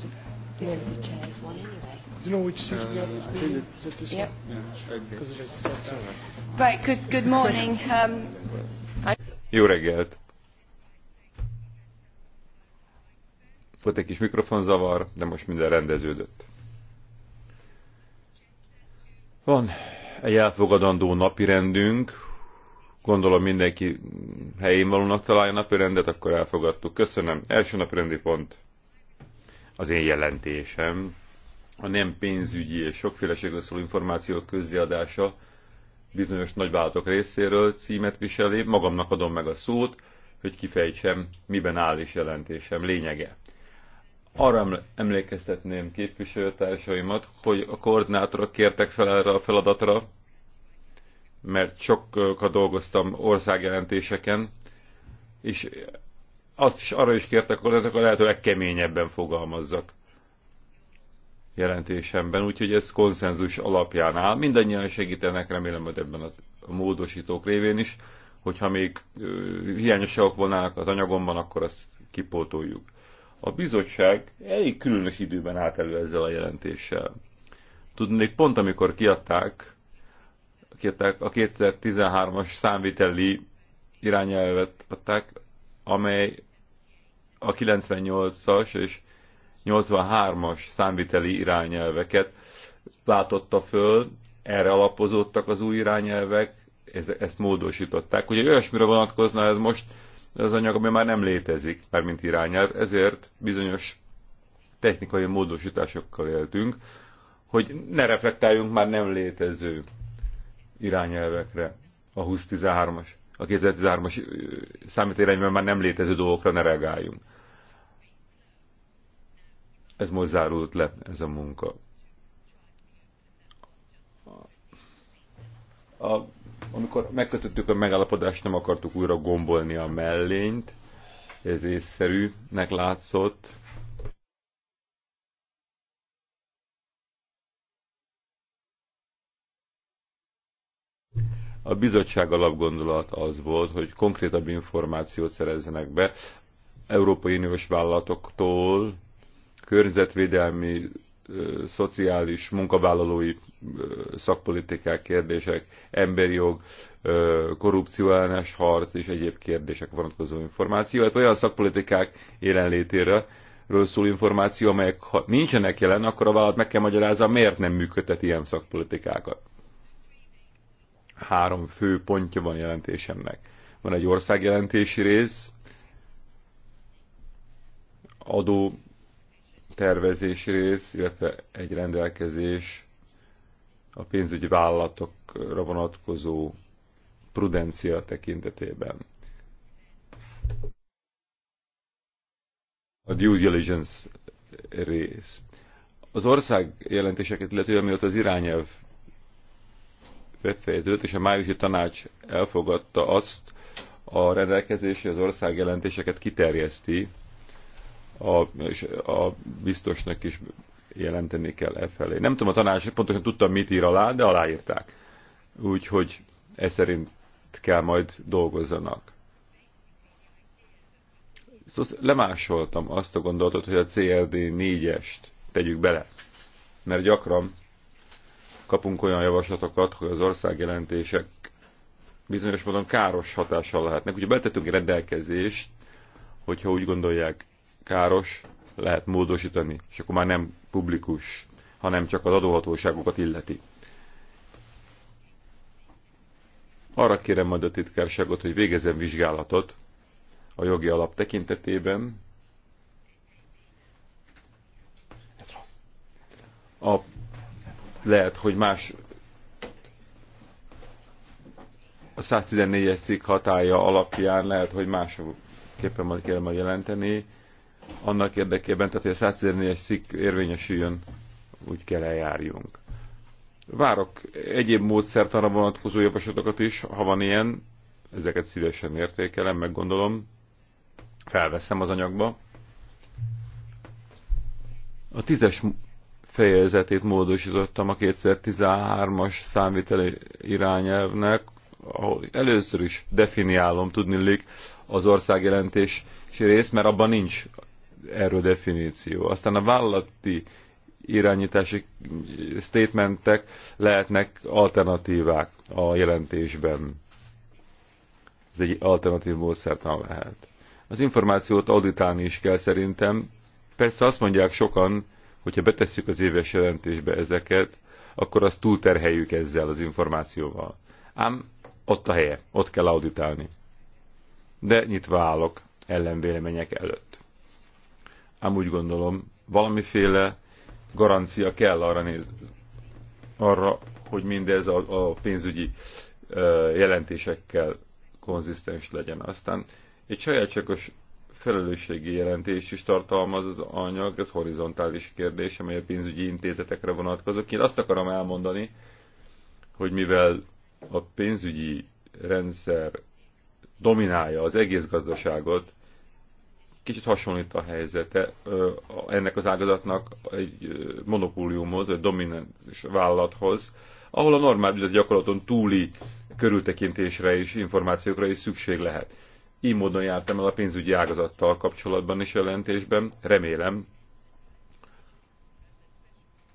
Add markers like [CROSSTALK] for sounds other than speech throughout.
Do you know which seat we are? Uh, I think this one. yeah, Right, good, good morning. Um, Jó reggelt! Volt egy kis mikrofonzavar, de most minden rendeződött. Van egy elfogadandó napi rendünk. Gondolom mindenki helyén valónak találja napi rendet, akkor elfogadtuk. Köszönöm. Első napi rendi pont az én jelentésem. A nem pénzügyi és sokféleségről szóló információk közzeadása bizonyos nagyvállalatok részéről címet viseli. Magamnak adom meg a szót, hogy kifejtsem, miben áll is jelentésem lényege. Arra emlékeztetném képviselőtársaimat, hogy a koordinátorok kértek fel erre a feladatra, mert sokkal dolgoztam országjelentéseken, és azt is arra is kértek, hogy ezek a lehető legkeményebben fogalmazzak jelentésemben, úgyhogy ez konszenzus alapján áll. Mindannyian segítenek, remélem, hogy ebben a módosítók révén is, hogyha még hiányosságok volnának az anyagomban, akkor azt kipótoljuk. A bizottság elég különös időben állt elő ezzel a jelentéssel. Tudnék, pont amikor kiadták, kiadták a 2013-as számviteli irányelvet adták, amely a 98-as és 83-as számviteli irányelveket látotta föl, erre alapozottak az új irányelvek, ezt módosították. Ugye olyasmire vonatkozna ez most az anyag, ami már nem létezik, már mint irányelv, ezért bizonyos technikai módosításokkal éltünk, hogy ne reflektáljunk már nem létező irányelvekre a 2013-as a 2013-as számítérenyben már nem létező dolgokra ne reagáljunk. Ez most zárult le, ez a munka. A, amikor megkötöttük a megállapodást, nem akartuk újra gombolni a mellényt, ez észszerűnek látszott, A bizottság alapgondolat az volt, hogy konkrétabb információt szerezzenek be Európai Uniós vállalatoktól, környezetvédelmi, szociális, munkavállalói szakpolitikák, kérdések, emberi jog, korrupció ellenes harc és egyéb kérdések vonatkozó információ, hát olyan szakpolitikák jelenlétére, ről szól információ, amelyek ha nincsenek jelen, akkor a vállalat meg kell magyarázza, miért nem működtet ilyen szakpolitikákat. Három fő pontja van jelentésemnek. Van egy országjelentési rész, adó tervezési rész, illetve egy rendelkezés a pénzügyi vállalatokra vonatkozó prudencia tekintetében. A due diligence rész. Az ország jelentéseket illetően, mióta az irányelv befejeződött, és a májusi tanács elfogadta azt a rendelkezési az ország jelentéseket kiterjeszti, a, és a biztosnak is jelenteni kell e felé. Nem tudom, a tanács pontosan tudtam, mit ír alá, de aláírták. Úgyhogy ez szerint kell majd dolgozzanak. Szóval lemásoltam azt a gondolatot, hogy a CRD 4-est tegyük bele. Mert gyakran kapunk olyan javaslatokat, hogy az országjelentések bizonyos módon káros hatással lehetnek. Ugye betettünk egy rendelkezést, hogyha úgy gondolják káros, lehet módosítani, és akkor már nem publikus, hanem csak az adóhatóságokat illeti. Arra kérem majd a titkárságot, hogy végezzen vizsgálatot a jogi alap tekintetében. A lehet, hogy más a 114-es cikk hatája alapján lehet, hogy másképpen majd kell majd jelenteni. Annak érdekében, tehát hogy a 114-es cikk érvényesüljön, úgy kell eljárjunk. Várok egyéb arra vonatkozó javaslatokat is, ha van ilyen, ezeket szívesen értékelem, meggondolom, felveszem az anyagba. A tízes fejezetét módosítottam a 2013-as számviteli irányelvnek, ahol először is definiálom tudnilik az országjelentési rész, mert abban nincs erről definíció. Aztán a vállalati irányítási statementek lehetnek alternatívák a jelentésben. Ez egy alternatív módszertan lehet. Az információt auditálni is kell szerintem. Persze azt mondják sokan, Hogyha betesszük az éves jelentésbe ezeket, akkor azt túlterheljük ezzel az információval. Ám ott a helye, ott kell auditálni. De nyitva állok ellenvélemények előtt. Ám úgy gondolom, valamiféle garancia kell arra néz, arra, hogy mindez a, a pénzügyi jelentésekkel konzisztens legyen. Aztán egy sajátságos felelősségi jelentés is tartalmaz az anyag, ez horizontális kérdés, amely a pénzügyi intézetekre vonatkozik. Én azt akarom elmondani, hogy mivel a pénzügyi rendszer dominálja az egész gazdaságot, kicsit hasonlít a helyzete ennek az ágazatnak egy monopóliumhoz, vagy domináns vállalathoz, ahol a normál gyakorlaton túli körültekintésre és információkra is szükség lehet így módon jártam el a pénzügyi ágazattal kapcsolatban is jelentésben. Remélem,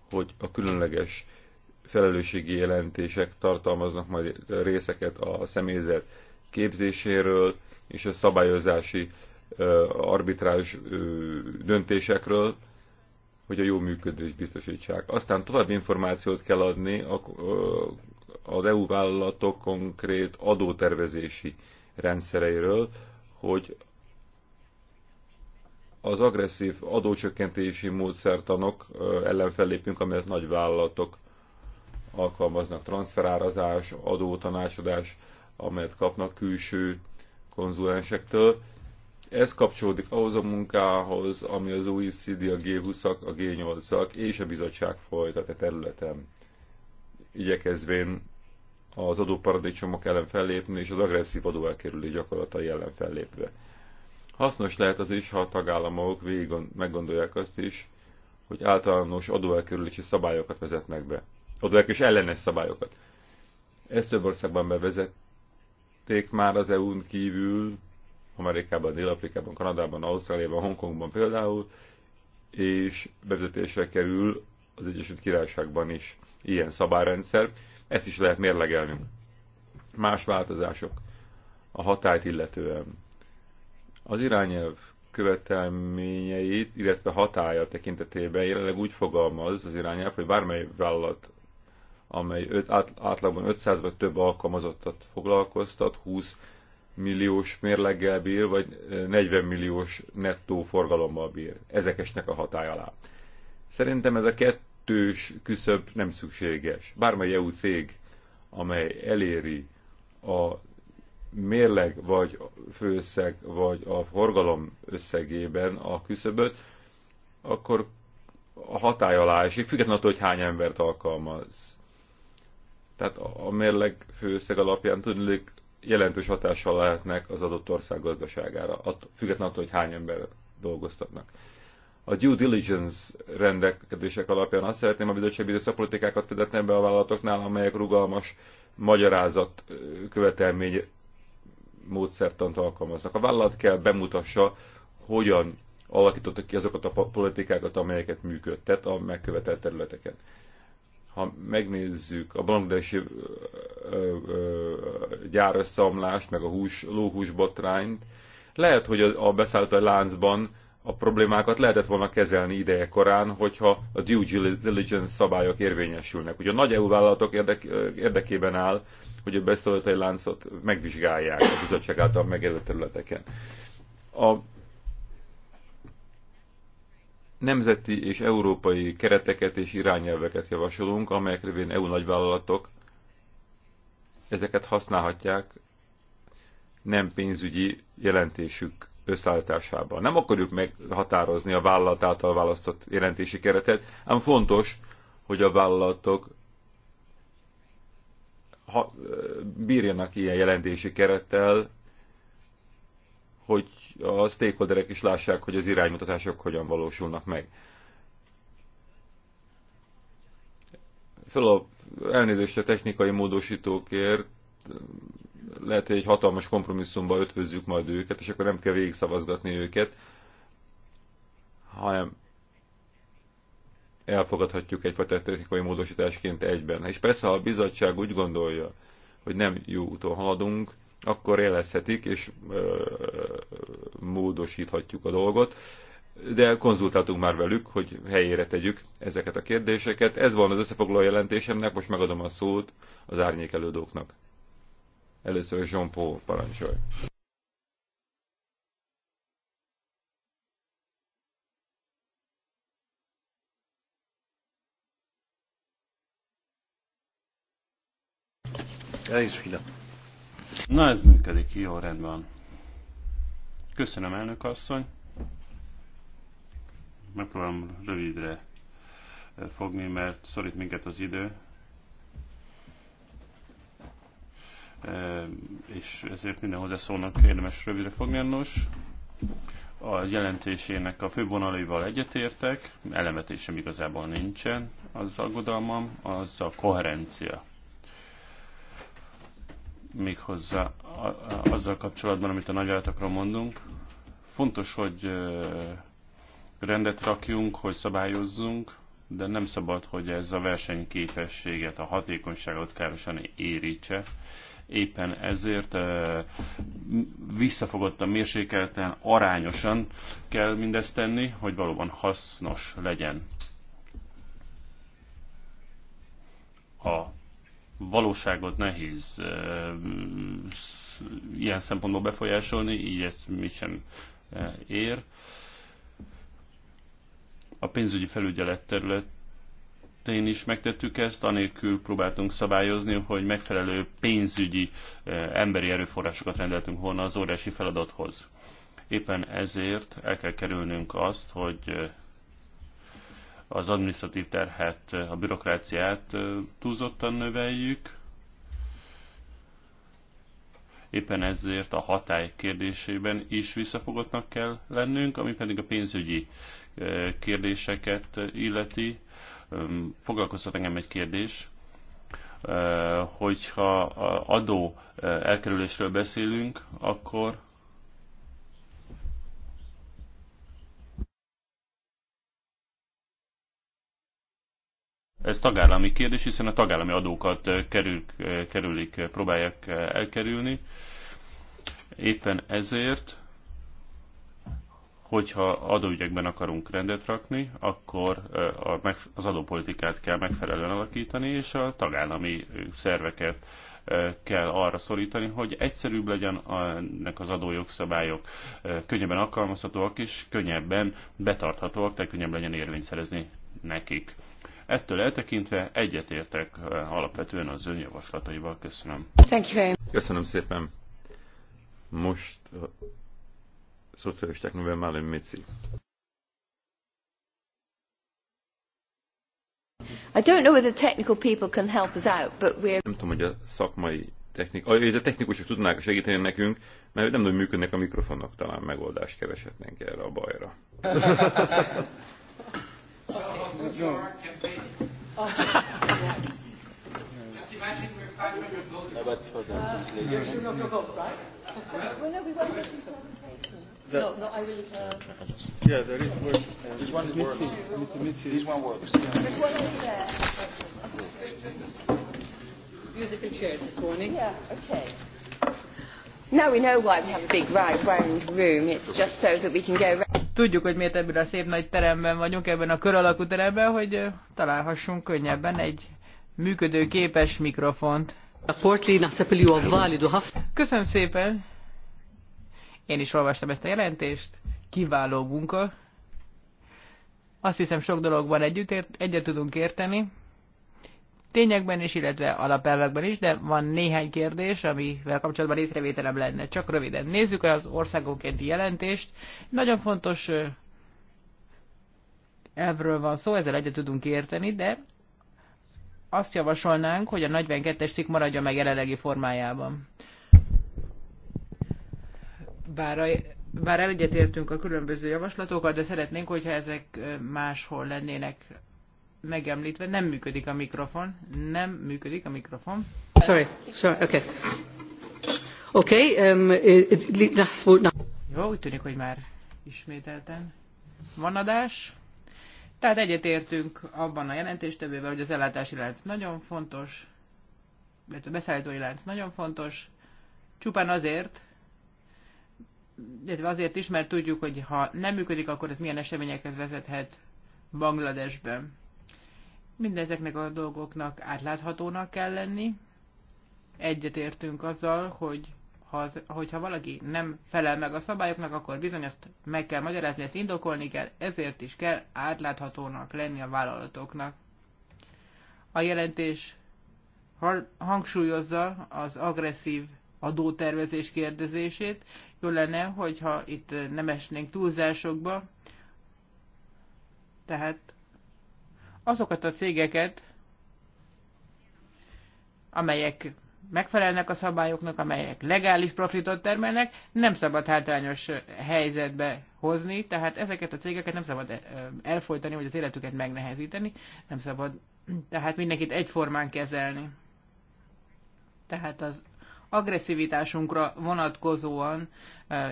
hogy a különleges felelősségi jelentések tartalmaznak majd részeket a személyzet képzéséről és a szabályozási arbitrás döntésekről, hogy a jó működés biztosítsák. Aztán további információt kell adni az EU vállalatok konkrét adótervezési rendszereiről, hogy az agresszív adócsökkentési módszertanok ellen fellépünk, amelyet nagy vállalatok alkalmaznak, transferárazás, adótanácsadás, amelyet kapnak külső konzulensektől. Ez kapcsolódik ahhoz a munkához, ami az OECD, a G20-ak, a G8-ak és a bizottság folytat a területen. Igyekezvén az adóparadicsomok ellen fellépni, és az agresszív adóelkerülő gyakorlatai ellen fellépve. Hasznos lehet az is, ha a tagállamok végig meggondolják azt is, hogy általános adóelkerülési szabályokat vezetnek be. Adóelkerülési ellenes szabályokat. Ezt több országban bevezették már az EU-n kívül, Amerikában, Dél-Afrikában, Kanadában, Ausztráliában, Hongkongban például, és bevezetésre kerül az Egyesült Királyságban is ilyen szabályrendszer, ezt is lehet mérlegelni. Más változások a hatályt illetően. Az irányelv követelményeit, illetve hatája tekintetében jelenleg úgy fogalmaz az irányelv, hogy bármely vállalat, amely öt, át, átlagban 500 vagy több alkalmazottat foglalkoztat, 20 milliós mérleggel bír, vagy 40 milliós nettó forgalommal bír. Ezek esnek a hatály alá. Szerintem ez a kettő tős küszöb nem szükséges. Bármely EU cég, amely eléri a mérleg vagy főszeg vagy a forgalom összegében a küszöböt, akkor a hatály alá esik, függetlenül attól, hogy hány embert alkalmaz. Tehát a mérleg főszeg alapján tudnék jelentős hatással lehetnek az adott ország gazdaságára, függetlenül attól, hogy hány ember dolgoztatnak a due diligence rendelkezések alapján azt szeretném a bizottság bizonyszakpolitikákat fizetne be a vállalatoknál, amelyek rugalmas magyarázat követelmény módszertant alkalmaznak. A vállalat kell bemutassa, hogyan alakította ki azokat a politikákat, amelyeket működtet a megkövetelt területeken. Ha megnézzük a bangladesi gyárösszeomlást, meg a hús, lóhús botrányt, lehet, hogy a beszállítói láncban a problémákat lehetett volna kezelni ideje korán, hogyha a due diligence szabályok érvényesülnek. Ugye a nagy EU vállalatok érdek, érdekében áll, hogy a beszállítói láncot megvizsgálják a bizottság által megjelölt területeken. A nemzeti és európai kereteket és irányelveket javasolunk, amelyek révén EU nagyvállalatok ezeket használhatják nem pénzügyi jelentésük összeállításában. Nem akarjuk meghatározni a vállalat által választott jelentési keretet, ám fontos, hogy a vállalatok ha, bírjanak ilyen jelentési kerettel, hogy a stakeholderek is lássák, hogy az iránymutatások hogyan valósulnak meg. Föl a elnézést a technikai módosítókért, lehet, hogy egy hatalmas kompromisszumba ötvözzük majd őket, és akkor nem kell végigszavazgatni őket, hanem elfogadhatjuk egyfajta technikai módosításként egyben. És persze, ha a bizottság úgy gondolja, hogy nem jó úton haladunk, akkor élezhetik, és ö, módosíthatjuk a dolgot, de konzultáltunk már velük, hogy helyére tegyük ezeket a kérdéseket. Ez van az összefoglaló jelentésemnek, most megadom a szót az árnyékelődóknak. Először Jean-Paul parancsolj. Na ez működik, jó rendben. Köszönöm elnök asszony. Megpróbálom rövidre fogni, mert szorít minket az idő. és ezért minden hozzászólnak érdemes rövidre fogni. Nos, a jelentésének a fő vonalaival egyetértek, elemetésem igazából nincsen, az aggodalmam, az a koherencia. Méghozzá azzal kapcsolatban, amit a nagyjátokról mondunk, fontos, hogy rendet rakjunk, hogy szabályozzunk, de nem szabad, hogy ez a versenyképességet, a hatékonyságot károsan érítse éppen ezért eh, visszafogottan, mérsékelten, arányosan kell mindezt tenni, hogy valóban hasznos legyen. A valóságot nehéz eh, ilyen szempontból befolyásolni, így ezt mit sem eh, ér. A pénzügyi felügyelet terület én is megtettük ezt, anélkül próbáltunk szabályozni, hogy megfelelő pénzügyi eh, emberi erőforrásokat rendeltünk volna az óriási feladathoz. Éppen ezért el kell kerülnünk azt, hogy eh, az administratív terhet, eh, a bürokráciát túlzottan növeljük. Éppen ezért a hatály kérdésében is visszafogottnak kell lennünk, ami pedig a pénzügyi kérdéseket illeti. Foglalkoztat engem egy kérdés, hogyha adó elkerülésről beszélünk, akkor Ez tagállami kérdés, hiszen a tagállami adókat kerül kerülik próbálják elkerülni. Éppen ezért hogyha adóügyekben akarunk rendet rakni, akkor az adópolitikát kell megfelelően alakítani, és a tagállami szerveket kell arra szorítani, hogy egyszerűbb legyen ennek az adójogszabályok, könnyebben alkalmazhatóak és könnyebben betarthatóak, tehát könnyebb legyen érvényt szerezni nekik. Ettől eltekintve egyetértek alapvetően az ön javaslataival. Köszönöm. Köszönöm szépen. Most szocialisták nővel Málin Mici. I don't know whether technical people can help us out, but we're... Nem tudom, hogy a szakmai technik... A, a technikusok tudnák segíteni nekünk, mert nem tudom, működnek a mikrofonok, talán megoldást kereshetnénk erre a bajra. No, but for the translation. You should not go, right? Well, no, we won't. The no, no, I will. Uh, yeah, there is work. Uh, this one works. Uh, this one works. Yeah. This one is there. Uh, musical chairs this morning. Yeah, okay. Now we know why we have a big right round room. It's just so that we can go round. Tudjuk, hogy miért ebben a szép nagy teremben vagyunk, ebben a kör alakú teremben, hogy találhassunk könnyebben egy működőképes mikrofont. Köszönöm szépen! Én is olvastam ezt a jelentést, kiváló munka. Azt hiszem, sok dologban együtt ért, egyet tudunk érteni, tényekben is, illetve alapelvekben is, de van néhány kérdés, amivel kapcsolatban észrevételem lenne. Csak röviden nézzük az országonkénti jelentést. Nagyon fontos elvről van szó, ezzel egyet tudunk érteni, de azt javasolnánk, hogy a 42-es cikk maradjon meg jelenlegi formájában bár, a, bár elegyetértünk a különböző javaslatokat, de szeretnénk, hogyha ezek máshol lennének megemlítve. Nem működik a mikrofon. Nem működik a mikrofon. Sorry, sorry, okay. Okay, um, it, that's what Jó, úgy tűnik, hogy már ismételten van adás. Tehát egyetértünk abban a jelentéstevővel, hogy az ellátási lánc nagyon fontos, illetve a beszállítói lánc nagyon fontos, csupán azért, illetve azért is, mert tudjuk, hogy ha nem működik, akkor ez milyen eseményekhez vezethet Bangladesben. Mindezeknek a dolgoknak átláthatónak kell lenni. Egyetértünk azzal, hogy ha az, hogyha valaki nem felel meg a szabályoknak, akkor bizony ezt meg kell magyarázni, ezt indokolni kell, ezért is kell átláthatónak lenni a vállalatoknak. A jelentés hangsúlyozza az agresszív adótervezés kérdezését, jó lenne, hogyha itt nem esnénk túlzásokba, tehát azokat a cégeket, amelyek megfelelnek a szabályoknak, amelyek legális profitot termelnek, nem szabad hátrányos helyzetbe hozni, tehát ezeket a cégeket nem szabad eh, elfolytani, vagy az életüket megnehezíteni, nem szabad tehát mindenkit egyformán kezelni. Tehát az agresszivitásunkra vonatkozóan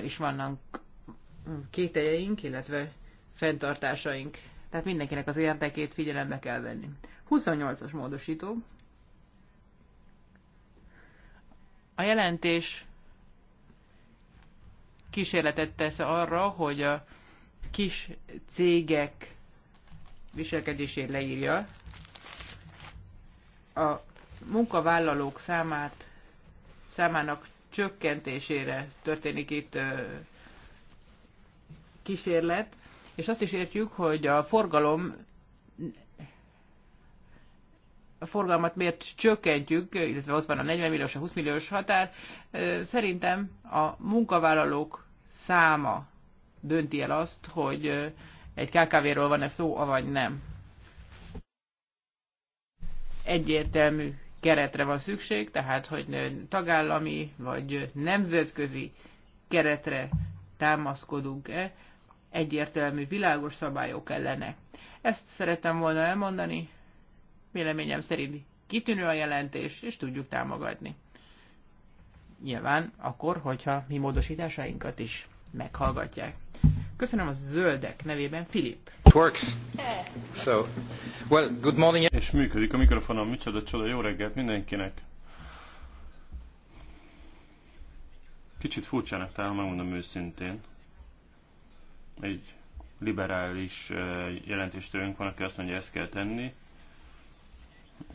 is vannak kételjeink, illetve fenntartásaink. Tehát mindenkinek az érdekét figyelembe kell venni. 28-as módosító. A jelentés kísérletet tesz arra, hogy a kis cégek viselkedését leírja, a munkavállalók számát számának csökkentésére történik itt kísérlet, és azt is értjük, hogy a forgalom a forgalmat miért csökkentjük, illetve ott van a 40 milliós, a 20 milliós határ. Szerintem a munkavállalók száma dönti el azt, hogy egy KKV-ról van-e szó, avagy nem. Egyértelmű keretre van szükség, tehát hogy tagállami vagy nemzetközi keretre támaszkodunk-e, egyértelmű, világos szabályok kellene. Ezt szerettem volna elmondani, véleményem szerint kitűnő a jelentés, és tudjuk támogatni. Nyilván akkor, hogyha mi módosításainkat is meghallgatják. Köszönöm a zöldek nevében, Filip. works. So, well, good morning. És működik a mikrofonom, micsoda csoda, jó reggelt mindenkinek. Kicsit furcsának talán, megmondom őszintén. Egy liberális jelentéstőnk van, aki azt mondja, ezt kell tenni,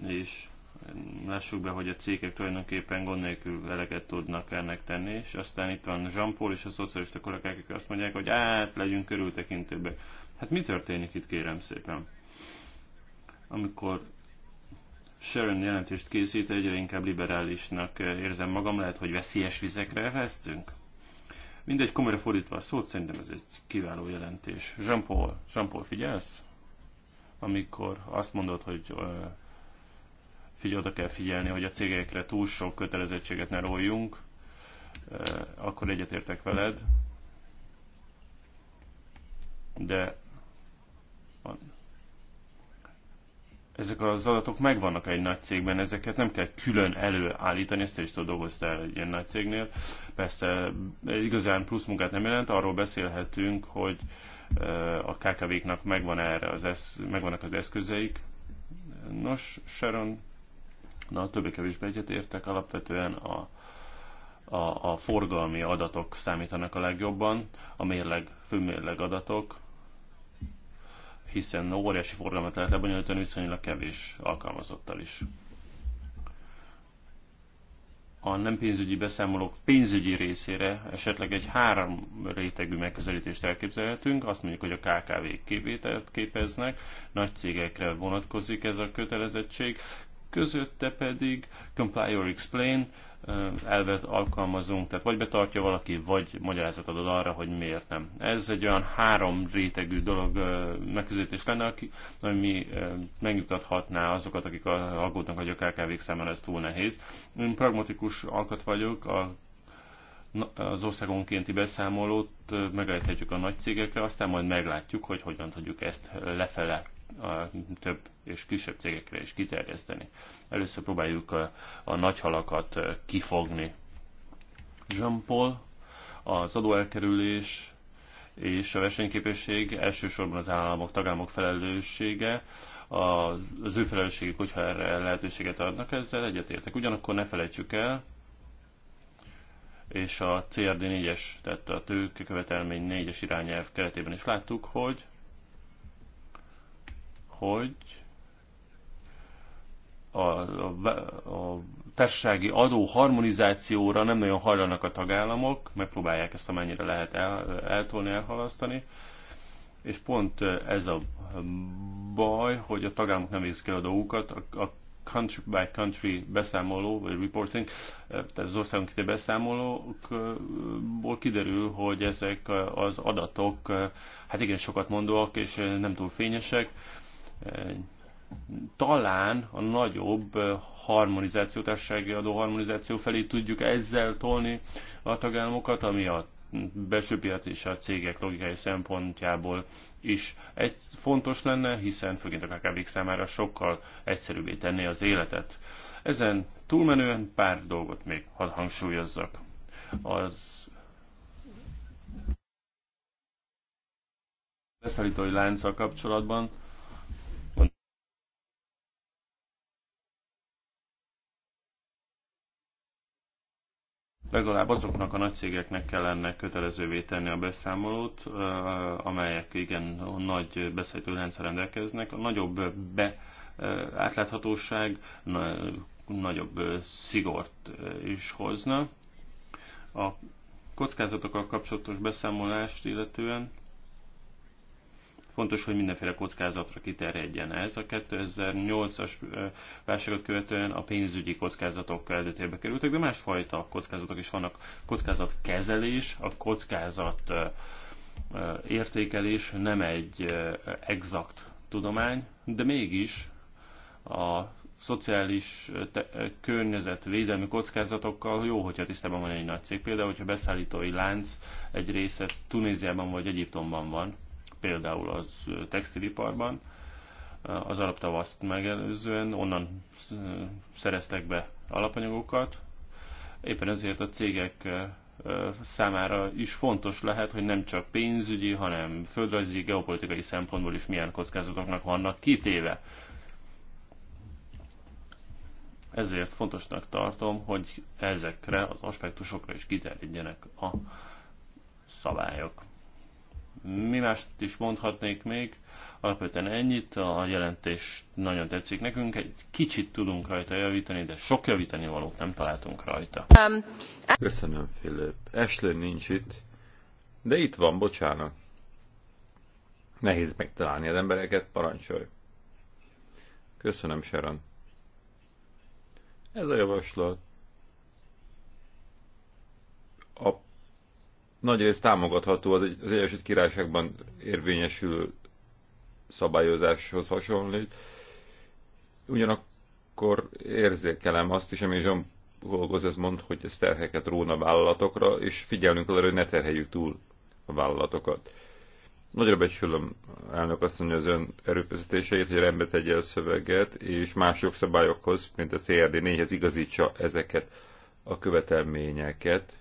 és lássuk be, hogy a cégek tulajdonképpen gond nélkül eleget tudnak ennek tenni, és aztán itt van Jean-Paul és a szocialista kollégák, akik azt mondják, hogy át legyünk körültekintőbbek. Hát mi történik itt, kérem szépen? Amikor Sharon jelentést készít, egyre inkább liberálisnak érzem magam, lehet, hogy veszélyes vizekre elvesztünk. Mindegy, komolyra fordítva a szót, szerintem ez egy kiváló jelentés. Jean-Paul, Jean-Paul figyelsz? Amikor azt mondod, hogy figy- oda kell figyelni, hogy a cégekre túl sok kötelezettséget ne róljunk, akkor egyetértek veled. De van. ezek az adatok megvannak egy nagy cégben, ezeket nem kell külön előállítani, ezt is tudod dolgoztál egy ilyen nagy cégnél. Persze eh, igazán plusz munkát nem jelent, arról beszélhetünk, hogy eh, a KKV-knak megvan erre az esz, megvannak az eszközeik. Nos, Sharon, Na, többé-kevésbé egyetértek, alapvetően a, a, a forgalmi adatok számítanak a legjobban, a mérleg, főmérleg adatok, hiszen óriási forgalmat lehet lebonyolítani viszonylag kevés alkalmazottal is. A nem pénzügyi beszámolók pénzügyi részére esetleg egy három rétegű megközelítést elképzelhetünk. Azt mondjuk, hogy a KKV-k képvételt képeznek, nagy cégekre vonatkozik ez a kötelezettség, közötte pedig comply or explain eh, elvet alkalmazunk, tehát vagy betartja valaki, vagy magyarázat adod arra, hogy miért nem. Ez egy olyan három rétegű dolog eh, megközelítés lenne, ami eh, megnyugtathatná azokat, akik aggódnak, hogy a kkv számára ez túl nehéz. Én pragmatikus alkat vagyok, a az országonkénti beszámolót megállíthatjuk a nagy cégekre, aztán majd meglátjuk, hogy hogyan tudjuk ezt lefele a több és kisebb cégekre is kiterjeszteni. Először próbáljuk a, a nagy halakat kifogni. Jean-Paul, az adóelkerülés és a versenyképesség elsősorban az államok, tagállamok felelőssége, az ő felelősségük, hogyha erre lehetőséget adnak, ezzel egyetértek. Ugyanakkor ne felejtsük el, és a CRD 4-es, tehát a tőkekövetelmény 4-es irányelv keretében is láttuk, hogy hogy a, a, a társasági adó harmonizációra nem nagyon hajlanak a tagállamok, megpróbálják ezt amennyire lehet el, eltolni, elhalasztani, és pont ez a baj, hogy a tagállamok nem végzik el a dolgokat, a, a country by country beszámoló, vagy reporting, tehát az országonkénti beszámolókból kiderül, hogy ezek az adatok hát igen sokat mondóak, és nem túl fényesek, talán a nagyobb harmonizáció, társasági harmonizáció felé tudjuk ezzel tolni a tagállamokat, ami a belső piac és a cégek logikai szempontjából is egy fontos lenne, hiszen főként a kkv számára sokkal egyszerűbbé tenné az életet. Ezen túlmenően pár dolgot még hadd hangsúlyozzak. Az beszállítói lánccal kapcsolatban legalább azoknak a nagy cégeknek kellene kötelezővé tenni a beszámolót, amelyek igen nagy beszállító rendszer rendelkeznek. A nagyobb be, átláthatóság nagyobb szigort is hozna. A kockázatokkal kapcsolatos beszámolást illetően Fontos, hogy mindenféle kockázatra kiterjedjen ez. A 2008-as válságot követően a pénzügyi kockázatok előtérbe kerültek, de másfajta kockázatok is vannak. kockázat kezelés, a kockázat értékelés nem egy exakt tudomány, de mégis a szociális környezet védelmi kockázatokkal jó, hogyha tisztában van egy nagy cég. Például, hogyha beszállítói lánc egy része Tunéziában vagy Egyiptomban van, például az textiliparban, az arab tavaszt megelőzően, onnan szereztek be alapanyagokat. Éppen ezért a cégek számára is fontos lehet, hogy nem csak pénzügyi, hanem földrajzi, geopolitikai szempontból is milyen kockázatoknak vannak kitéve. Ezért fontosnak tartom, hogy ezekre az aspektusokra is kiterjedjenek a szabályok. Mi mást is mondhatnék még? Alapvetően ennyit, a jelentés nagyon tetszik nekünk, egy kicsit tudunk rajta javítani, de sok javítani valót nem találtunk rajta. Um, Köszönöm, Philip. Ashley nincs itt, de itt van, bocsánat. Nehéz megtalálni az embereket, parancsolj. Köszönöm, Sharon. Ez a javaslat a nagyrészt támogatható az, egy, az Egyesült Királyságban érvényesül szabályozáshoz hasonlít. Ugyanakkor érzékelem azt is, ami Jean Golgoz ez mond, hogy ez terheket róna vállalatokra, és figyelnünk arra, hogy ne terheljük túl a vállalatokat. Nagyra becsülöm elnök azt mondja az ön erőfeszítéseit, hogy rendbe tegye a szöveget, és más jogszabályokhoz, mint a CRD 4-hez igazítsa ezeket a követelményeket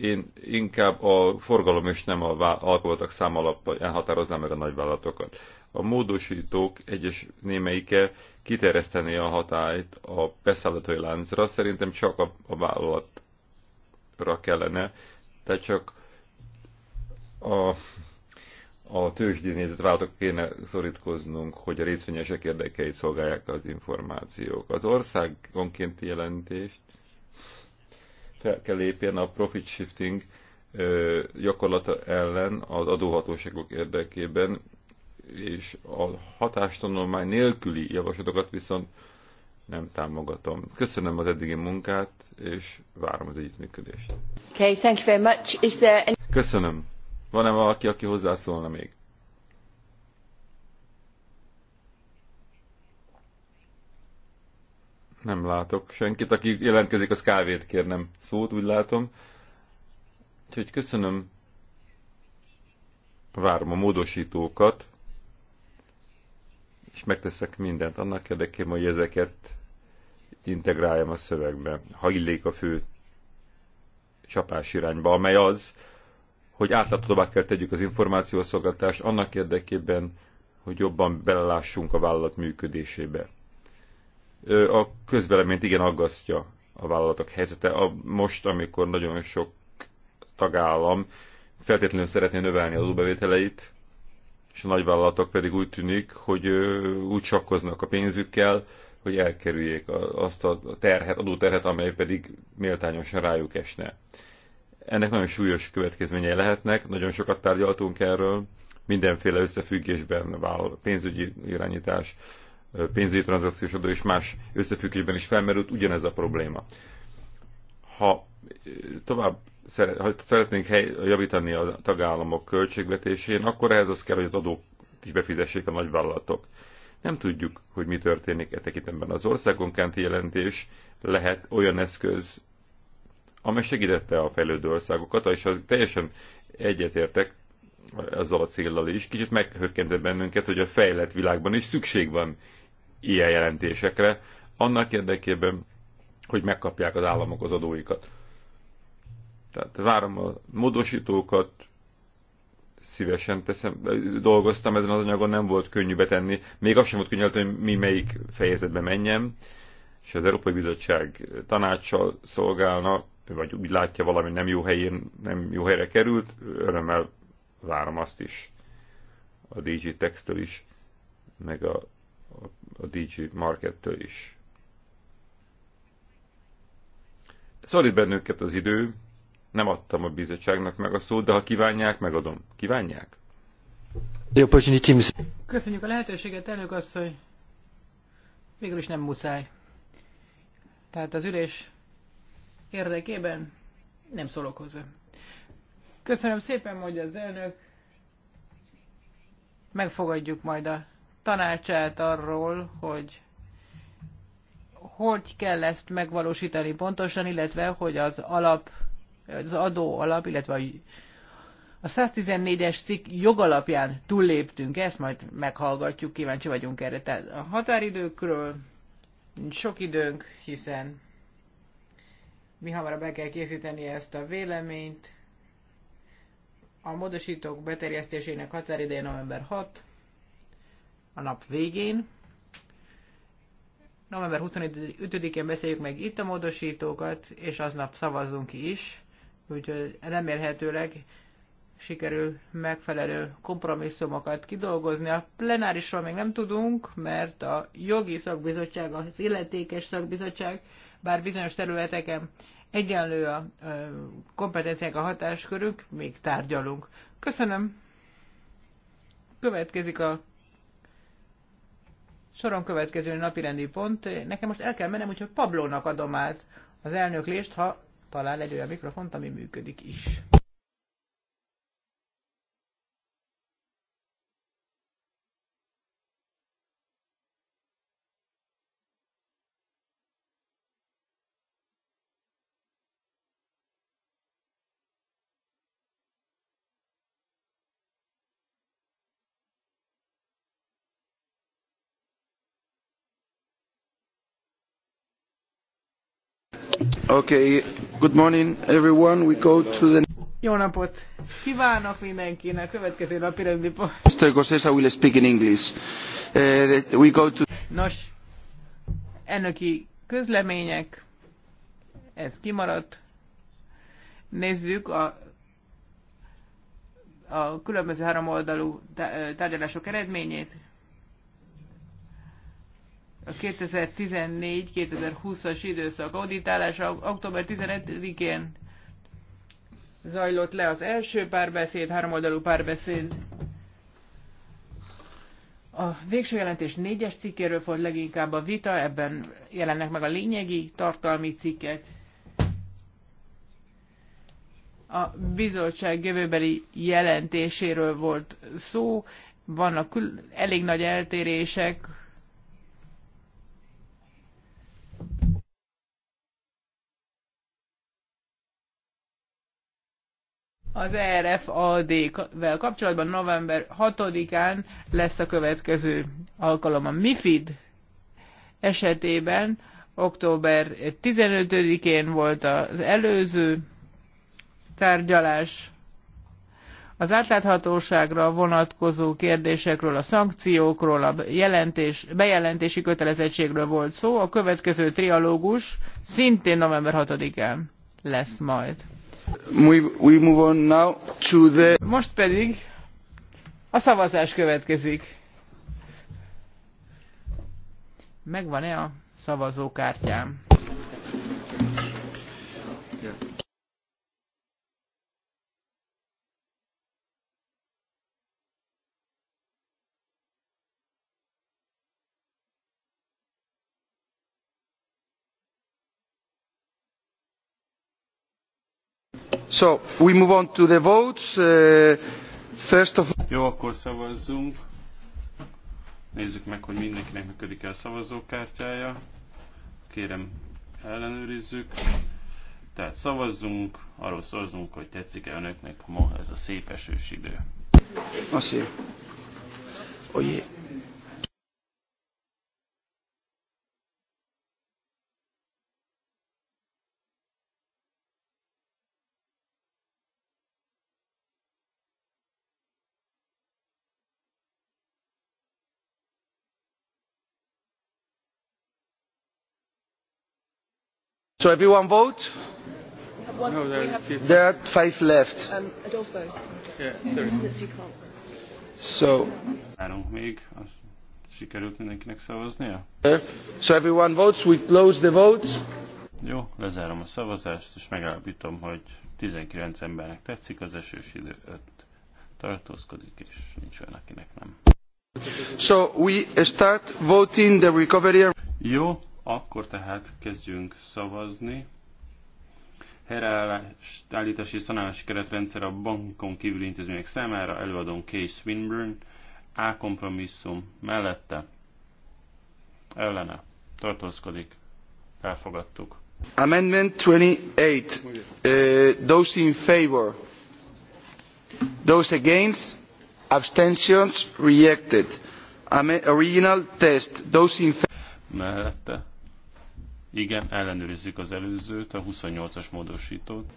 én inkább a forgalom és nem a alkoholtak szám alapján elhatároznám meg a nagyvállalatokat. A módosítók egyes némeike kiterjesztené a hatályt a beszállítói láncra, szerintem csak a, a vállalatra kellene, tehát csak a, a tőzsdén vállalatok kéne szorítkoznunk, hogy a részvényesek érdekeit szolgálják az információk. Az országonkénti jelentést fel kell lépjen a profit shifting gyakorlata ellen az adóhatóságok érdekében, és a hatástanulmány nélküli javaslatokat viszont nem támogatom. Köszönöm az eddigi munkát, és várom az együttműködést. Okay, thank you very much. Is there any... Köszönöm. Van-e valaki, aki hozzászólna még? Nem látok senkit, aki jelentkezik, az kávét kérnem szót, úgy látom. Úgyhogy köszönöm. Várom a módosítókat, és megteszek mindent annak érdekében, hogy ezeket integráljam a szövegbe, ha illék a fő csapás irányba, amely az, hogy átláthatóbbá kell tegyük az információszolgáltást annak érdekében, hogy jobban belelássunk a vállalat működésébe a közbeleményt igen aggasztja a vállalatok helyzete. A, most, amikor nagyon sok tagállam feltétlenül szeretné növelni az adóbevételeit, és a nagyvállalatok pedig úgy tűnik, hogy úgy sakkoznak a pénzükkel, hogy elkerüljék azt a terhet, adóterhet, amely pedig méltányosan rájuk esne. Ennek nagyon súlyos következményei lehetnek, nagyon sokat tárgyaltunk erről, mindenféle összefüggésben, pénzügyi irányítás, pénzügyi tranzakciós adó és más összefüggésben is felmerült ugyanez a probléma. Ha tovább ha szeretnénk hely, javítani a tagállamok költségvetésén, akkor ehhez az kell, hogy az adók is befizessék a nagyvállalatok. Nem tudjuk, hogy mi történik e tekintetben. Az országonkénti jelentés lehet olyan eszköz, amely segítette a fejlődő országokat, és az teljesen egyetértek ezzel a céllal is. Kicsit meghökkentett bennünket, hogy a fejlett világban is szükség van ilyen jelentésekre, annak érdekében, hogy megkapják az államok az adóikat. Tehát várom a módosítókat, szívesen teszem, dolgoztam ezen az anyagon, nem volt könnyű betenni. Még azt sem volt könnyű, hogy mi melyik fejezetbe menjem, és az Európai Bizottság tanácssal szolgálna, vagy úgy látja valami nem jó helyén, nem jó helyre került, örömmel várom azt is. A DG Text-től is, meg a a DG Markettől is. Szorít bennünket az idő, nem adtam a bizottságnak meg a szót, de ha kívánják, megadom. Kívánják? Köszönjük a lehetőséget, elnök asszony. Végül is nem muszáj. Tehát az ülés érdekében nem szólok hozzá. Köszönöm szépen, mondja az elnök. Megfogadjuk majd a tanácsát arról, hogy hogy kell ezt megvalósítani pontosan, illetve hogy az alap, az adó alap, illetve a 114-es cikk jogalapján túlléptünk, ezt majd meghallgatjuk, kíváncsi vagyunk erre. Tehát a határidőkről nincs sok időnk, hiszen mi hamarabb be kell készíteni ezt a véleményt. A módosítók beterjesztésének határideje november 6, a nap végén. November 25-én beszéljük meg itt a módosítókat, és aznap szavazzunk is, úgyhogy remélhetőleg sikerül megfelelő kompromisszumokat kidolgozni. A plenárisról még nem tudunk, mert a jogi szakbizottság, az illetékes szakbizottság, bár bizonyos területeken egyenlő a kompetenciák, a hatáskörük, még tárgyalunk. Köszönöm! Következik a Soron következő napirendi pont. Nekem most el kell mennem, úgyhogy Pablónak adom át az elnöklést, ha talál egy olyan mikrofont, ami működik is. Good morning, everyone. We go to the... Jó napot kívánok mindenkinek. Következő napi rendi pont. Mr. Gossesa will speak in English. Uh, we go to... Nos, elnöki közlemények, ez kimaradt. Nézzük a, a különböző három oldalú tárgyalások eredményét a 2014-2020-as időszak auditálása október 15-én zajlott le az első párbeszéd, háromoldalú párbeszéd. A végső jelentés négyes cikkéről volt leginkább a vita, ebben jelennek meg a lényegi, tartalmi cikkek. A bizottság jövőbeli jelentéséről volt szó, vannak elég nagy eltérések Az e rfad vel kapcsolatban november 6-án lesz a következő alkalom. A MIFID esetében október 15-én volt az előző tárgyalás. Az átláthatóságra vonatkozó kérdésekről, a szankciókról, a jelentés, bejelentési kötelezettségről volt szó. A következő trialógus szintén november 6-án lesz majd. Most pedig a szavazás következik. Megvan-e a szavazókártyám? So, we move on to the votes. Uh, first akkor szavazzunk. Nézzük meg, hogy mindenkinek működik el szavazókártyája. Kérem, ellenőrizzük. Tehát szavazzunk, arról szavazunk, hogy tetszik-e önöknek ma ez a szép esős idő. Azt oh, yeah. So everyone vote? no, there, there are five left. Um, Adolfo. So. So everyone votes, we close the votes. Jó, lezárom a szavazást, és megállapítom, hogy 19 embernek tetszik az esős idő, 5 tartózkodik, és nincs olyan, akinek nem. So we start voting the recovery. Jó, akkor tehát kezdjünk szavazni. Helyreállás, állítási és szanálási keretrendszer a bankon kívüli intézmények számára előadom Case Swinburne, A kompromisszum mellette, ellene, tartózkodik, elfogadtuk. Amendment 28. Uh, those in favor. Those against. Abstentions rejected. original test. Those in favor. Mellette igen, ellenőrizzük az előzőt, a 28-as módosítót.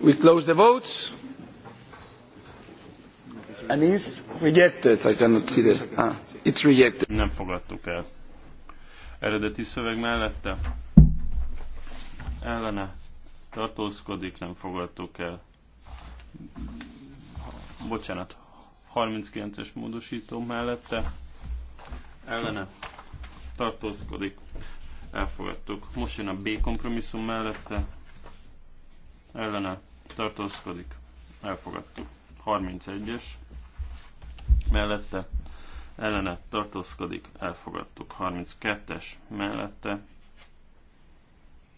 We close the votes. And it's rejected. I cannot see that. Ah, it's rejected. Nem fogadtuk el. Eredeti szöveg mellette. Ellene. Tartózkodik, nem fogadtuk el. Bocsánat, 39-es módosító mellette ellene tartózkodik. Elfogadtuk. Most jön a B kompromisszum mellette ellene tartózkodik. Elfogadtuk. 31-es mellette ellene tartózkodik. Elfogadtuk. 32-es mellette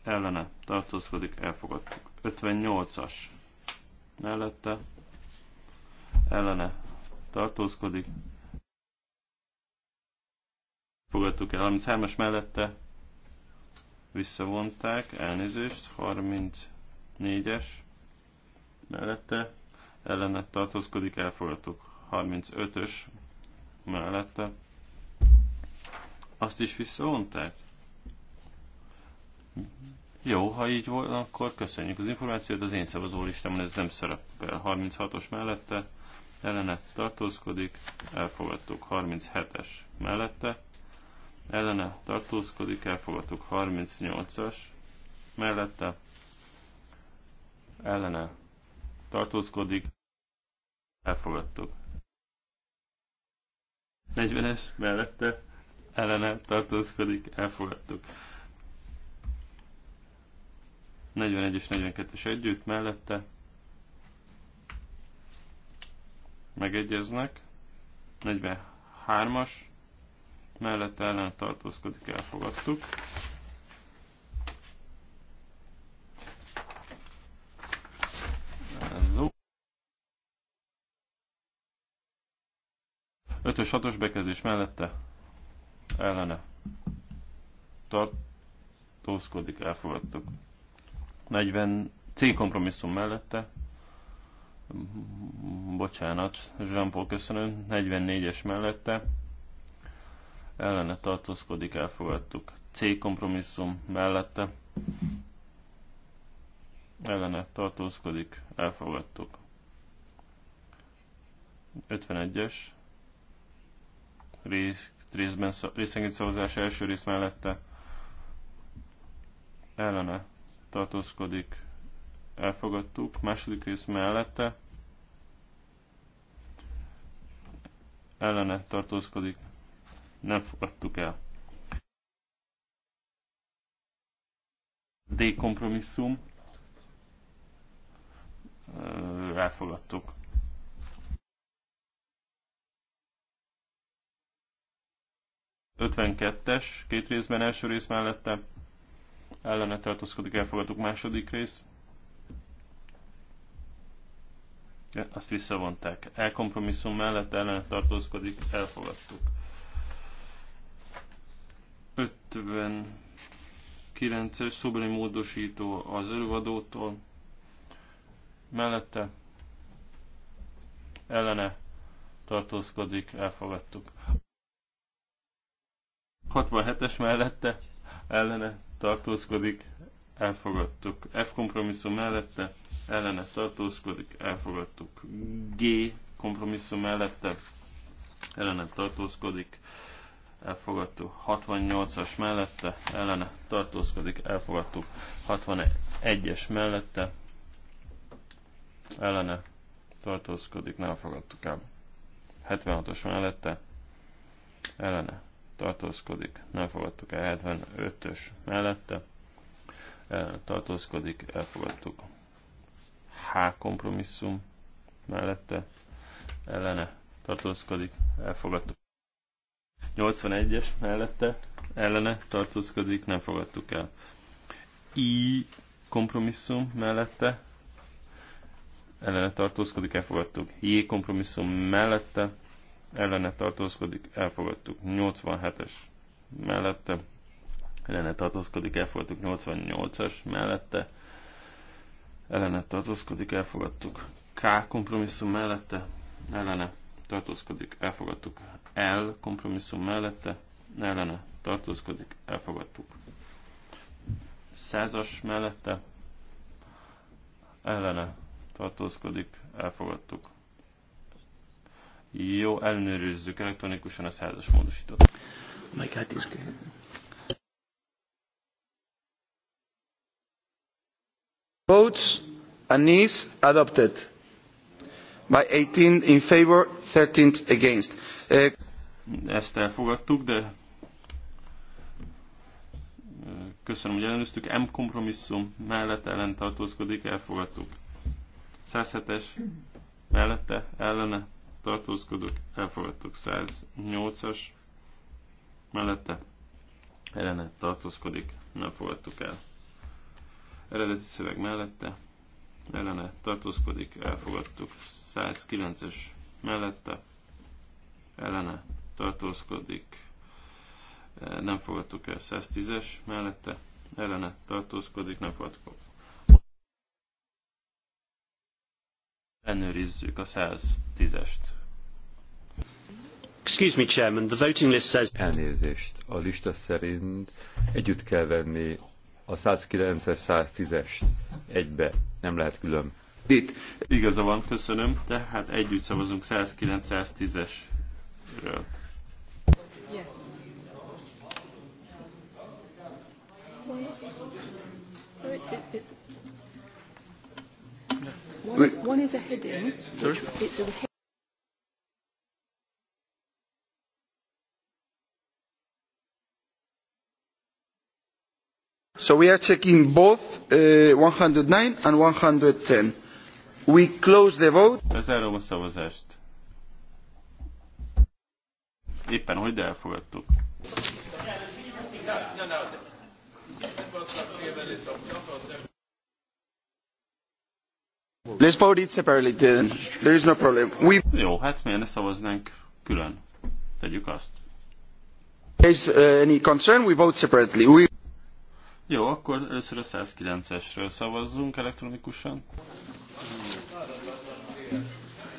ellene tartózkodik. Elfogadtuk. 58-as mellette ellene tartózkodik. Fogadtuk el 33-as mellette, visszavonták, elnézést, 34-es mellette, ellene tartózkodik, elfogadtuk 35-ös mellette. Azt is visszavonták? Jó, ha így volt, akkor köszönjük az információt, az én szavazólistámon ez nem szerepel. 36-os mellette ellene tartózkodik, elfogadtuk 37-es mellette, ellene tartózkodik, elfogadtuk 38-as mellette, ellene tartózkodik, elfogadtuk. 40-es mellette, ellene tartózkodik, elfogadtuk. 41 és 42-es együtt, mellette, megegyeznek. 43-as mellette ellen tartózkodik, elfogadtuk. Ötös, hatos bekezdés mellette ellene tartózkodik, elfogadtuk. 40 C kompromisszum mellette bocsánat, Jean-Paul köszönöm, 44-es mellette ellene tartózkodik, elfogadtuk. C kompromisszum mellette ellene tartózkodik, elfogadtuk. 51-es rész, részben, részenként szavazás első rész mellette ellene tartózkodik, elfogadtuk, második rész mellette ellene tartózkodik, nem fogadtuk el. D kompromisszum, elfogadtuk. 57-es két részben első rész mellette ellene tartózkodik, elfogadtuk második rész Azt visszavonták. Elkompromisszum mellett ellen tartózkodik, elfogadtuk. 59-es szobeli módosító az előadótól. Mellette ellene tartózkodik, elfogadtuk. 67-es mellette ellene tartózkodik, elfogadtuk. F kompromisszum mellette ellene tartózkodik, elfogadtuk. G kompromisszum mellette ellene tartózkodik, elfogadtuk. 68-as mellette ellene tartózkodik, elfogadtuk. 61-es mellette ellene tartózkodik, nem fogadtuk el. 76-os mellette ellene tartózkodik, nem fogadtuk el. 75-ös mellette ellene tartózkodik, elfogadtuk. H kompromisszum mellette ellene tartózkodik, elfogadtuk. 81-es mellette ellene tartózkodik, nem fogadtuk el. I kompromisszum mellette ellene tartózkodik, elfogadtuk. J kompromisszum mellette ellene tartózkodik, elfogadtuk. 87-es mellette ellene tartózkodik, elfogadtuk. 88-as mellette ellene tartózkodik, elfogadtuk. K kompromisszum mellette, ellene tartózkodik, elfogadtuk. L kompromisszum mellette, ellene tartózkodik, elfogadtuk. Százas mellette, ellene tartózkodik, elfogadtuk. Jó, ellenőrizzük elektronikusan a százas módosítót. My God hát Votes and is adopted by 18 in favor, 13 against. Uh, Ezt elfogadtuk, de uh, köszönöm, hogy ellenőztük. M kompromisszum mellett ellen tartózkodik, elfogadtuk. 107-es mellette ellene tartózkodok, elfogadtuk. 108-as mellette ellene tartózkodik, nem fogadtuk el. Eredeti szöveg mellette ellene tartózkodik, elfogadtuk. 109-es e, mellette ellene tartózkodik, nem fogadtuk el 110-es mellette, ellene tartózkodik, nem fogadtuk. Ellenőrizzük a 110-est. Excuse me, Chairman, the voting list says... Elnézést. A lista szerint együtt kell venni a 109 110-es egybe, nem lehet külön. Itt. Igaza van, köszönöm. Tehát együtt szavazunk 109-110-esről. One is, one is a heading. It's a so we are checking both uh, 109 and 110. We close the vote. a szavazást. Éppen hogy elfogadtuk. Let's vote it separately then. There is no problem. We... Jó, hát miért ne szavaznánk külön? Tegyük azt. Is uh, any concern, we vote separately. We... Jó, akkor először a 109-esről szavazzunk elektronikusan.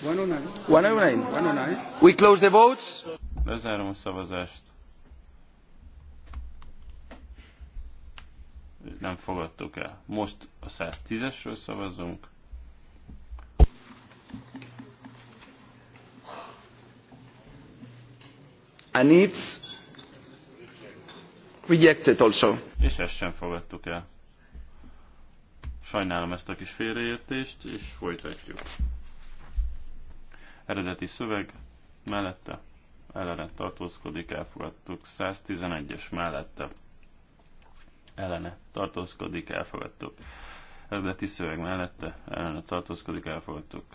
One oh nine. One oh nine. We close the votes. Lezárom a szavazást. Nem fogadtuk el. Most a 110-esről szavazunk. And it's Rejected also. És ezt sem fogadtuk el. Sajnálom ezt a kis félreértést, és folytatjuk. Eredeti szöveg mellette ellene tartózkodik, elfogadtuk. 111-es mellette ellene tartózkodik, elfogadtuk. Eredeti szöveg mellette ellene tartózkodik, elfogadtuk.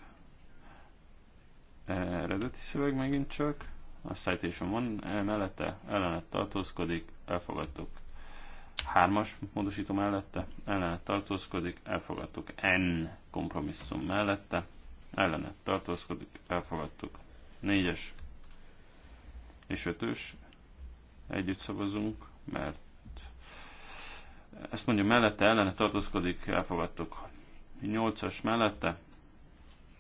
Eredeti szöveg megint csak a Citation van e, mellette ellenet tartózkodik, elfogadtuk. Hármas módosító mellette ellenet tartózkodik, elfogadtuk. N kompromisszum mellette ellenet tartózkodik, elfogadtuk. Négyes és ötös együtt szavazunk, mert ezt mondja mellette ellene tartózkodik, elfogadtuk. 8-as mellette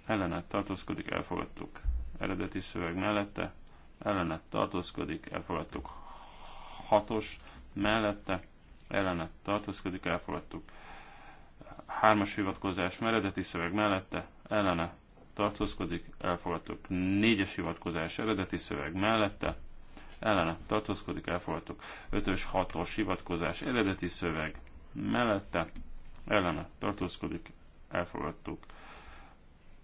ellene tartózkodik, elfogadtuk. Eredeti szöveg mellette ellenet tartózkodik, elfogadtuk. 6-os mellette ellenet tartózkodik, elfogadtuk. 3-as hivatkozás eredeti szöveg mellette ellene tartózkodik, elfogadtuk. 4-es hivatkozás eredeti szöveg mellette ellene tartózkodik, elfogadtuk. 5-ös, 6-os hivatkozás eredeti szöveg mellette ellene tartózkodik, elfogadtuk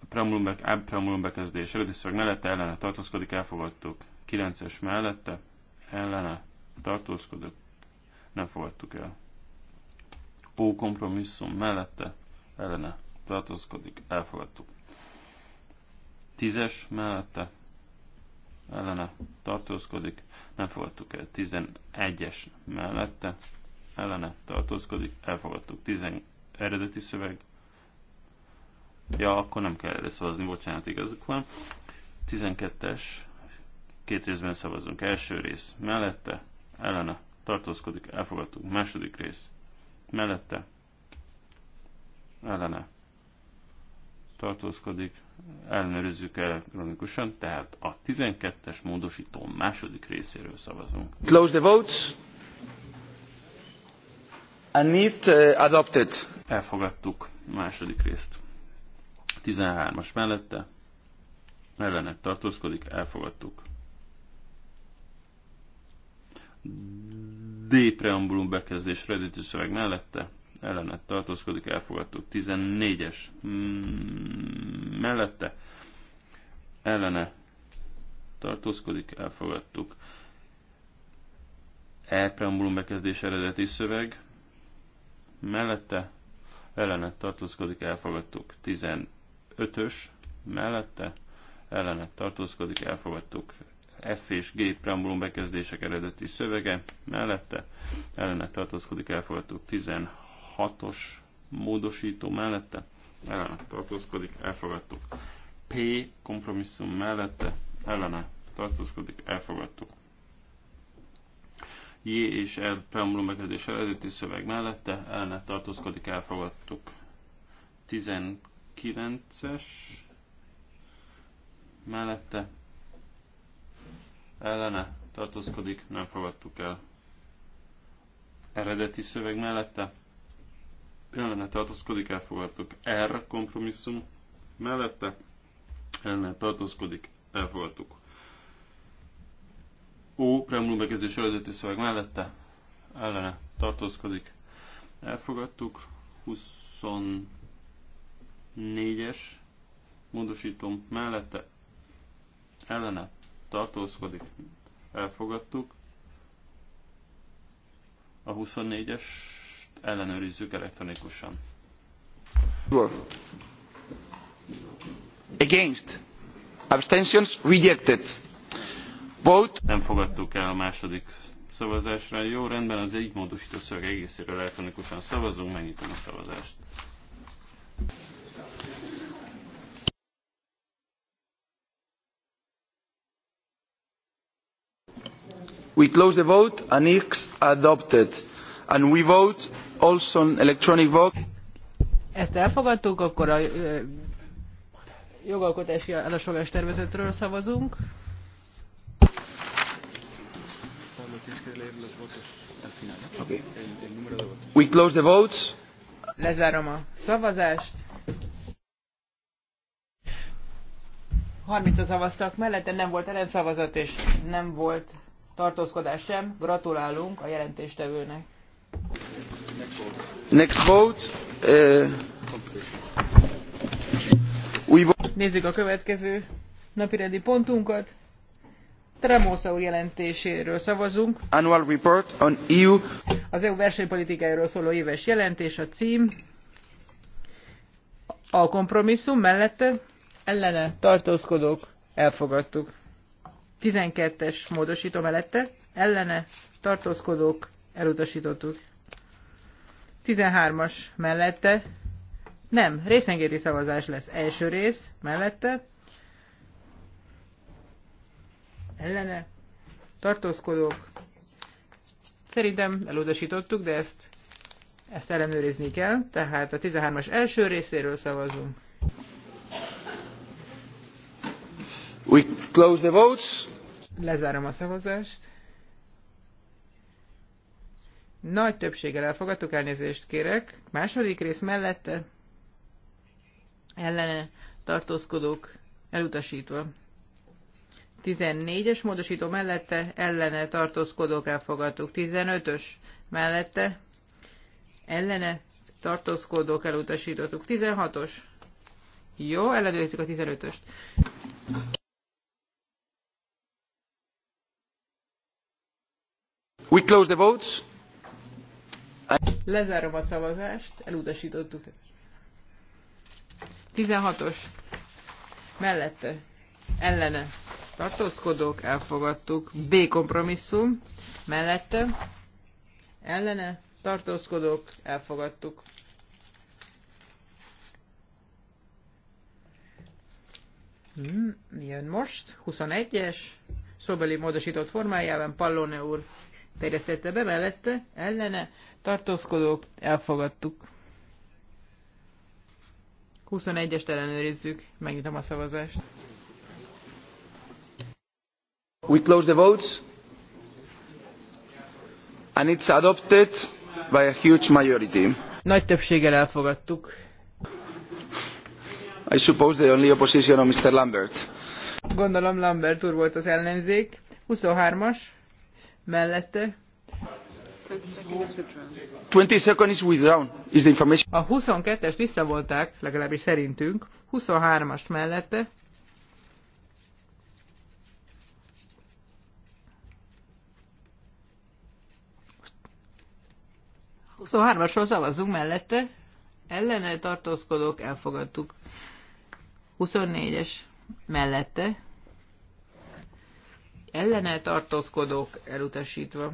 preambulum bekezdés, eredeti szöveg mellette ellene tartózkodik, elfogadtuk. 9-es mellette ellene tartózkodik, nem fogadtuk el. Ó kompromisszum mellette ellene tartózkodik, elfogadtuk. 10-es mellette ellene tartózkodik, nem fogadtuk el. 11-es mellette ellene tartózkodik, elfogadtuk. 10 eredeti szöveg Ja, akkor nem kell erre szavazni, bocsánat, igazuk van. 12-es, két részben szavazunk. Első rész, mellette, ellene, tartózkodik, elfogadtuk. Második rész, mellette, ellene, tartózkodik, ellenőrizzük elektronikusan, tehát a 12-es módosító második részéről szavazunk. Close the votes. And it uh, adopted. Elfogadtuk második részt. 13-as mellette ellene tartózkodik, elfogadtuk. D preambulum bekezdés redítő szöveg mellette ellene tartózkodik, elfogadtuk. 14-es mm, mellette ellene tartózkodik, elfogadtuk. E preambulum bekezdés eredeti szöveg mellette ellenet tartózkodik, elfogadtuk ötös mellette ellenet tartózkodik, elfogadtuk. F és G preambulum bekezdések eredeti szövege mellette ellenet tartózkodik, elfogadtuk. 16-os módosító mellette ellenet tartózkodik, elfogadtuk. P kompromisszum mellette ellene tartózkodik, elfogadtuk. J és L preambulum bekezdés eredeti szöveg mellette ellene tartózkodik, elfogadtuk. 9-es mellette ellene tartózkodik, nem fogadtuk el. Eredeti szöveg mellette ellene tartózkodik, elfogadtuk. R kompromisszum mellette ellene tartózkodik, elfogadtuk. O preambulum bekezdés eredeti szöveg mellette ellene tartózkodik, elfogadtuk. 20 négyes módosítom mellette ellene tartózkodik, elfogadtuk. A 24 es ellenőrizzük elektronikusan. Against. Abstentions rejected. Vote. Nem fogadtuk el a második szavazásra. Jó, rendben, az így módosított szöveg egészéről elektronikusan szavazunk, megnyitom a szavazást. we close the vote and it's adopted and we vote also on electronic vote ezt elfogadtuk, akkor a jogalkotási állásfoglalás tervezetről szavazunk. Okay. We close the votes. Lezárom a szavazást. 30 szavaztak mellette, nem volt ellenszavazat, és nem volt tartózkodás sem. Gratulálunk a jelentéstevőnek. Next vote. Uh, we Nézzük a következő napirendi pontunkat. Tremosa úr jelentéséről szavazunk. Annual report on EU. Az EU versenypolitikájáról szóló éves jelentés a cím. A kompromisszum mellette ellene tartózkodók elfogadtuk. 12-es módosító mellette, ellene tartózkodók elutasítottuk. 13-as mellette, nem, részengéti szavazás lesz. Első rész mellette, ellene tartózkodók. Szerintem elutasítottuk, de ezt, ezt ellenőrizni kell. Tehát a 13-as első részéről szavazunk. We close the votes. Lezárom a szavazást. Nagy többséggel elfogadtuk, elnézést kérek. Második rész mellette ellene tartózkodók elutasítva. 14-es módosító mellette ellene tartózkodók elfogadtuk. 15-ös mellette ellene tartózkodók elutasítottuk. 16-os. Jó, ellenőrizzük a 15-öst. Lezárom a szavazást, elutasítottuk. 16-os. Mellette. Ellene. Tartózkodók, elfogadtuk. B kompromisszum. Mellette. Ellene. Tartózkodók, elfogadtuk. Hmm, jön most. 21-es. Szóbeli módosított formájában Pallone úr terjesztette be mellette, ellene tartózkodók elfogadtuk. 21-est ellenőrizzük, megnyitom a szavazást. We close the votes and it's adopted by a huge majority. Nagy többséggel elfogadtuk. I suppose the only opposition of Mr. Lambert. Gondolom Lambert úr volt az ellenzék. 23-as mellette. 20 A 22 est visszavolták, legalábbis szerintünk, 23-ast mellette. Szóval 23-asról szavazzunk mellette. Ellene tartózkodók, elfogadtuk. 24-es mellette ellene tartózkodók elutasítva.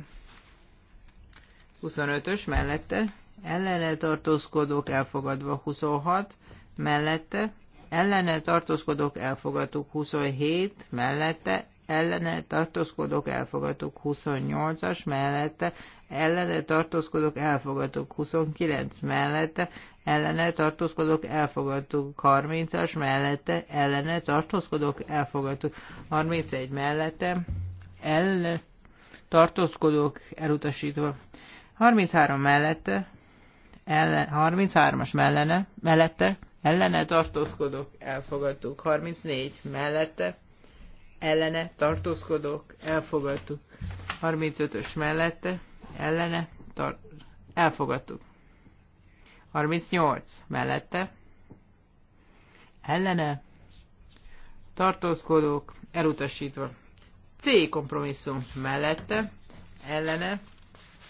25-ös mellette ellene tartózkodók elfogadva. 26 mellette ellene tartózkodók elfogadtuk. 27 mellette ellene tartózkodok, elfogadok 28-as mellette, ellene tartózkodok, elfogadok 29 mellette, ellene tartózkodok, elfogadok 30-as mellette, ellene tartózkodok, elfogadok 31 mellette, ellene tartózkodok, elutasítva 33 mellette, ellen, 33-as mellene, mellette, ellene tartózkodok, elfogadtuk 34 mellette, ellene tartózkodók elfogadtuk. 35-ös mellette ellene tar elfogadtuk. 38 mellette ellene tartózkodók elutasítva. C kompromisszum mellette ellene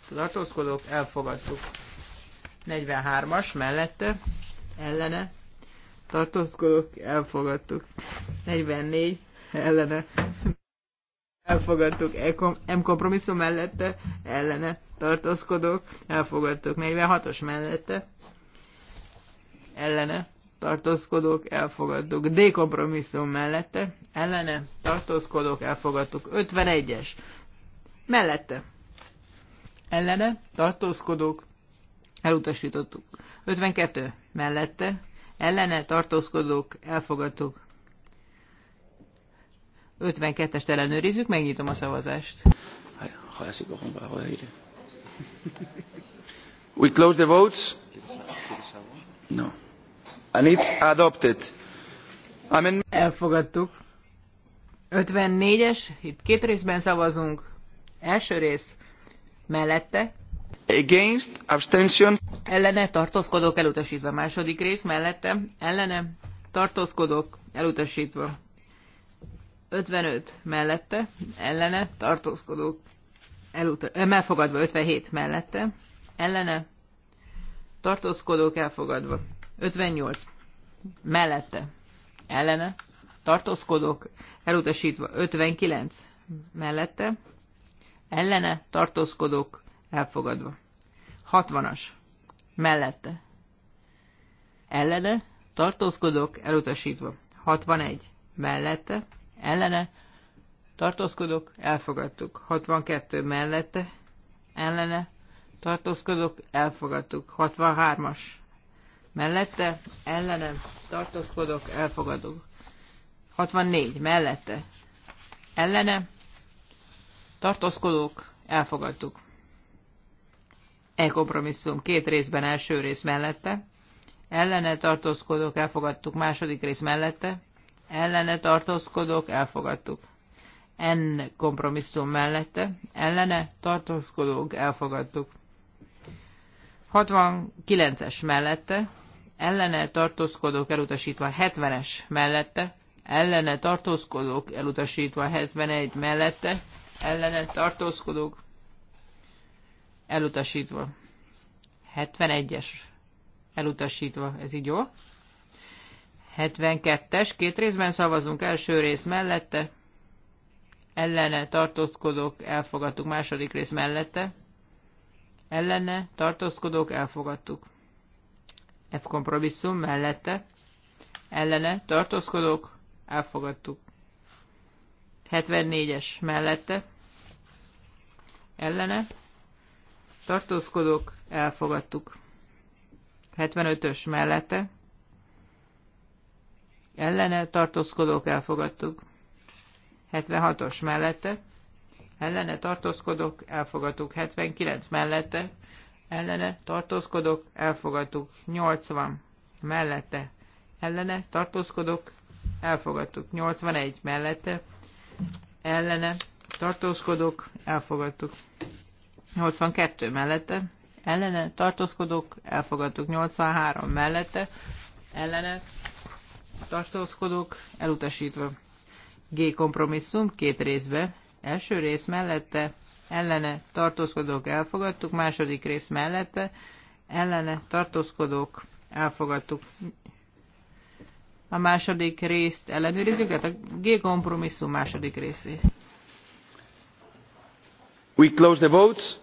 tartózkodók elfogadtuk. 43-as mellette ellene tartózkodók elfogadtuk. 44 ellene elfogadtuk, e M kompromisszum mellette ellene tartózkodok. elfogadtuk 46-os mellette ellene tartózkodok, elfogadtuk D kompromisszum mellette ellene tartózkodok, elfogadtuk 51-es mellette ellene tartózkodok, elutasítottuk 52 mellette ellene tartózkodok, elfogadtuk 52-est ellenőrizzük, megnyitom a szavazást. We close the votes. No. And it's adopted. I mean... Elfogadtuk. 54-es, itt két részben szavazunk. Első rész mellette. Against, abstention. Ellene tartózkodok elutasítva. Második rész mellette. Ellene tartózkodok elutasítva. 55 mellette, ellene, tartózkodók eluta- eh, elfogadva 57 mellette, ellene, tartózkodók elfogadva 58 mellette, ellene, tartózkodók elutasítva 59 mellette, ellene, tartózkodók elfogadva 60-as mellette, ellene, tartózkodók elutasítva 61 mellette, ellene, tartózkodok, elfogadtuk. 62 mellette, ellene, tartózkodok, elfogadtuk. 63-as mellette, ellene, tartózkodok, elfogadok. 64 mellette, ellene, tartózkodok, elfogadtuk. E kompromisszum két részben első rész mellette, ellene tartózkodók elfogadtuk második rész mellette, ellene tartózkodók elfogadtuk. En kompromisszum mellette ellene tartózkodók elfogadtuk. 69-es mellette ellene tartózkodók elutasítva 70-es mellette ellene tartózkodók elutasítva 71 mellette ellene tartózkodók elutasítva. 71-es elutasítva, ez így jó. 72-es, két részben szavazunk, első rész mellette, ellene tartózkodók, elfogadtuk, második rész mellette, ellene tartózkodók, elfogadtuk. F kompromisszum mellette, ellene tartózkodók, elfogadtuk. 74-es mellette, ellene tartózkodók, elfogadtuk. 75-ös mellette, ellene tartózkodók elfogadtuk. 76-os mellette ellene tartózkodók elfogadtuk. 79 mellette ellene tartózkodók elfogadtuk. 80 mellette ellene tartózkodók elfogadtuk. 81 mellette ellene tartózkodók elfogadtuk. 82 mellette ellene tartózkodók elfogadtuk. 83 mellette ellene tartózkodók elutasítva. G kompromisszum két részbe Első rész mellette ellene tartózkodók elfogadtuk, második rész mellette ellene tartózkodók elfogadtuk. A második részt ellenőrizzük, tehát a G kompromisszum második részét. We close the votes.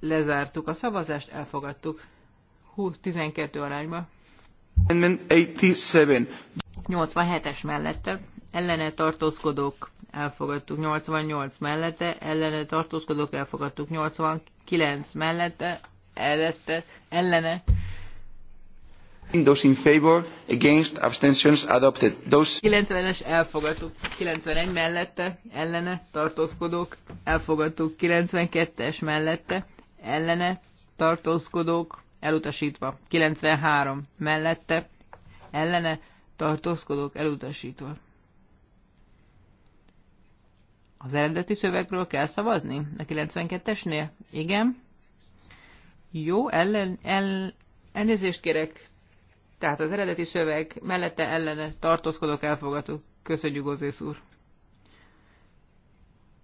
Lezártuk a szavazást, elfogadtuk. 20-12 arányba. 87-es mellette ellene tartózkodók elfogadtuk 88 mellette, ellene tartózkodók elfogadtuk 89 mellette, ellette, ellene. Those in favor, against, abstentions adopted. Those... 90-es elfogadtuk, 91 mellette, ellene, tartózkodók, elfogadtuk, 92-es mellette, ellene, tartózkodók, elutasítva. 93 mellette, ellene tartózkodók elutasítva. Az eredeti szövegről kell szavazni? A 92-esnél? Igen. Jó, ellen, el, elnézést kérek. Tehát az eredeti szöveg mellette ellene tartózkodok elfogadó Köszönjük, Gozész úr.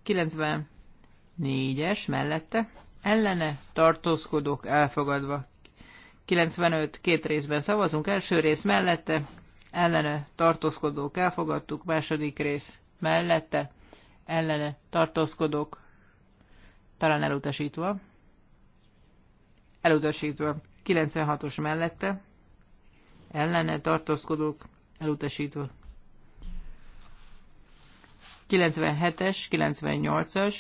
94-es mellette ellene tartózkodok elfogadva. 95 két részben szavazunk, első rész mellette, ellene tartózkodók elfogadtuk, második rész mellette, ellene tartózkodók talán elutasítva, elutasítva 96-os mellette, ellene tartózkodók elutasítva. 97-es, 98-as,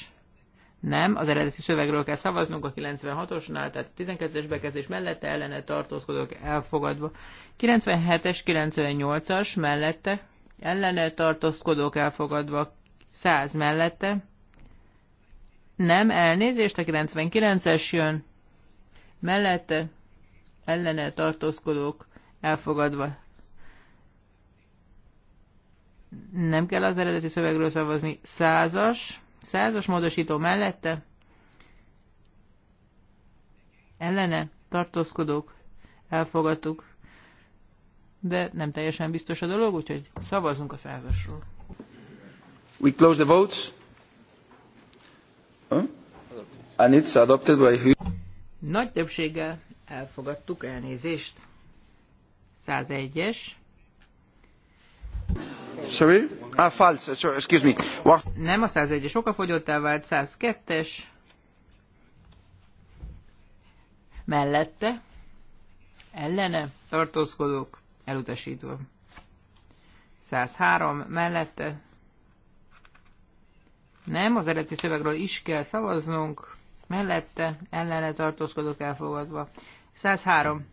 nem, az eredeti szövegről kell szavaznunk a 96-osnál, tehát a 12-es bekezdés mellette ellene tartózkodok elfogadva. 97-es, 98-as mellette ellene tartózkodok elfogadva. 100 mellette. Nem, elnézést, a 99-es jön. Mellette ellene tartózkodók elfogadva. Nem kell az eredeti szövegről szavazni. Százas Százas módosító mellette ellene tartózkodók elfogadtuk, de nem teljesen biztos a dolog, úgyhogy szavazzunk a százasról. We close the votes. Huh? And it's adopted by Nagy többséggel elfogadtuk elnézést. 101-es. Sorry? Ah, nem, a 101-es okafogyottá vált, 102-es mellette, ellene, tartózkodók, elutasítva. 103 mellette, nem, az eredeti szövegről is kell szavaznunk, mellette, ellene tartózkodók elfogadva. 103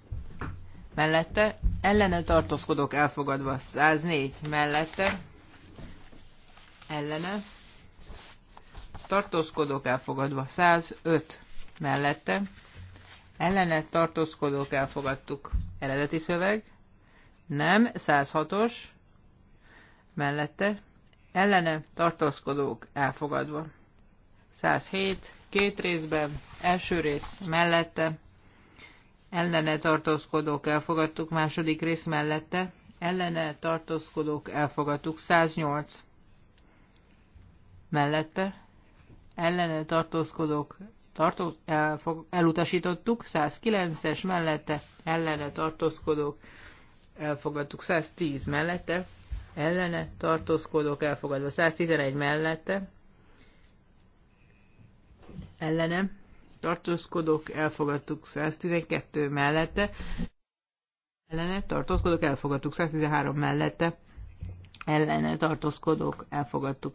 mellette, ellene tartózkodók elfogadva. 104 mellette, ellene, tartózkodók elfogadva 105 mellette, ellene tartózkodók elfogadtuk eredeti szöveg, nem 106-os mellette, ellene tartózkodók elfogadva. 107, két részben, első rész mellette, ellene tartózkodók elfogadtuk, második rész mellette, ellene tartózkodók elfogadtuk, 108 mellette ellene tartózkodók tartó, fog, elutasítottuk, 109-es mellette ellene tartózkodók elfogadtuk, 110 mellette ellene tartózkodók elfogadva, 111 mellette ellene tartózkodók elfogadtuk, 112 mellette ellene tartózkodók elfogadtuk, 113 mellette ellene tartózkodók elfogadtuk.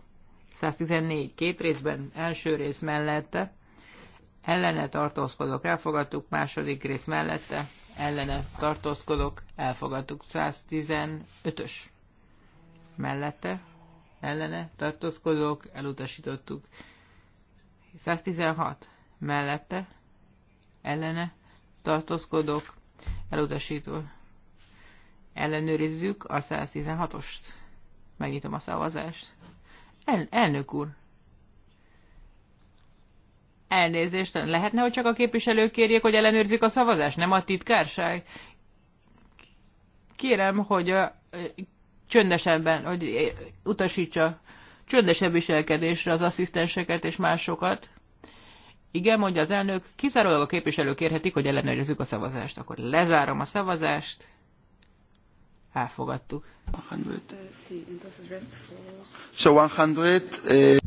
114 két részben, első rész mellette, ellene tartózkodok, elfogadtuk, második rész mellette, ellene tartózkodok, elfogadtuk, 115-ös mellette, ellene tartózkodok, elutasítottuk, 116 mellette, ellene tartózkodok, elutasító. Ellenőrizzük a 116-ost. Megnyitom a szavazást. El, elnök úr. Elnézést, lehetne, hogy csak a képviselők kérjék, hogy ellenőrzik a szavazást, nem a titkárság? Kérem, hogy a, csöndesebben, hogy utasítsa csöndesebb viselkedésre az asszisztenseket és másokat. Igen, mondja az elnök, kizárólag a képviselők kérhetik, hogy ellenőrizzük a szavazást. Akkor lezárom a szavazást elfogadtuk. So 117.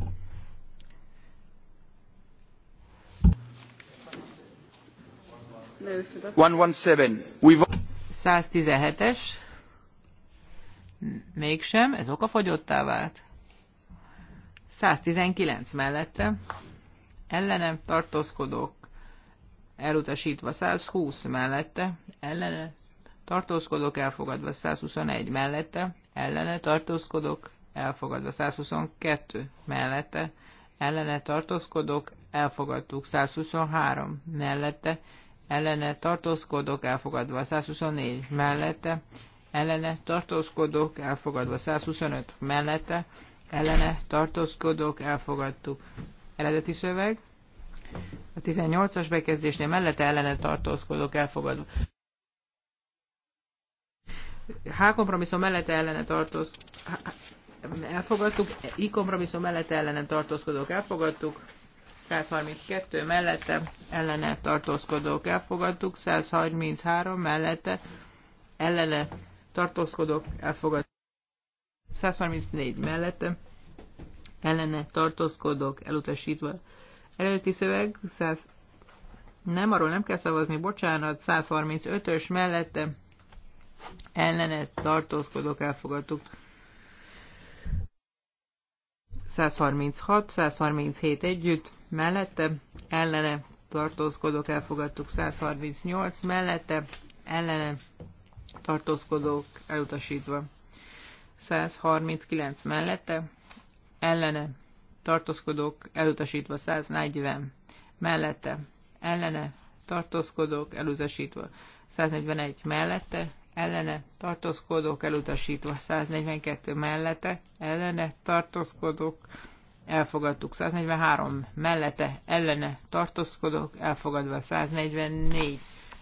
Eh, es Mégsem, ez okafogyottá vált. 119 mellette. Ellenem tartózkodók elutasítva 120 mellette, Ellenem tartózkodok, elfogadva 121 mellette, ellene tartózkodok, elfogadva 122 mellette, ellene tartózkodok, elfogadtuk 123 mellette, ellene tartózkodok, elfogadva 124 mellette, ellene tartózkodok, elfogadva 125 mellette, ellene tartózkodok, elfogadtuk. Eredeti szöveg. A 18-as bekezdésnél mellette ellene tartózkodok, elfogadva. H kompromisszum mellette ellene tartoz, elfogadtuk, I kompromisszum mellette ellene tartózkodók elfogadtuk, 132 mellette ellene tartózkodók elfogadtuk, 133 mellette ellene tartózkodók elfogadtuk, 134 mellette ellene tartózkodók elutasítva. Előtti szöveg 100 nem, arról nem kell szavazni, bocsánat, 135-ös mellette ellene tartózkodok, elfogadtuk. 136, 137 együtt, mellette, ellene, tartózkodok, elfogadtuk 138, mellette, ellene, tartózkodók, elutasítva. 139 mellette, ellene, tartózkodók, elutasítva 140, mellette, ellene, tartózkodók, elutasítva 141 mellette, ellene tartózkodók elutasítva, 142 mellette ellene tartózkodók elfogadtuk, 143 mellette ellene tartózkodók elfogadva, 144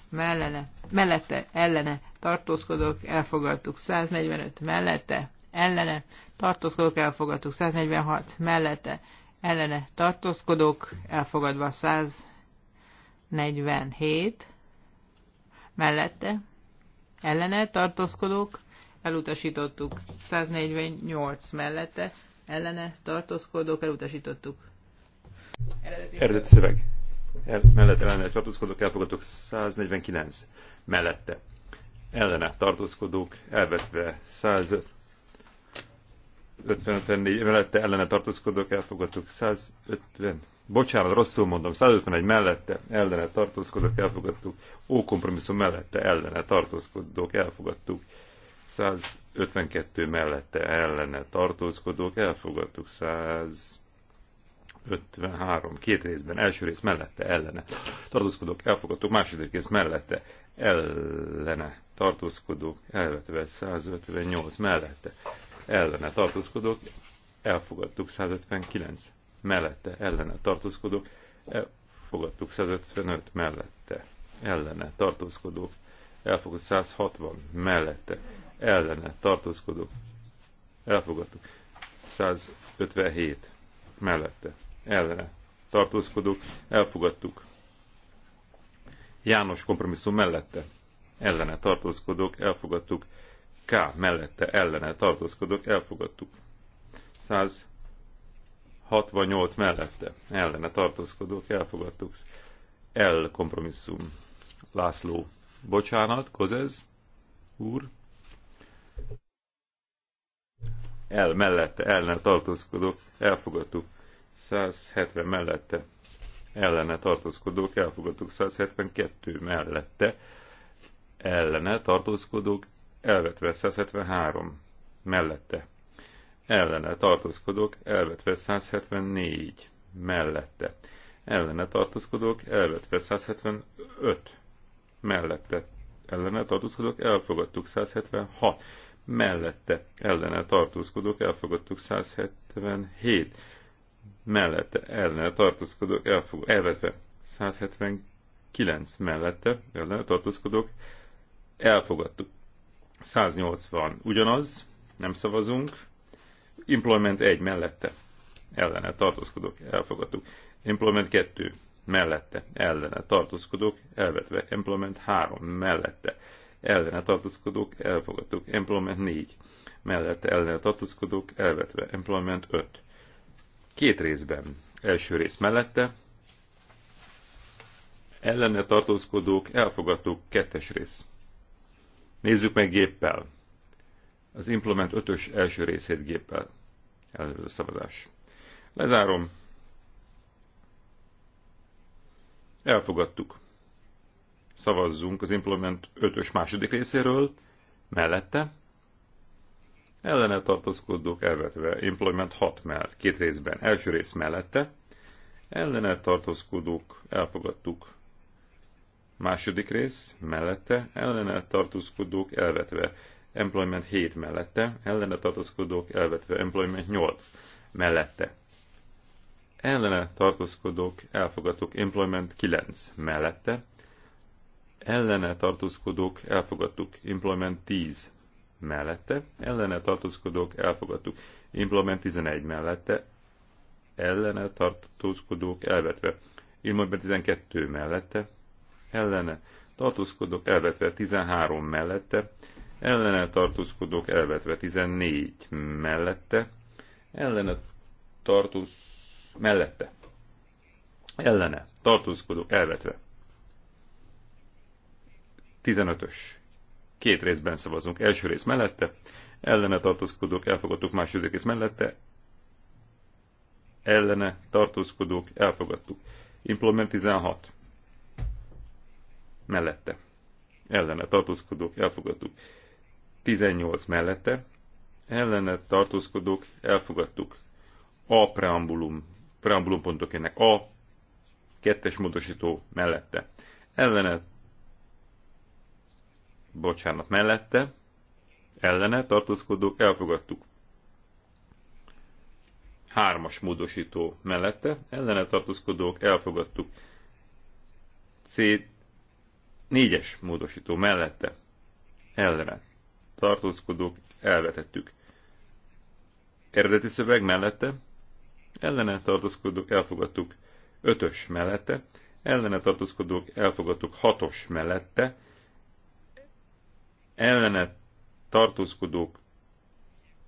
mellene, mellette ellene tartózkodók elfogadtuk, 145 mellette ellene tartózkodók elfogadtuk, 146 mellette ellene tartózkodók elfogadva, 147 mellette ellene tartózkodók elutasítottuk. 148 mellette ellene tartózkodók elutasítottuk. Eredeti, Eredeti szöveg. El, mellette ellene tartózkodók elfogadtuk 149 mellette. Ellene tartózkodók elvetve 155 mellette ellene tartózkodók elfogadtuk 150 bocsánat, rosszul mondom, 151 mellette ellene tartózkodok, elfogadtuk, ó kompromisszum mellette ellene tartózkodok, elfogadtuk, 152 mellette ellene tartózkodók elfogadtuk, 153 két részben, első rész mellette ellene tartózkodók elfogadtuk, második rész mellette ellene tartózkodók elvetve 158 mellette ellene tartózkodók elfogadtuk 159 mellette, ellene tartózkodók, elfogadtuk 155 mellette, ellene tartózkodók, elfogadtuk 160 mellette, ellene tartózkodók, elfogadtuk 157 mellette, ellene tartózkodók, elfogadtuk János kompromisszum mellette, ellene tartózkodók, elfogadtuk K mellette, ellene tartózkodók, elfogadtuk 100 68 mellette, ellene tartózkodók, elfogadtuk. El kompromisszum. László. Bocsánat, Kozez úr. El mellette, ellene tartózkodók, elfogadtuk. 170 mellette, ellene tartózkodók, elfogadtuk. 172 mellette, ellene tartózkodók, elvetve 173 mellette, ellene tartózkodók elvetve 174 mellette, ellene tartózkodók elvetve 175 mellette, ellene tartózkodók elfogadtuk 176 mellette, ellene tartózkodók elfogadtuk 177 mellette, ellene tartózkodók elfog, elvetve 179 mellette, ellene tartózkodók elfogadtuk. 180 ugyanaz, nem szavazunk, Employment 1 mellette ellene tartózkodok, elfogadtuk. Employment 2 mellette ellene tartózkodok, elvetve. Employment 3 mellette ellene tartózkodok, elfogadtuk. Employment 4 mellette ellene tartózkodok, elvetve. Employment 5 két részben. Első rész mellette ellene tartózkodók elfogadtuk kettes rész. Nézzük meg géppel az implement 5-ös első részét géppel előző szavazás. Lezárom. Elfogadtuk. Szavazzunk az implement 5-ös második részéről, mellette. Ellene tartózkodók elvetve implement 6 mell, két részben, első rész mellette. Ellene tartózkodók elfogadtuk. Második rész, mellette, ellene tartózkodók elvetve Employment 7 mellette, ellene tartózkodók elvetve. Employment 8 mellette. Ellene tartózkodók elfogadtuk Employment 9 mellette. Ellene tartózkodók elfogadtuk. Employment 10 mellette. Ellene tartózkodók elfogadtuk. Employment 11 mellette. Ellene tartózkodók elvetve. Employment 12 mellette. Ellene tartózkodók elvetve 13 mellette, ellene tartózkodók elvetve 14 mellette, ellene tartóz mellette, ellene tartózkodók elvetve 15-ös. Két részben szavazunk. Első rész mellette, ellene tartózkodók elfogadtuk második rész mellette, ellene tartózkodók elfogadtuk. Implement 16. Mellette. Ellene tartózkodók elfogadtuk. 18 mellette, ellene tartózkodók elfogadtuk. A preambulum, preambulum pontok ennek A, kettes módosító mellette. Ellene, bocsánat, mellette, ellene tartózkodók elfogadtuk. Hármas módosító mellette, ellene tartózkodók elfogadtuk. C, négyes módosító mellette, ellene tartózkodók elvetettük. Eredeti szöveg mellette, ellene tartózkodók elfogadtuk ötös mellette, ellene tartózkodók elfogadtuk hatos mellette, ellene tartózkodók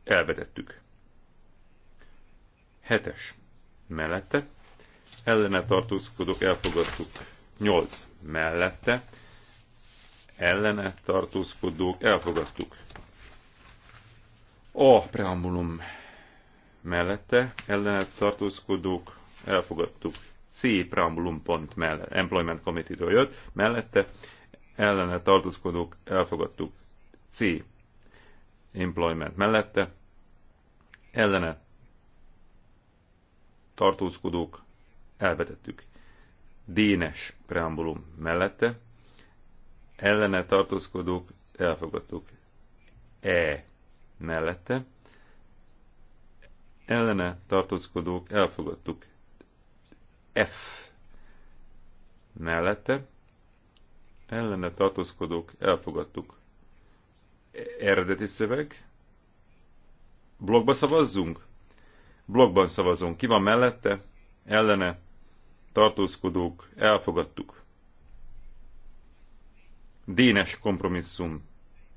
elvetettük. Hetes mellette, ellene tartózkodók elfogadtuk nyolc mellette, ellene tartózkodók elfogadtuk. A preambulum mellette ellene tartózkodók elfogadtuk. C preambulum pont mellett, Employment Committee-ről jött, mellette ellene tartózkodók elfogadtuk. C employment mellette ellene tartózkodók elvetettük. Dénes preambulum mellette ellene tartózkodók elfogadtuk. E mellette ellene tartózkodók elfogadtuk. F mellette ellene tartózkodók elfogadtuk. Eredeti szöveg. Blogba szavazzunk? Blogban szavazunk. Ki van mellette? Ellene tartózkodók elfogadtuk. Dénes kompromisszum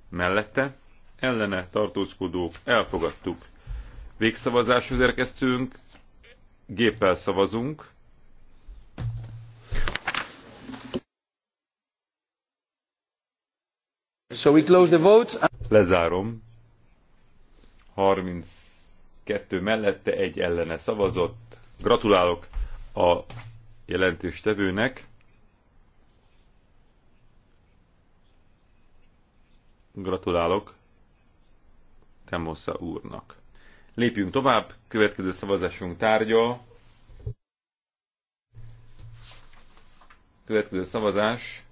mellette, ellene tartózkodók elfogadtuk. Végszavazáshoz érkeztünk, géppel szavazunk. So we close the votes. Lezárom. 32 mellette, egy ellene szavazott. Gratulálok a jelentéstevőnek. Gratulálok Temosza úrnak. Lépjünk tovább, következő szavazásunk tárgya. Következő szavazás.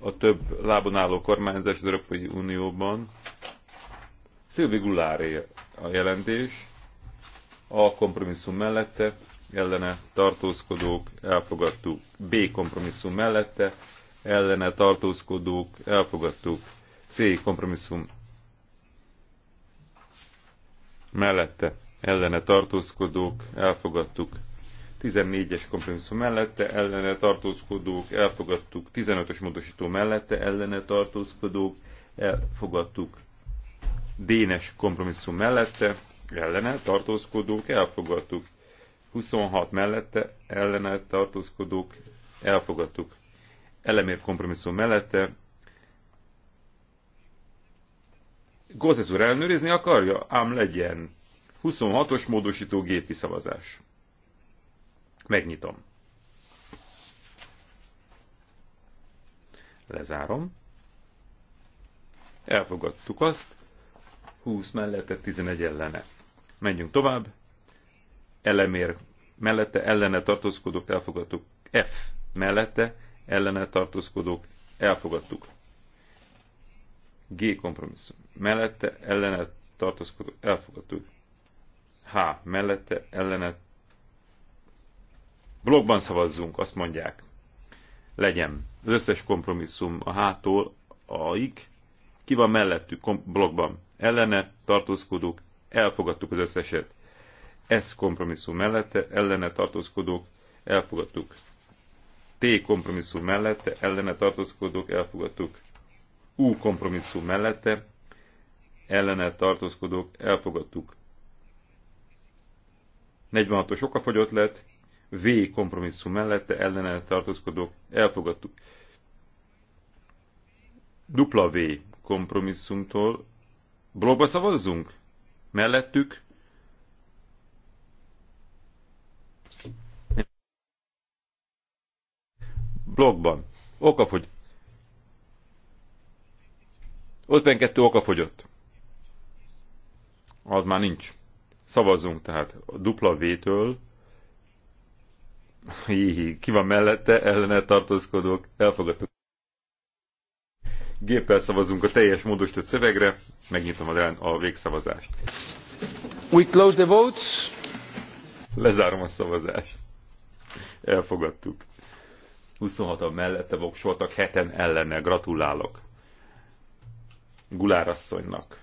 A több lábon álló kormányzás az Európai Unióban. Szilvi Gulláré a jelentés. A kompromisszum mellette ellene tartózkodók elfogadtuk. B kompromisszum mellette ellene tartózkodók elfogadtuk. C kompromisszum mellette ellene tartózkodók elfogadtuk. 14-es kompromisszum mellette ellene tartózkodók elfogadtuk. 15-ös módosító mellette ellene tartózkodók elfogadtuk. Dénes kompromisszum mellette ellene tartózkodók elfogadtuk. 26 mellette ellene tartózkodók elfogadtuk. Elemért kompromisszum mellette. Gózes úr elnőrizni akarja? Ám legyen. 26-os módosító gépi szavazás. Megnyitom. Lezárom. Elfogadtuk azt. 20 mellette 11 ellene. Menjünk tovább elemér mellette ellene tartózkodók elfogadtuk. F mellette ellene tartózkodók elfogadtuk. G kompromisszum. Mellette ellene tartózkodók elfogadtuk. H mellette ellene blogban szavazzunk, azt mondják. Legyen. Az összes kompromisszum a H-tól A-ig. Ki van mellettük blogban? Ellene tartózkodók elfogadtuk az összeset. S kompromisszum mellette ellene tartózkodók elfogadtuk. T kompromisszum mellette ellene tartózkodók elfogadtuk. U kompromisszum mellette ellene tartózkodók elfogadtuk. 46-os fogyott lett, V kompromisszum mellette ellene tartózkodók elfogadtuk. Dupla V kompromisszumtól blogba szavazzunk? Mellettük blogban. Okafogy. kettő okafogyott. Az már nincs. Szavazzunk tehát a dupla V-től. Ki van mellette, ellene tartózkodók, elfogadtuk. Géppel szavazunk a teljes módosított szövegre, megnyitom a, a végszavazást. We close the votes. Lezárom a szavazást. Elfogadtuk. 26-an mellette voksoltak, heten ellene. Gratulálok. Gulárasszonynak.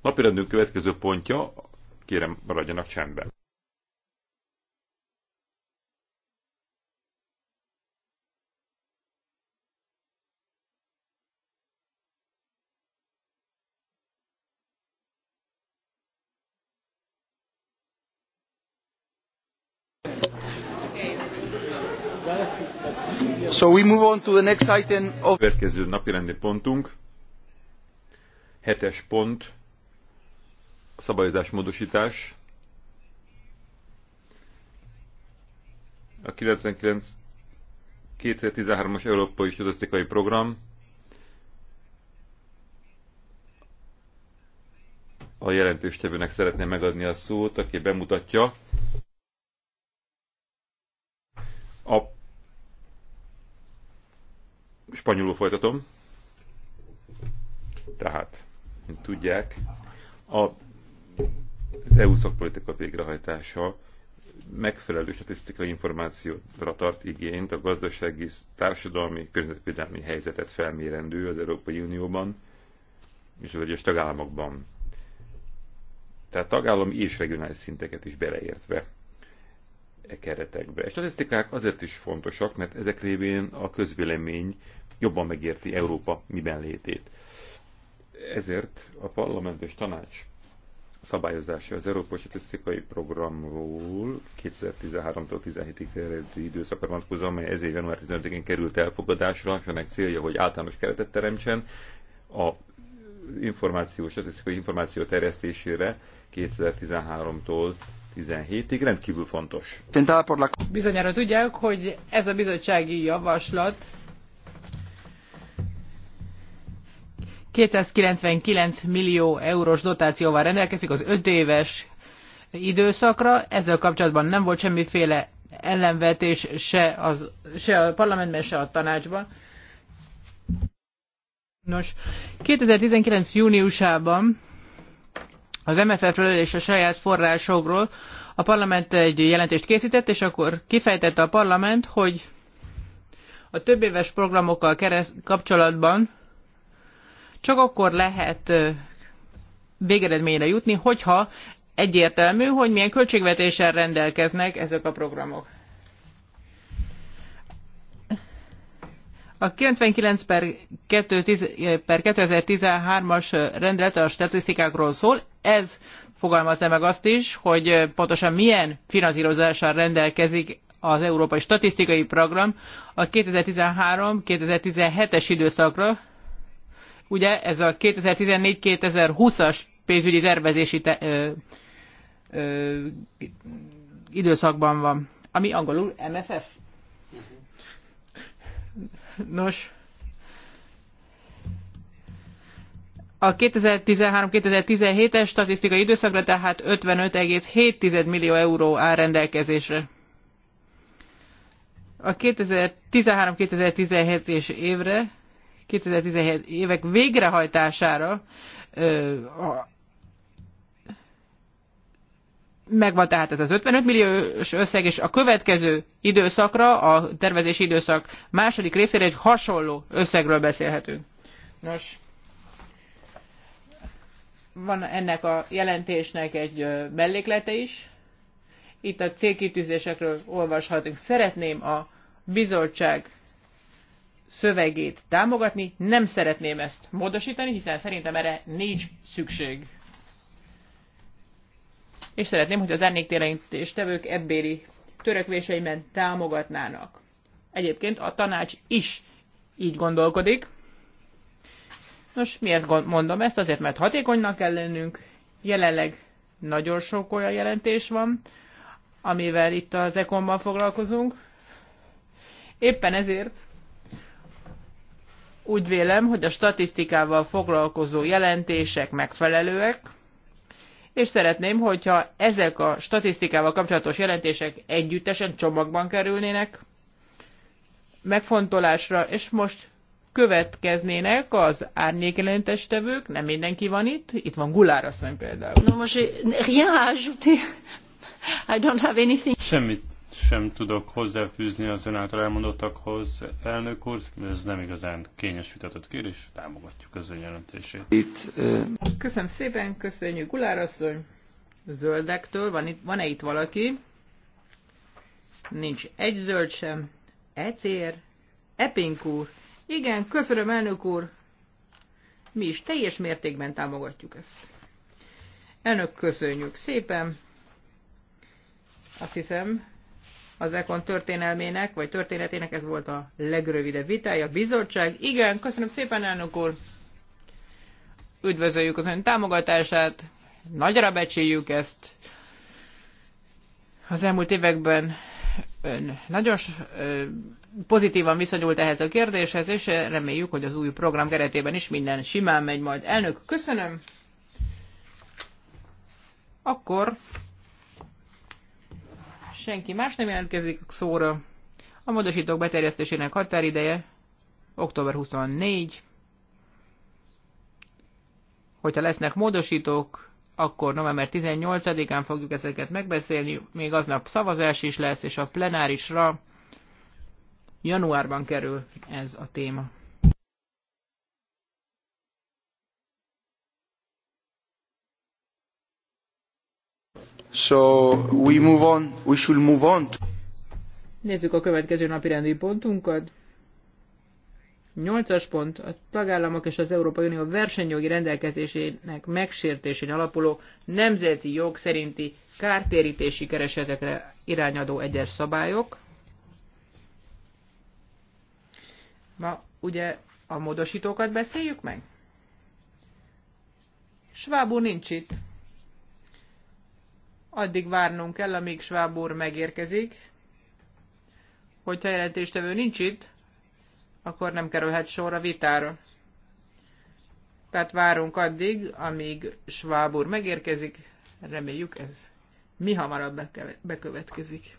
Napirendünk következő pontja, kérem maradjanak csendben. So we move on to the next item of... Következő napirendi pontunk, hetes pont, szabályozás módosítás. A 99 2013-as Európai Statisztikai Program a jelentéstevőnek szeretném megadni a szót, aki bemutatja a Spanyolul folytatom. Tehát, mint tudják, a, az EU szakpolitika végrehajtása megfelelő statisztikai információra tart igényt a gazdasági, társadalmi, környezetvédelmi helyzetet felmérendő az Európai Unióban és az egyes tagállamokban. Tehát tagállami és regionális szinteket is beleértve e keretekbe. A statisztikák azért is fontosak, mert ezek révén a közvélemény jobban megérti Európa miben létét. Ezért a parlament és tanács szabályozása az Európai Statisztikai Programról 2013-tól 17-ig terjedő időszakra vonatkozó, amely ez év január 15-én került elfogadásra, ennek célja, hogy általános keretet teremtsen a információ, statisztikai információ terjesztésére 2013-tól 17-ig rendkívül fontos. Bizonyára tudják, hogy ez a bizottsági javaslat 299 millió eurós dotációval rendelkezik az 5 éves időszakra. Ezzel kapcsolatban nem volt semmiféle ellenvetés se, az, se a parlamentben, se a tanácsban. Nos, 2019. júniusában az MFF-ről és a saját forrásokról a parlament egy jelentést készített, és akkor kifejtette a parlament, hogy a több éves programokkal kereszt, kapcsolatban csak akkor lehet végeredményre jutni, hogyha egyértelmű, hogy milyen költségvetéssel rendelkeznek ezek a programok. A 99 per, 2, per 2013-as rendelet a statisztikákról szól, ez fogalmazza meg azt is, hogy pontosan milyen finanszírozással rendelkezik az Európai Statisztikai Program a 2013-2017-es időszakra. Ugye ez a 2014-2020-as pénzügyi tervezési te, ö, ö, időszakban van, ami angolul MFF. Nos, a 2013-2017-es statisztikai időszakra tehát 55,7 millió euró áll rendelkezésre. A 2013-2017-es évre, 2017 évek végrehajtására megvan tehát ez az 55 milliós összeg, és a következő időszakra, a tervezési időszak második részére egy hasonló összegről beszélhetünk. Nos, van ennek a jelentésnek egy melléklete is. Itt a célkitűzésekről olvashatunk. Szeretném a bizottság szövegét támogatni, nem szeretném ezt módosítani, hiszen szerintem erre nincs szükség és szeretném, hogy az és tevők ebbéri törekvéseiben támogatnának. Egyébként a tanács is így gondolkodik. Nos, miért mondom ezt? Azért, mert hatékonynak kell lennünk. Jelenleg nagyon sok olyan jelentés van, amivel itt az ekonban foglalkozunk. Éppen ezért úgy vélem, hogy a statisztikával foglalkozó jelentések megfelelőek, és szeretném, hogyha ezek a statisztikával kapcsolatos jelentések együttesen csomagban kerülnének megfontolásra, és most következnének az tevők, nem mindenki van itt, itt van Gulár asszony például. No, most rien à ajouter. I don't have anything. Semmit sem tudok hozzáfűzni az ön által elmondottakhoz, elnök úr. Ez nem igazán kényes vitatott kérés, támogatjuk az ön jelentését. Itt, uh... Köszönöm szépen, köszönjük asszony, Zöldektől, van itt, van-e itt valaki? Nincs egy zöld sem. Ecér? Epink úr? Igen, köszönöm, elnök úr. Mi is teljes mértékben támogatjuk ezt. Elnök, köszönjük szépen. Azt hiszem, az ECON történelmének, vagy történetének ez volt a legrövidebb vitája. Bizottság, igen, köszönöm szépen, elnök úr! Üdvözöljük az ön támogatását, nagyra becsüljük ezt. Az elmúlt években ön nagyon pozitívan viszonyult ehhez a kérdéshez, és reméljük, hogy az új program keretében is minden simán megy majd. Elnök, köszönöm! Akkor Senki más nem jelentkezik szóra. A módosítók beterjesztésének határideje október 24. Hogyha lesznek módosítók, akkor november 18-án fogjuk ezeket megbeszélni, még aznap szavazás is lesz, és a plenárisra januárban kerül ez a téma. So we move on, we should move on. Nézzük a következő napi rendi pontunkat. Nyolcas pont a tagállamok és az Európai Unió versenyjogi rendelkezésének megsértésén alapuló nemzeti jog szerinti kártérítési keresetekre irányadó egyes szabályok. Ma ugye a módosítókat beszéljük meg? Svábú nincs itt addig várnunk kell, amíg Schwab úr megérkezik. Hogyha jelentéstevő nincs itt, akkor nem kerülhet sor a vitára. Tehát várunk addig, amíg Schwab úr megérkezik, reméljük ez mi hamarabb bekövetkezik.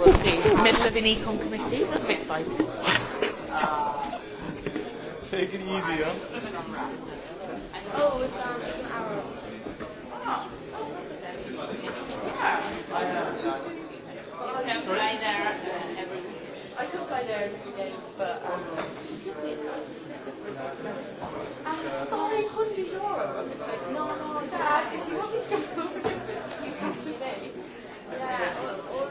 Middle of an econ committee. I'm excited. Take it easy, huh? Oh, it's, um, an hour. Oh, oh that's okay. Yeah. I don't fly there every week. I could fly there in two days, but um, and 500 euro. no, no, Dad, if you want me to go over [LAUGHS] to you have to pay. Yeah, all, all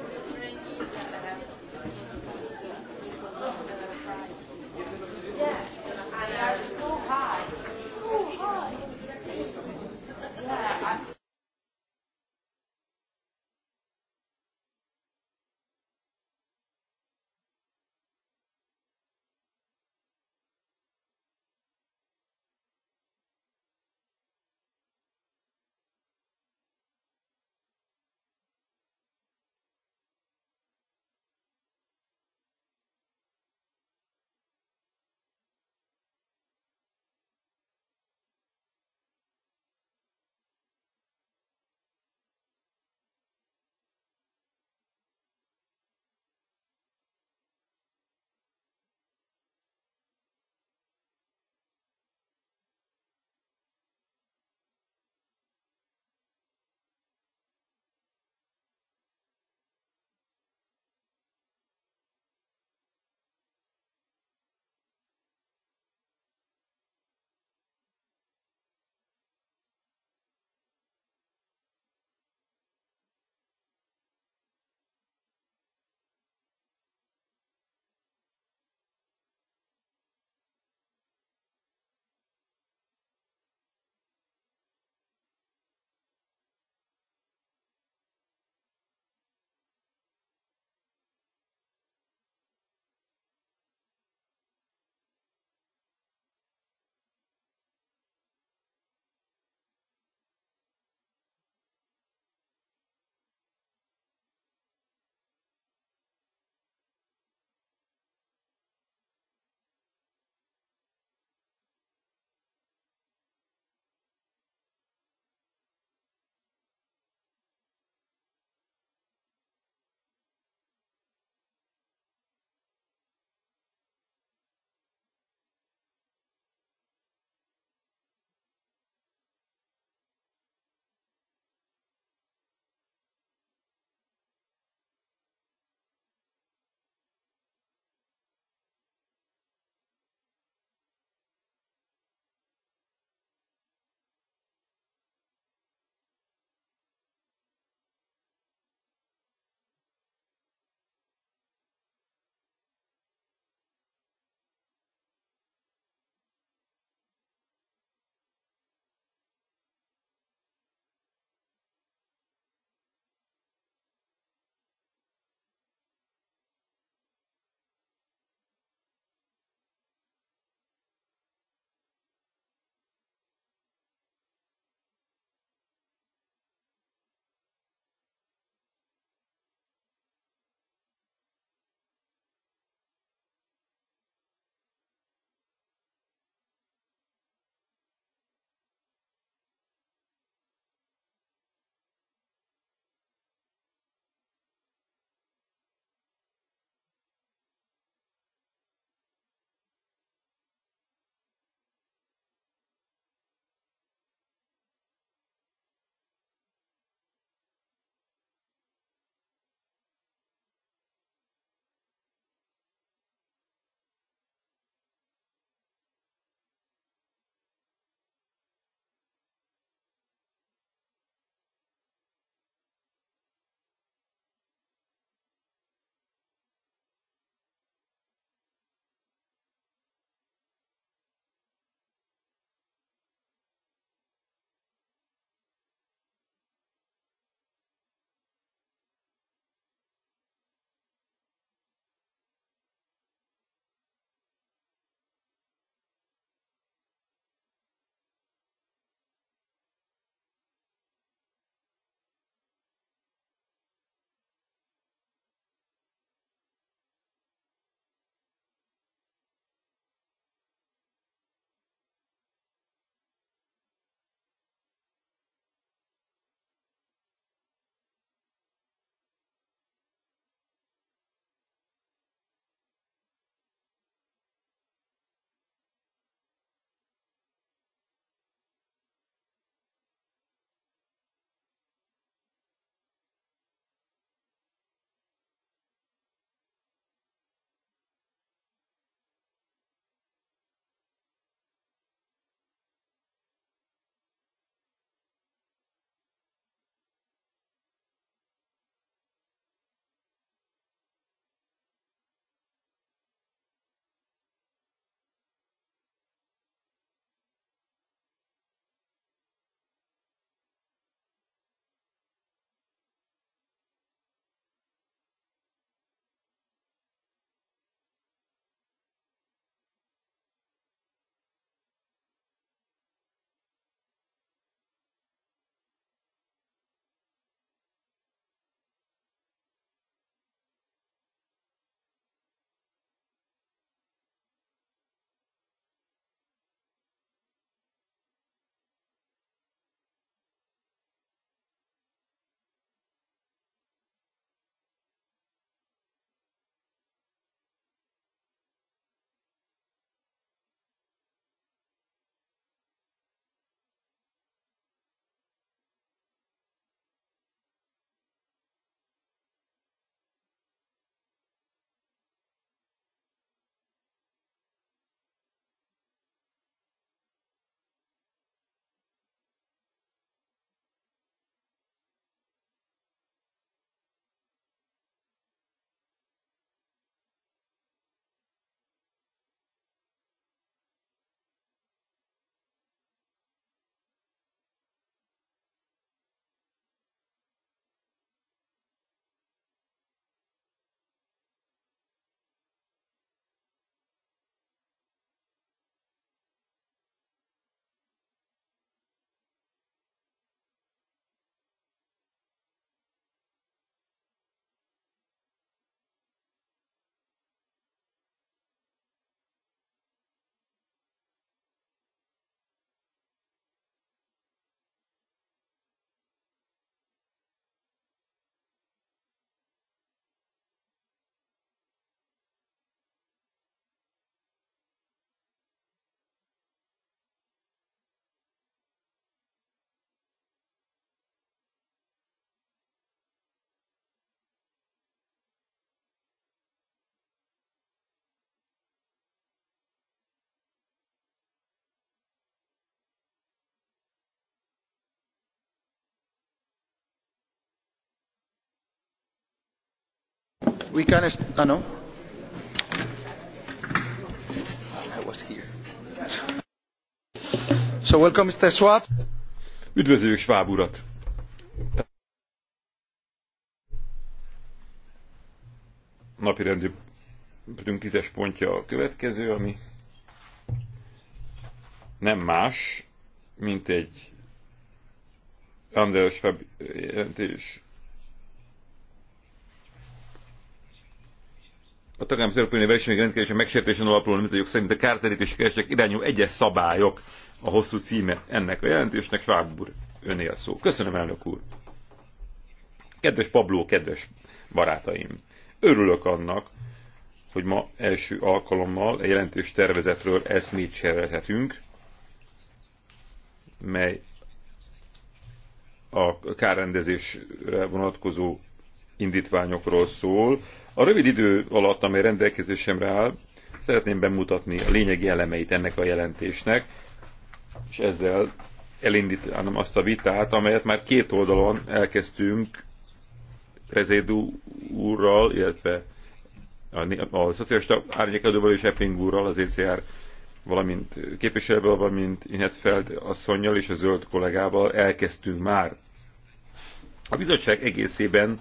We can... Ah, no. I was here. So welcome, Mr. Schwab. Üdvözöljük Schwab urat! Napi rendünk tízes pontja a következő, ami nem más, mint egy Anders Schwab jelentés a tagállam az Európai Unió versenyjogi megsértésen alapuló nemzetjog szerint a kárterítési keresek irányú egyes szabályok a hosszú címe ennek a jelentésnek. Schwab úr, öné a szó. Köszönöm, elnök úr. Kedves Pablo, kedves barátaim! Örülök annak, hogy ma első alkalommal egy jelentős tervezetről eszmét cserélhetünk, mely a kárrendezésre vonatkozó indítványokról szól. A rövid idő alatt, amely rendelkezésemre áll, szeretném bemutatni a lényegi elemeit ennek a jelentésnek, és ezzel elindítanom azt a vitát, amelyet már két oldalon elkezdtünk Rezédú úrral, illetve a, a szocialista árnyékadóval és Epping úrral, az ECR valamint képviselővel, valamint Inhetfeld asszonynal és a zöld kollégával elkezdtünk már. A bizottság egészében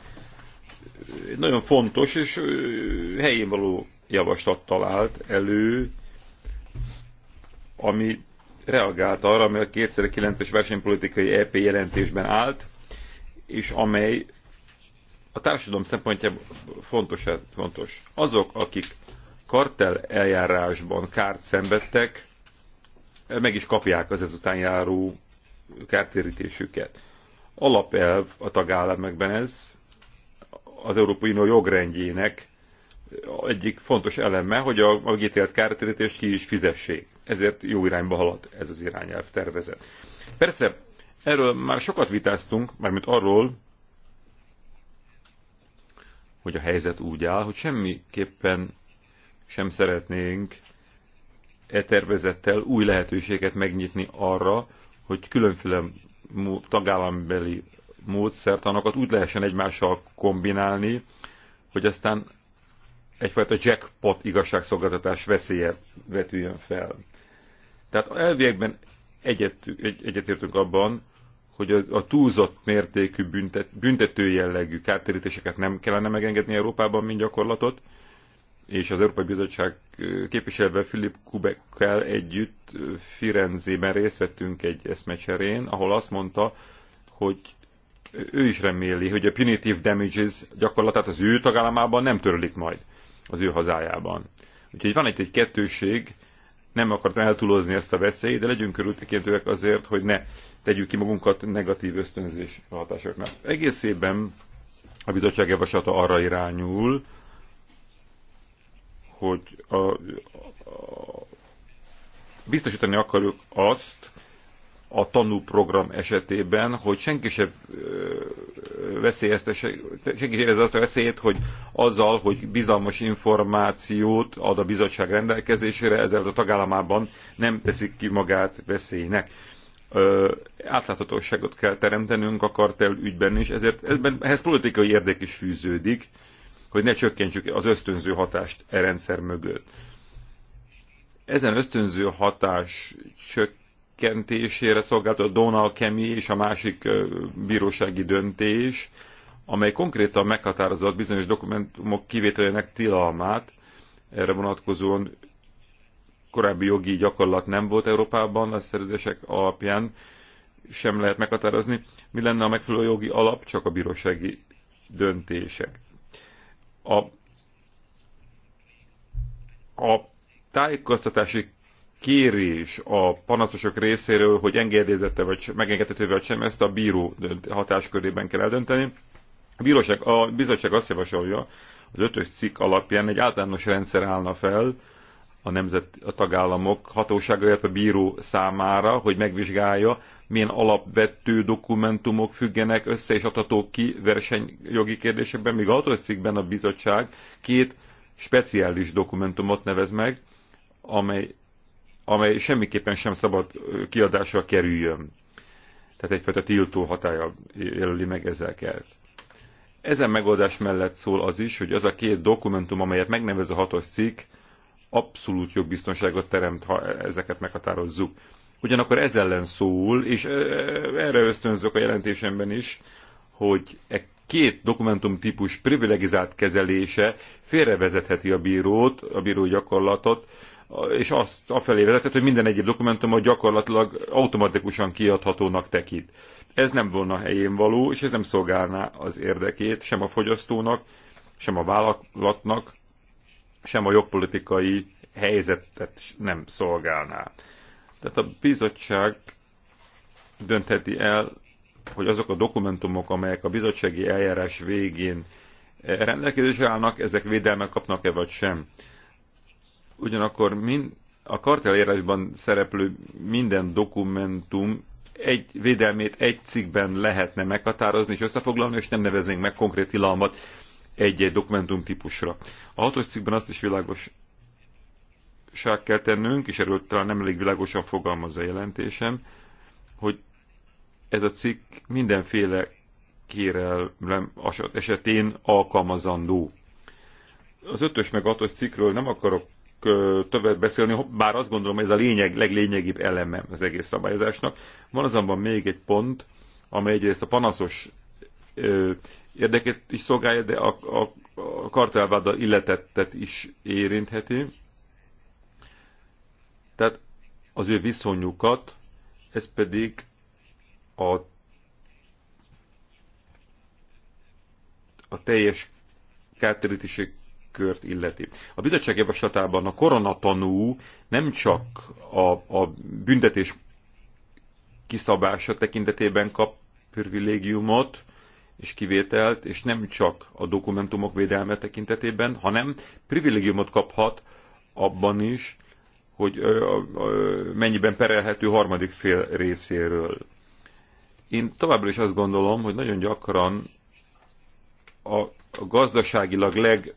nagyon fontos és helyén való javaslat talált elő, ami reagált arra, ami a 2009-es versenypolitikai EP jelentésben állt, és amely a társadalom szempontjából fontos, fontos. Azok, akik kartel eljárásban kárt szenvedtek, meg is kapják az ezután járó kártérítésüket. Alapelv a tagállamokban ez, az Európai Unió jogrendjének egyik fontos eleme, hogy a, megítélt kártérítést ki is fizessék. Ezért jó irányba halad ez az irányelv tervezet. Persze, erről már sokat vitáztunk, mármint arról, hogy a helyzet úgy áll, hogy semmiképpen sem szeretnénk e tervezettel új lehetőséget megnyitni arra, hogy különféle tagállambeli módszertanokat úgy lehessen egymással kombinálni, hogy aztán egyfajta jackpot igazságszolgáltatás veszélye vetüljön fel. Tehát elviekben egyet, egy, egyetértünk abban, hogy a, a túlzott mértékű büntet, büntető jellegű kártérítéseket nem kellene megengedni Európában, mint gyakorlatot, és az Európai Bizottság képviselve Filip Kubekkel együtt Firenzében részt vettünk egy eszmecserén, ahol azt mondta, hogy ő is reméli, hogy a punitive damages gyakorlatát az ő tagállamában nem törlik majd az ő hazájában. Úgyhogy van itt egy kettőség, nem akartam eltúlozni ezt a veszélyt, de legyünk körültekintőek azért, hogy ne tegyük ki magunkat negatív ösztönzés hatásoknak. Egész évben a bizottság javaslata arra irányul, hogy a, a, a, biztosítani akarjuk azt, a tanúprogram esetében, hogy senki sem veszélyezte, senki sem érezze azt a veszélyt, hogy azzal, hogy bizalmas információt ad a bizottság rendelkezésére, ezzel a tagállamában nem teszik ki magát veszélynek. Ö, átláthatóságot kell teremtenünk a kartel ügyben is, ezért ebben, ehhez politikai érdek is fűződik, hogy ne csökkentsük az ösztönző hatást e rendszer mögött. Ezen ösztönző hatás csökkent csökkentésére szolgált a Donald Kemi és a másik bírósági döntés, amely konkrétan meghatározott bizonyos dokumentumok kivételének tilalmát, erre vonatkozóan korábbi jogi gyakorlat nem volt Európában, a szerződések alapján sem lehet meghatározni, mi lenne a megfelelő jogi alap, csak a bírósági döntések. A, a tájékoztatási kérés a panaszosok részéről, hogy engedélyezette vagy megengedhető vagy sem, ezt a bíró hatáskörében kell eldönteni. A, bíróság, a bizottság azt javasolja, az ötös cikk alapján egy általános rendszer állna fel a nemzet, a tagállamok hatósága, illetve bíró számára, hogy megvizsgálja, milyen alapvető dokumentumok függenek össze és adhatók ki versenyjogi kérdésekben, míg az ötös cikkben a bizottság két speciális dokumentumot nevez meg, amely amely semmiképpen sem szabad kiadásra kerüljön. Tehát egyfajta tiltó hatája jelöli meg kell. Ezen megoldás mellett szól az is, hogy az a két dokumentum, amelyet megnevez a hatos cikk, abszolút jogbiztonságot teremt, ha ezeket meghatározzuk. Ugyanakkor ez ellen szól, és erre ösztönzök a jelentésemben is, hogy e két dokumentum típus privilegizált kezelése félrevezetheti a bírót, a bíró gyakorlatot, és azt afelé vezetett, hogy minden egyéb dokumentumot gyakorlatilag automatikusan kiadhatónak tekint. Ez nem volna helyén való, és ez nem szolgálná az érdekét sem a fogyasztónak, sem a vállalatnak, sem a jogpolitikai helyzetet nem szolgálná. Tehát a bizottság döntheti el, hogy azok a dokumentumok, amelyek a bizottsági eljárás végén rendelkezésre állnak, ezek védelmet kapnak-e vagy sem. Ugyanakkor mind, a kartelírásban szereplő minden dokumentum egy védelmét egy cikkben lehetne meghatározni és összefoglalni, és nem neveznénk meg konkrét tilalmat egy-egy dokumentum típusra. A hatos cikkben azt is világos ság kell tennünk, és erről talán nem elég világosan fogalmaz a jelentésem, hogy ez a cikk mindenféle kérelem esetén alkalmazandó. Az ötös meg hatos cikkről nem akarok többet beszélni, bár azt gondolom, hogy ez a lényeg, leglényegibb eleme az egész szabályozásnak. Van azonban még egy pont, amely egyrészt a panaszos ö, érdeket is szolgálja, de a, a, a kartelváda illetettet is érintheti. Tehát az ő viszonyukat, ez pedig a, a teljes kártérítési kört illeti. A bizottság javaslatában a koronatanú nem csak a, a büntetés kiszabása tekintetében kap privilégiumot és kivételt, és nem csak a dokumentumok védelme tekintetében, hanem privilégiumot kaphat abban is, hogy mennyiben perelhető harmadik fél részéről. Én továbbra is azt gondolom, hogy nagyon gyakran a gazdaságilag leg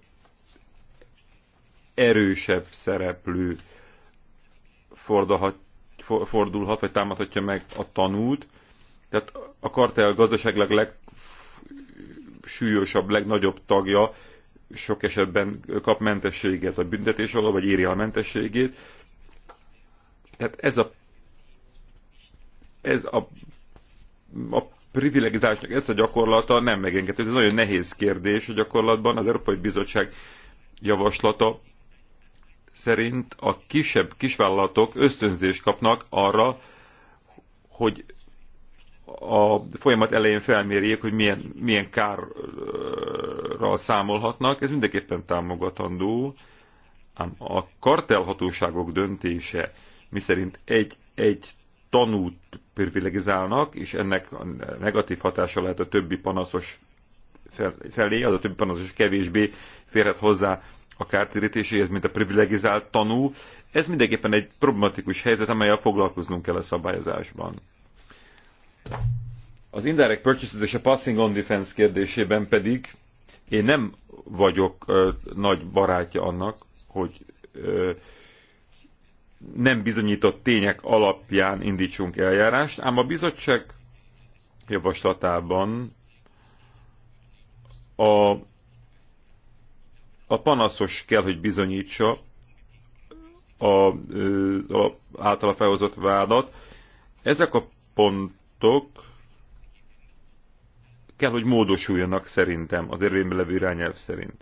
erősebb szereplő fordulhat, fordulhat vagy támadhatja meg a tanút. Tehát a kartel leg legsúlyosabb, legnagyobb tagja sok esetben kap mentességet a büntetés alól, vagy írja a mentességét. Tehát ez a, ez a, a privilegizásnak ezt a gyakorlata nem megengedhető. Ez nagyon nehéz kérdés a gyakorlatban. Az Európai Bizottság javaslata szerint a kisebb kisvállalatok ösztönzést kapnak arra, hogy a folyamat elején felmérjék, hogy milyen, milyen kárral számolhatnak. Ez mindenképpen támogatandó, ám a kartelhatóságok döntése, miszerint egy-egy tanút privilegizálnak, és ennek a negatív hatása lehet a többi panaszos felé, az a többi panaszos kevésbé férhet hozzá a kártérítéséhez, mint a privilegizált tanú. Ez mindenképpen egy problematikus helyzet, amelyel foglalkoznunk kell a szabályozásban. Az indirect purchases és a passing on defense kérdésében pedig én nem vagyok ö, nagy barátja annak, hogy ö, nem bizonyított tények alapján indítsunk eljárást, ám a bizottság javaslatában a a panaszos kell, hogy bizonyítsa a, általa felhozott vádat. Ezek a pontok kell, hogy módosuljanak szerintem, az érvényben levő irányelv szerint.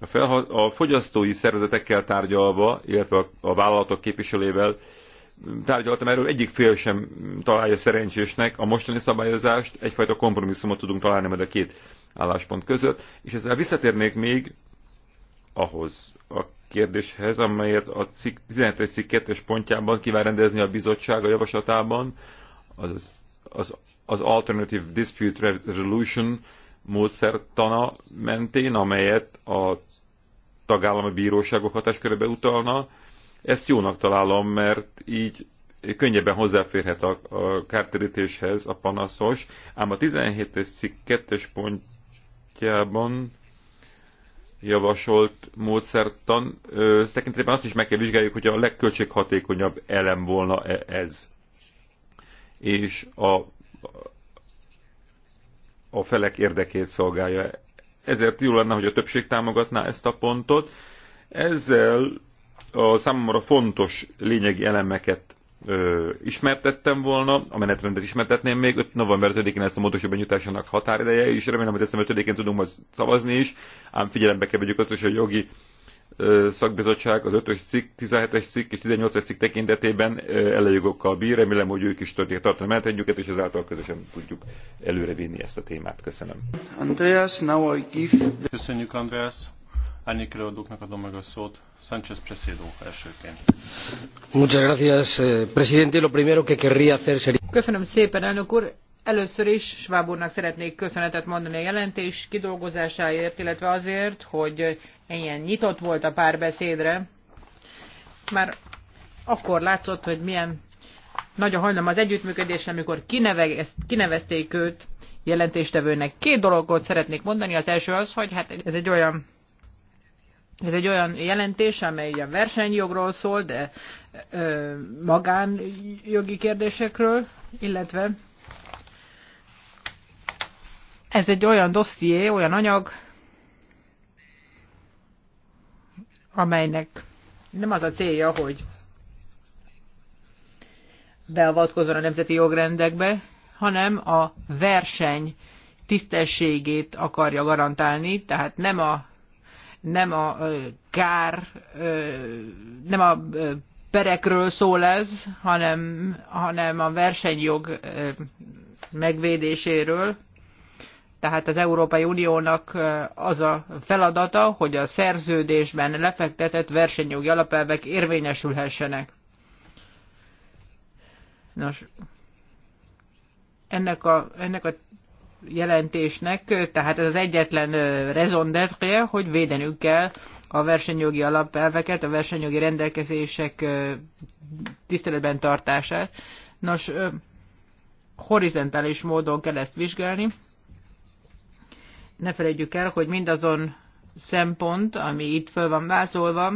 A, felha- a fogyasztói szervezetekkel tárgyalva, illetve a, a vállalatok képviselével tárgyaltam erről, egyik fél sem találja szerencsésnek a mostani szabályozást, egyfajta kompromisszumot tudunk találni majd a két álláspont között, és ezzel visszatérnék még ahhoz a kérdéshez, amelyet a cikk, 17. cikk 2 pontjában kíván rendezni a bizottság a javaslatában, az, az, az Alternative Dispute Resolution módszertana mentén, amelyet a tagállami bíróságok hatáskörébe utalna. Ezt jónak találom, mert így könnyebben hozzáférhet a, a kártérítéshez a panaszos, ám a 17. cikk 2 pontjában javasolt módszertan ö, azt is meg kell vizsgáljuk, hogy a legköltséghatékonyabb elem volna -e ez. És a, a felek érdekét szolgálja. Ezért jó lenne, hogy a többség támogatná ezt a pontot. Ezzel a számomra fontos lényegi elemeket ö, ismertettem volna, a menetrendet ismertetném még, 5 november 5-én lesz a módosítóbb nyújtásának határideje, és remélem, hogy december 5-én tudunk majd szavazni is, ám figyelembe kell vegyük azt, hogy a jogi szakbizottság az 5-ös cikk, 17-es cikk és 18-es cikk tekintetében elejogokkal bír. Remélem, hogy ők is tudják tartani menetrendjüket, és ezáltal közösen tudjuk előrevinni ezt a témát. Köszönöm. Andreas, now I give... Köszönjük, Andreas. Árnyék előadóknak adom meg a szót. Sánchez Presedo elsőként. Muchas gracias, eh, presidente. Lo primero que querría hacer sería... Köszönöm szépen, elnök úr. Először is Schwab úrnak szeretnék köszönetet mondani a jelentés kidolgozásáért, illetve azért, hogy ilyen nyitott volt a párbeszédre. Már akkor látszott, hogy milyen nagy a hajlam az együttműködésre, amikor kinevezték őt jelentéstevőnek. Két dologot szeretnék mondani. Az első az, hogy hát ez egy olyan ez egy olyan jelentés, amely a versenyjogról szól, de magánjogi kérdésekről, illetve ez egy olyan dosszié, olyan anyag, amelynek nem az a célja, hogy beavatkozzon a nemzeti jogrendekbe, hanem a verseny tisztességét akarja garantálni, tehát nem a nem a kár, nem a perekről szól ez, hanem, hanem a versenyjog megvédéséről. Tehát az Európai Uniónak az a feladata, hogy a szerződésben lefektetett versenyjogi alapelvek érvényesülhessenek. Nos, ennek a, ennek a jelentésnek, tehát ez az egyetlen raison d'être, hogy védenünk kell a versenyjogi alapelveket, a versenyjogi rendelkezések tiszteletben tartását. Nos, horizontális módon kell ezt vizsgálni. Ne felejtjük el, hogy mindazon szempont, ami itt föl van vázolva,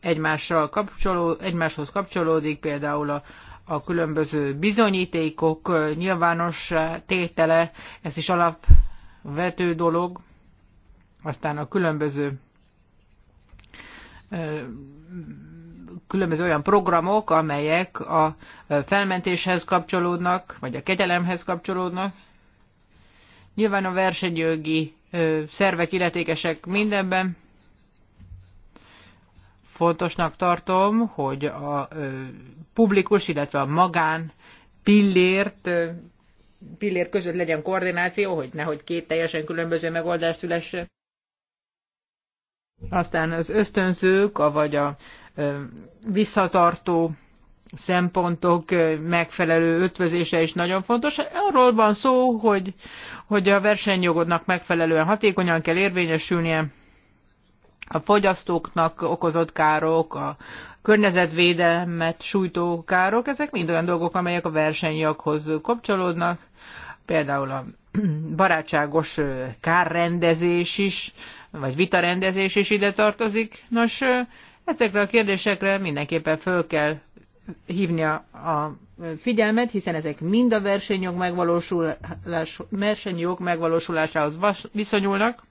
egymással kapcsoló, egymáshoz kapcsolódik, például a a különböző bizonyítékok nyilvános tétele, ez is alapvető dolog, aztán a különböző különböző olyan programok, amelyek a felmentéshez kapcsolódnak, vagy a kegyelemhez kapcsolódnak. Nyilván a versenyjogi szervek illetékesek mindenben, fontosnak tartom, hogy a publikus, illetve a magán pillért, pillér között legyen koordináció, hogy nehogy két teljesen különböző megoldás szülessen. Aztán az ösztönzők, vagy a visszatartó szempontok megfelelő ötvözése is nagyon fontos. Arról van szó, hogy, hogy a versenyjogodnak megfelelően hatékonyan kell érvényesülnie, a fogyasztóknak okozott károk, a környezetvédelmet sújtó károk, ezek mind olyan dolgok, amelyek a versenyjoghoz kapcsolódnak. Például a [CLEARS THROAT] barátságos kárrendezés is, vagy vitarendezés is ide tartozik. Nos, ezekre a kérdésekre mindenképpen föl kell hívnia a figyelmet, hiszen ezek mind a versenyjog, megvalósulás, versenyjog megvalósulásához viszonyulnak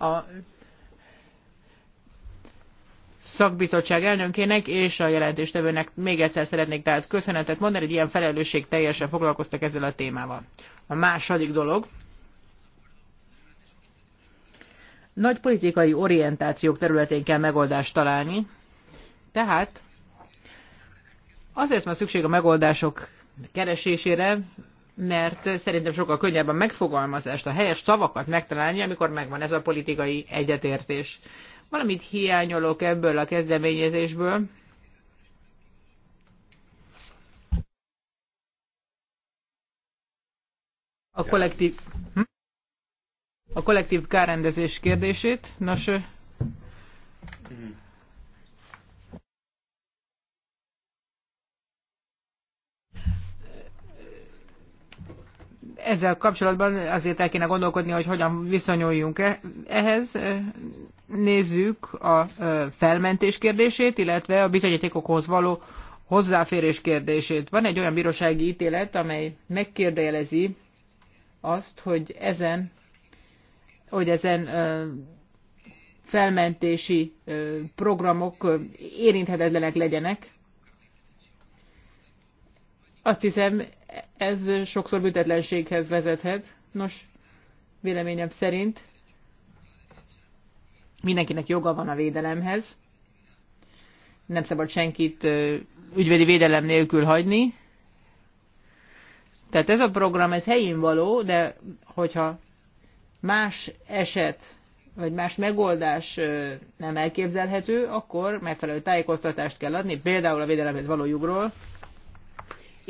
a szakbizottság elnökének és a jelentéstevőnek még egyszer szeretnék tehát köszönetet mondani, hogy ilyen felelősség teljesen foglalkoztak ezzel a témával. A második dolog, nagy politikai orientációk területén kell megoldást találni, tehát azért van szükség a megoldások keresésére, mert szerintem sokkal könnyebb a megfogalmazást, a helyes szavakat megtalálni, amikor megvan ez a politikai egyetértés. Valamit hiányolok ebből a kezdeményezésből. A kollektív, hm? a kollektív kárrendezés kérdését. Nos, mhm. ezzel kapcsolatban azért el kéne gondolkodni, hogy hogyan viszonyuljunk -e. ehhez. Nézzük a felmentés kérdését, illetve a bizonyítékokhoz való hozzáférés kérdését. Van egy olyan bírósági ítélet, amely megkérdelezi azt, hogy ezen, hogy ezen felmentési programok érinthetetlenek legyenek. Azt hiszem, ez sokszor büntetlenséghez vezethet. Nos, véleményem szerint mindenkinek joga van a védelemhez. Nem szabad senkit ügyvédi védelem nélkül hagyni. Tehát ez a program, ez helyén való, de hogyha más eset vagy más megoldás nem elképzelhető, akkor megfelelő tájékoztatást kell adni, például a védelemhez való jogról,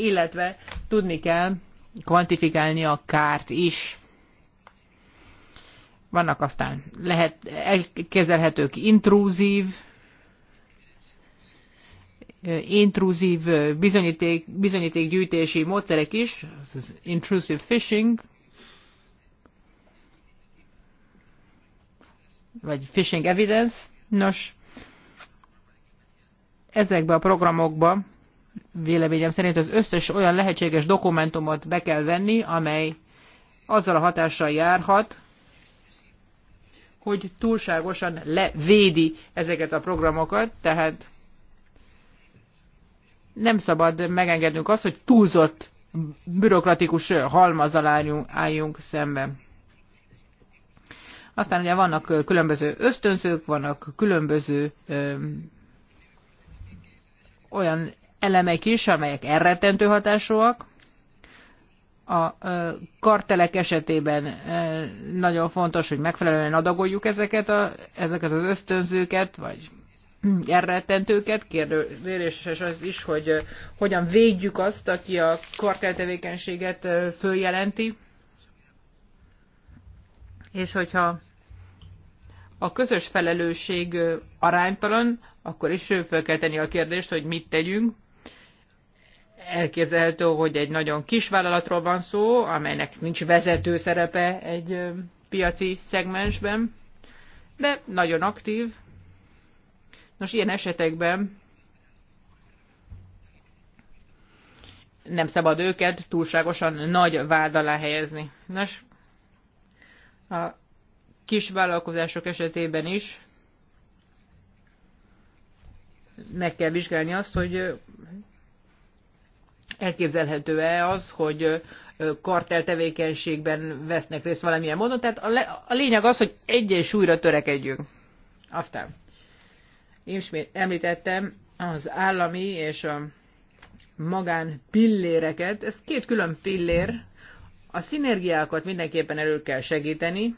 illetve tudni kell kvantifikálni a kárt is. Vannak aztán lehet kezelhetők intrúzív, intrúzív bizonyíték, bizonyítékgyűjtési módszerek is, az intrusive phishing, vagy phishing evidence. Nos, ezekbe a programokba véleményem szerint az összes olyan lehetséges dokumentumot be kell venni, amely azzal a hatással járhat, hogy túlságosan levédi ezeket a programokat, tehát nem szabad megengednünk azt, hogy túlzott bürokratikus halmaz alá álljunk szembe. Aztán ugye vannak különböző ösztönzők, vannak különböző ö, olyan elemek is, amelyek elrettentő hatásúak. A kartelek esetében nagyon fontos, hogy megfelelően adagoljuk ezeket, a, ezeket az ösztönzőket, vagy [CLEARS THROAT] elrettentőket. kérdéses az is, hogy hogyan védjük azt, aki a tevékenységet följelenti. És hogyha a közös felelősség aránytalan, akkor is fel kell tenni a kérdést, hogy mit tegyünk elképzelhető, hogy egy nagyon kis vállalatról van szó, amelynek nincs vezető szerepe egy piaci szegmensben, de nagyon aktív. Nos, ilyen esetekben nem szabad őket túlságosan nagy vád alá helyezni. Nos, a kis vállalkozások esetében is meg kell vizsgálni azt, hogy elképzelhető-e az, hogy kartel tevékenységben vesznek részt valamilyen módon. Tehát a, le, a lényeg az, hogy egyensúlyra törekedjünk. Aztán én ismét említettem az állami és a magán pilléreket. Ez két külön pillér. A szinergiákat mindenképpen elő kell segíteni,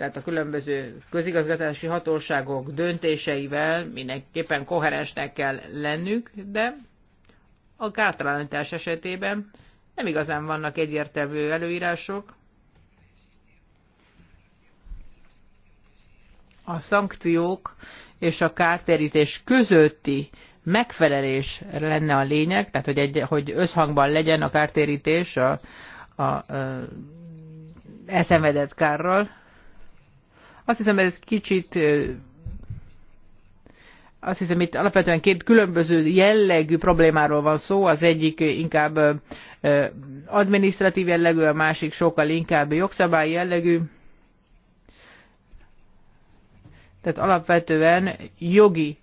tehát a különböző közigazgatási hatóságok döntéseivel mindenképpen koherensnek kell lennünk, de a kártalanítás esetében nem igazán vannak egyértelmű előírások. A szankciók és a kártérítés közötti megfelelés lenne a lényeg, tehát hogy, egy, hogy összhangban legyen a kártérítés a, a, a elszenvedett kárral, azt hiszem, ez kicsit azt hiszem itt alapvetően két különböző jellegű problémáról van szó, az egyik inkább administratív jellegű, a másik sokkal inkább jogszabályi jellegű. Tehát alapvetően jogi,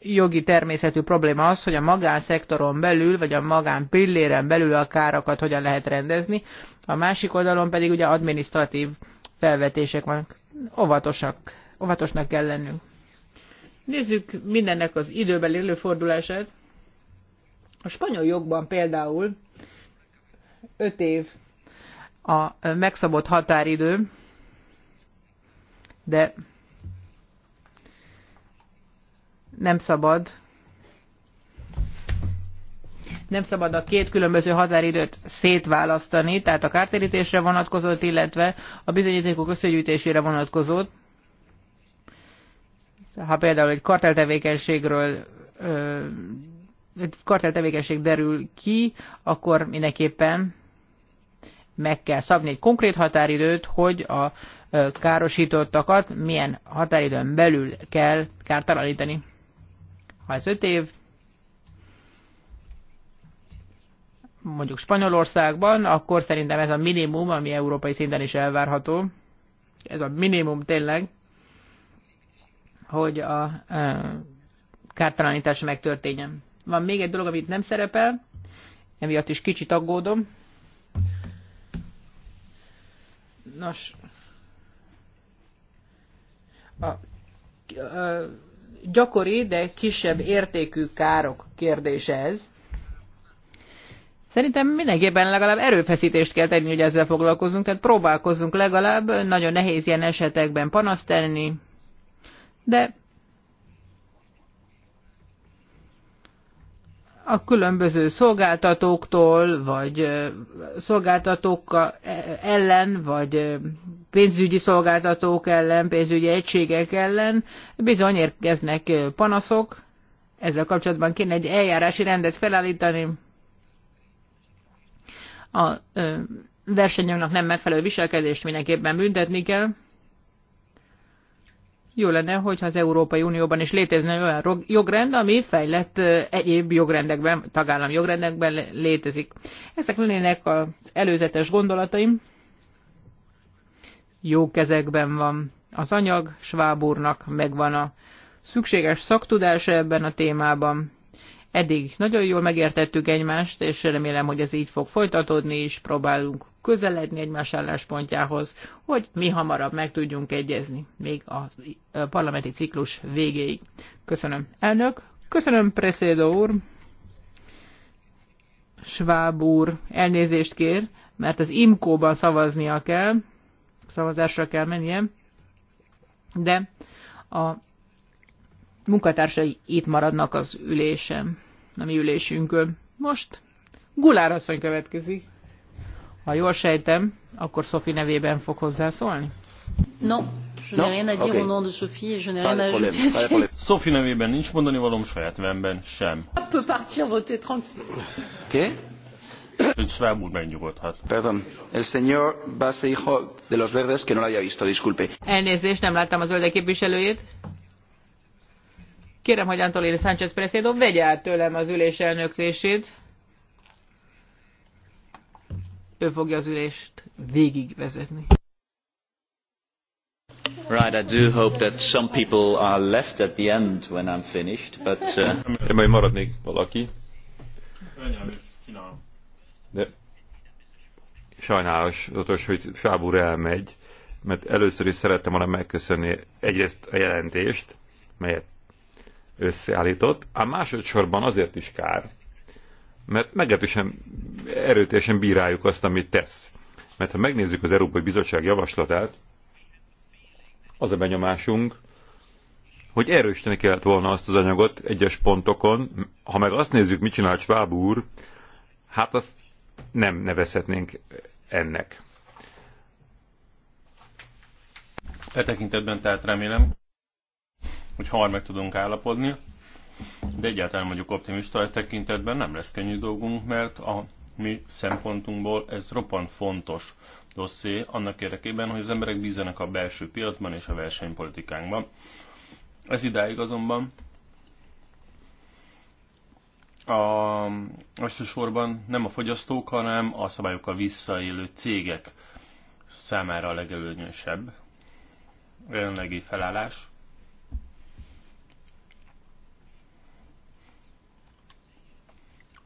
jogi természetű probléma az, hogy a magánszektoron belül, vagy a magán pilléren belül a károkat hogyan lehet rendezni, a másik oldalon pedig ugye administratív felvetések vannak óvatosak, óvatosnak kell lennünk. Nézzük mindennek az időbeli előfordulását. A spanyol jogban például 5 év a megszabott határidő, de nem szabad nem szabad a két különböző határidőt szétválasztani, tehát a kártérítésre vonatkozott, illetve a bizonyítékok összegyűjtésére vonatkozott. Ha például egy karteltevékenységről karteltevékenység derül ki, akkor mindenképpen meg kell szabni egy konkrét határidőt, hogy a károsítottakat milyen határidőn belül kell kártalanítani. Ha ez 5 év, mondjuk Spanyolországban, akkor szerintem ez a minimum, ami európai szinten is elvárható. Ez a minimum tényleg, hogy a kártalanítás megtörténjen. Van még egy dolog, amit nem szerepel, emiatt is kicsit aggódom. Nos, a, a gyakori, de kisebb értékű károk kérdése ez. Szerintem mindenképpen legalább erőfeszítést kell tenni, hogy ezzel foglalkozunk, tehát próbálkozzunk legalább, nagyon nehéz ilyen esetekben panaszt tenni, de a különböző szolgáltatóktól, vagy szolgáltatók e, ellen, vagy pénzügyi szolgáltatók ellen, pénzügyi egységek ellen bizony érkeznek panaszok. Ezzel kapcsolatban kéne egy eljárási rendet felállítani a versenyoknak nem megfelelő viselkedést mindenképpen büntetni kell. Jó lenne, hogyha az Európai Unióban is létezne olyan jogrend, ami fejlett egyéb jogrendekben, tagállam jogrendekben létezik. Ezek lennének az előzetes gondolataim. Jó kezekben van az anyag, Schwab úrnak megvan a szükséges szaktudása ebben a témában. Eddig nagyon jól megértettük egymást, és remélem, hogy ez így fog folytatódni, és próbálunk közeledni egymás álláspontjához, hogy mi hamarabb meg tudjunk egyezni, még a parlamenti ciklus végéig. Köszönöm, elnök. Köszönöm, Preszédo úr. Schwab úr elnézést kér, mert az IMKO-ban szavaznia kell, szavazásra kell mennie, de a munkatársai itt maradnak az ülésem a mi ülésünkön. Most Gulár asszony következik. Ha jól sejtem, akkor Sofi nevében fog hozzászólni. No, je n'ai rien à dire au nom de Sophie et je n'ai rien à ajouter. Sophie nevében nincs mondani valóm, saját nevemben sem. Peut partir voter tranquille. Oké? Ön Schwab úr megnyugodhat. Pardon. El señor Baseijo de los Verdes, que no lo haya visto, disculpe. Elnézést, nem láttam az zöldek képviselőjét. Kérem, hogy Antolini Sánchez Presedo vegye át tőlem az ülés elnöklését. Ő fogja az ülést végigvezetni. Right, I do hope that some people are left at the end when I'm finished, but... Uh... Majd marad még valaki. De otos, hogy Fábúr elmegy, mert először is szerettem volna megköszönni egyrészt a jelentést, melyet összeállított, A másodszorban azért is kár, mert meglehetősen erőteljesen bíráljuk azt, amit tesz. Mert ha megnézzük az Európai Bizottság javaslatát, az a benyomásunk, hogy erősíteni kellett volna azt az anyagot egyes pontokon, ha meg azt nézzük, mit csinál Schwab úr, hát azt nem nevezhetnénk ennek. E tekintetben tehát remélem, hogy hamar meg tudunk állapodni, de egyáltalán mondjuk optimista a e tekintetben, nem lesz könnyű dolgunk, mert a mi szempontunkból ez roppant fontos dosszé annak érdekében, hogy az emberek bízzanak a belső piacban és a versenypolitikánkban. Ez idáig azonban a, elsősorban nem a fogyasztók, hanem a szabályokkal visszaélő cégek számára a legelőnyösebb jelenlegi felállás.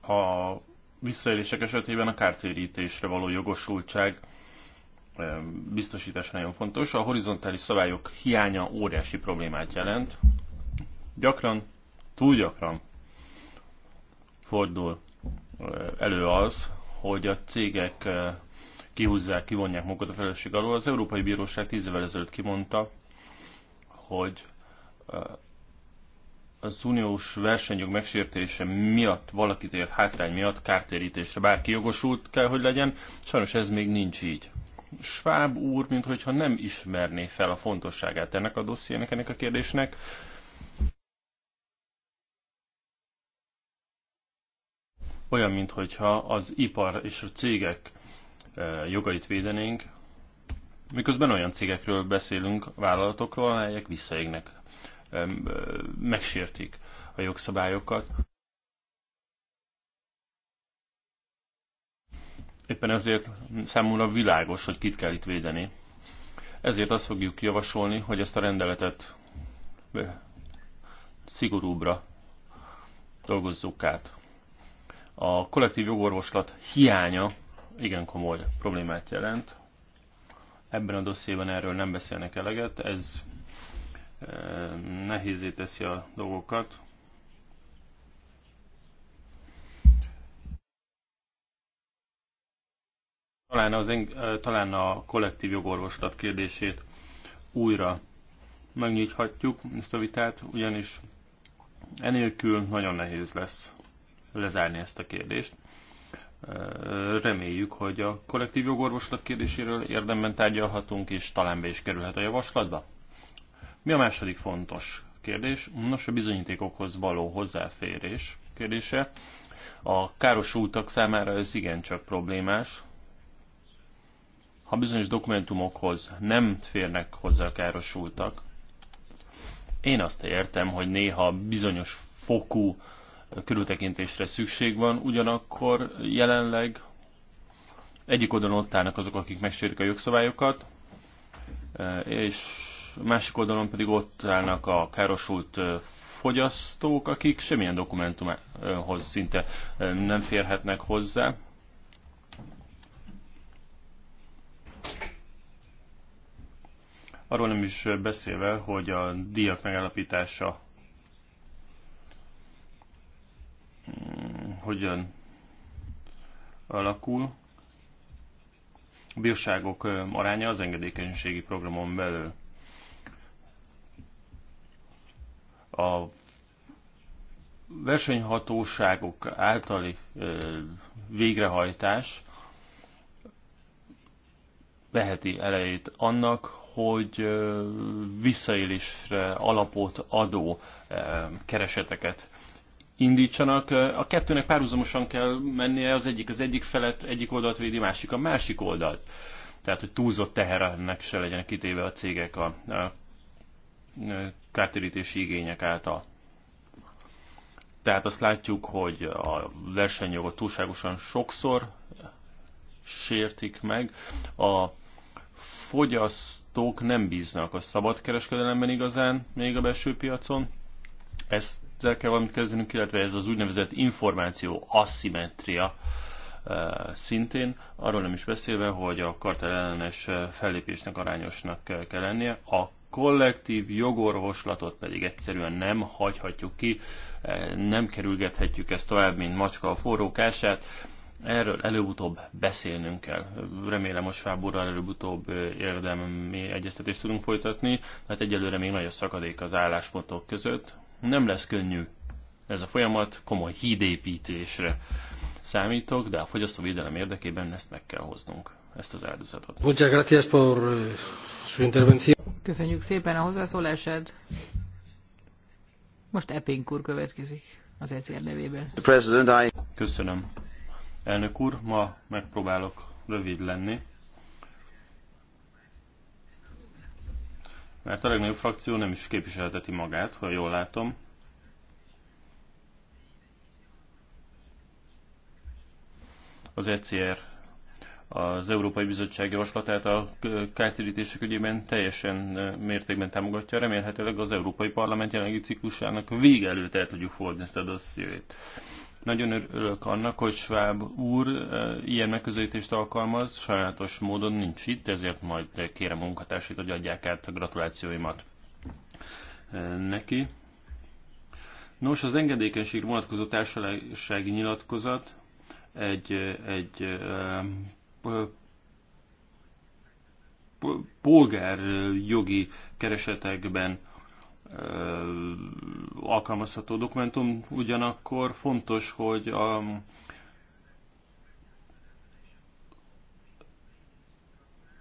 A visszaélések esetében a kártérítésre való jogosultság biztosítás nagyon fontos. A horizontális szabályok hiánya óriási problémát jelent. Gyakran, túl gyakran fordul elő az, hogy a cégek kihúzzák, kivonják magukat a felelősség alól. Az Európai Bíróság tíz évvel ezelőtt kimondta, hogy az uniós versenyjog megsértése miatt, valakit ért hátrány miatt kártérítésre bárki jogosult kell, hogy legyen. Sajnos ez még nincs így. Schwab úr, mintha nem ismerné fel a fontosságát ennek a dossziének, ennek a kérdésnek. Olyan, mintha az ipar és a cégek eh, jogait védenénk, miközben olyan cégekről beszélünk, vállalatokról, amelyek visszaégnek megsértik a jogszabályokat. Éppen ezért számomra világos, hogy kit kell itt védeni. Ezért azt fogjuk javasolni, hogy ezt a rendeletet szigorúbbra dolgozzuk át. A kollektív jogorvoslat hiánya igen komoly problémát jelent. Ebben a dossziében erről nem beszélnek eleget, ez nehézé teszi a dolgokat. Talán, az, talán a kollektív jogorvoslat kérdését újra megnyithatjuk ezt a vitát, ugyanis enélkül nagyon nehéz lesz lezárni ezt a kérdést. Reméljük, hogy a kollektív jogorvoslat kérdéséről érdemben tárgyalhatunk, és talán be is kerülhet a javaslatba. Mi a második fontos kérdés? Nos, a bizonyítékokhoz való hozzáférés kérdése. A káros útak számára ez igencsak problémás. Ha bizonyos dokumentumokhoz nem férnek hozzá a káros útak, én azt értem, hogy néha bizonyos fokú körültekintésre szükség van, ugyanakkor jelenleg egyik oldalon ott állnak azok, akik megsérik a jogszabályokat, és másik oldalon pedig ott állnak a károsult fogyasztók, akik semmilyen dokumentumhoz szinte nem férhetnek hozzá. Arról nem is beszélve, hogy a díjak megállapítása mm, hogyan alakul. A bírságok aránya az engedékenységi programon belül a versenyhatóságok általi végrehajtás veheti elejét annak, hogy visszaélésre alapot adó kereseteket indítsanak. A kettőnek párhuzamosan kell mennie, az egyik az egyik felett, egyik oldalt védi, másik a másik oldalt. Tehát, hogy túlzott teherennek se legyenek kitéve a cégek a kártérítési igények által. Tehát azt látjuk, hogy a versenyjogot túlságosan sokszor sértik meg. A fogyasztók nem bíznak a kereskedelemben igazán, még a belső piacon. ezzel kell valamit kezdenünk, illetve ez az úgynevezett információ asszimetria szintén, arról nem is beszélve, hogy a kartel ellenes fellépésnek arányosnak kell lennie. A kollektív jogorvoslatot pedig egyszerűen nem hagyhatjuk ki, e, nem kerülgethetjük ezt tovább, mint macska a forrókását. Erről előbb-utóbb beszélnünk kell. Remélem a Schwab előbb-utóbb e, érdemi egyeztetést tudunk folytatni, tehát egyelőre még nagy a szakadék az álláspontok között. Nem lesz könnyű ez a folyamat, komoly hídépítésre számítok, de a fogyasztóvédelem érdekében ezt meg kell hoznunk, ezt az áldozatot. Muchas gracias por Köszönjük szépen a hozzászólásod. Most Epping úr következik az ECR nevében. Köszönöm. Elnök úr, ma megpróbálok rövid lenni. Mert a legnagyobb frakció nem is képviselteti magát, ha jól látom. Az ECR az Európai Bizottság javaslatát a kártérítések ügyében teljesen mértékben támogatja. Remélhetőleg az Európai Parlament jelenlegi ciklusának vége előtt el tudjuk fordni ezt a dossziét. Nagyon örülök annak, hogy Schwab úr ilyen megközelítést alkalmaz, sajnálatos módon nincs itt, ezért majd kérem munkatársait, hogy adják át a gratulációimat neki. Nos, az engedékenység vonatkozó társasági nyilatkozat egy, egy polgárjogi keresetekben alkalmazható dokumentum, ugyanakkor fontos, hogy a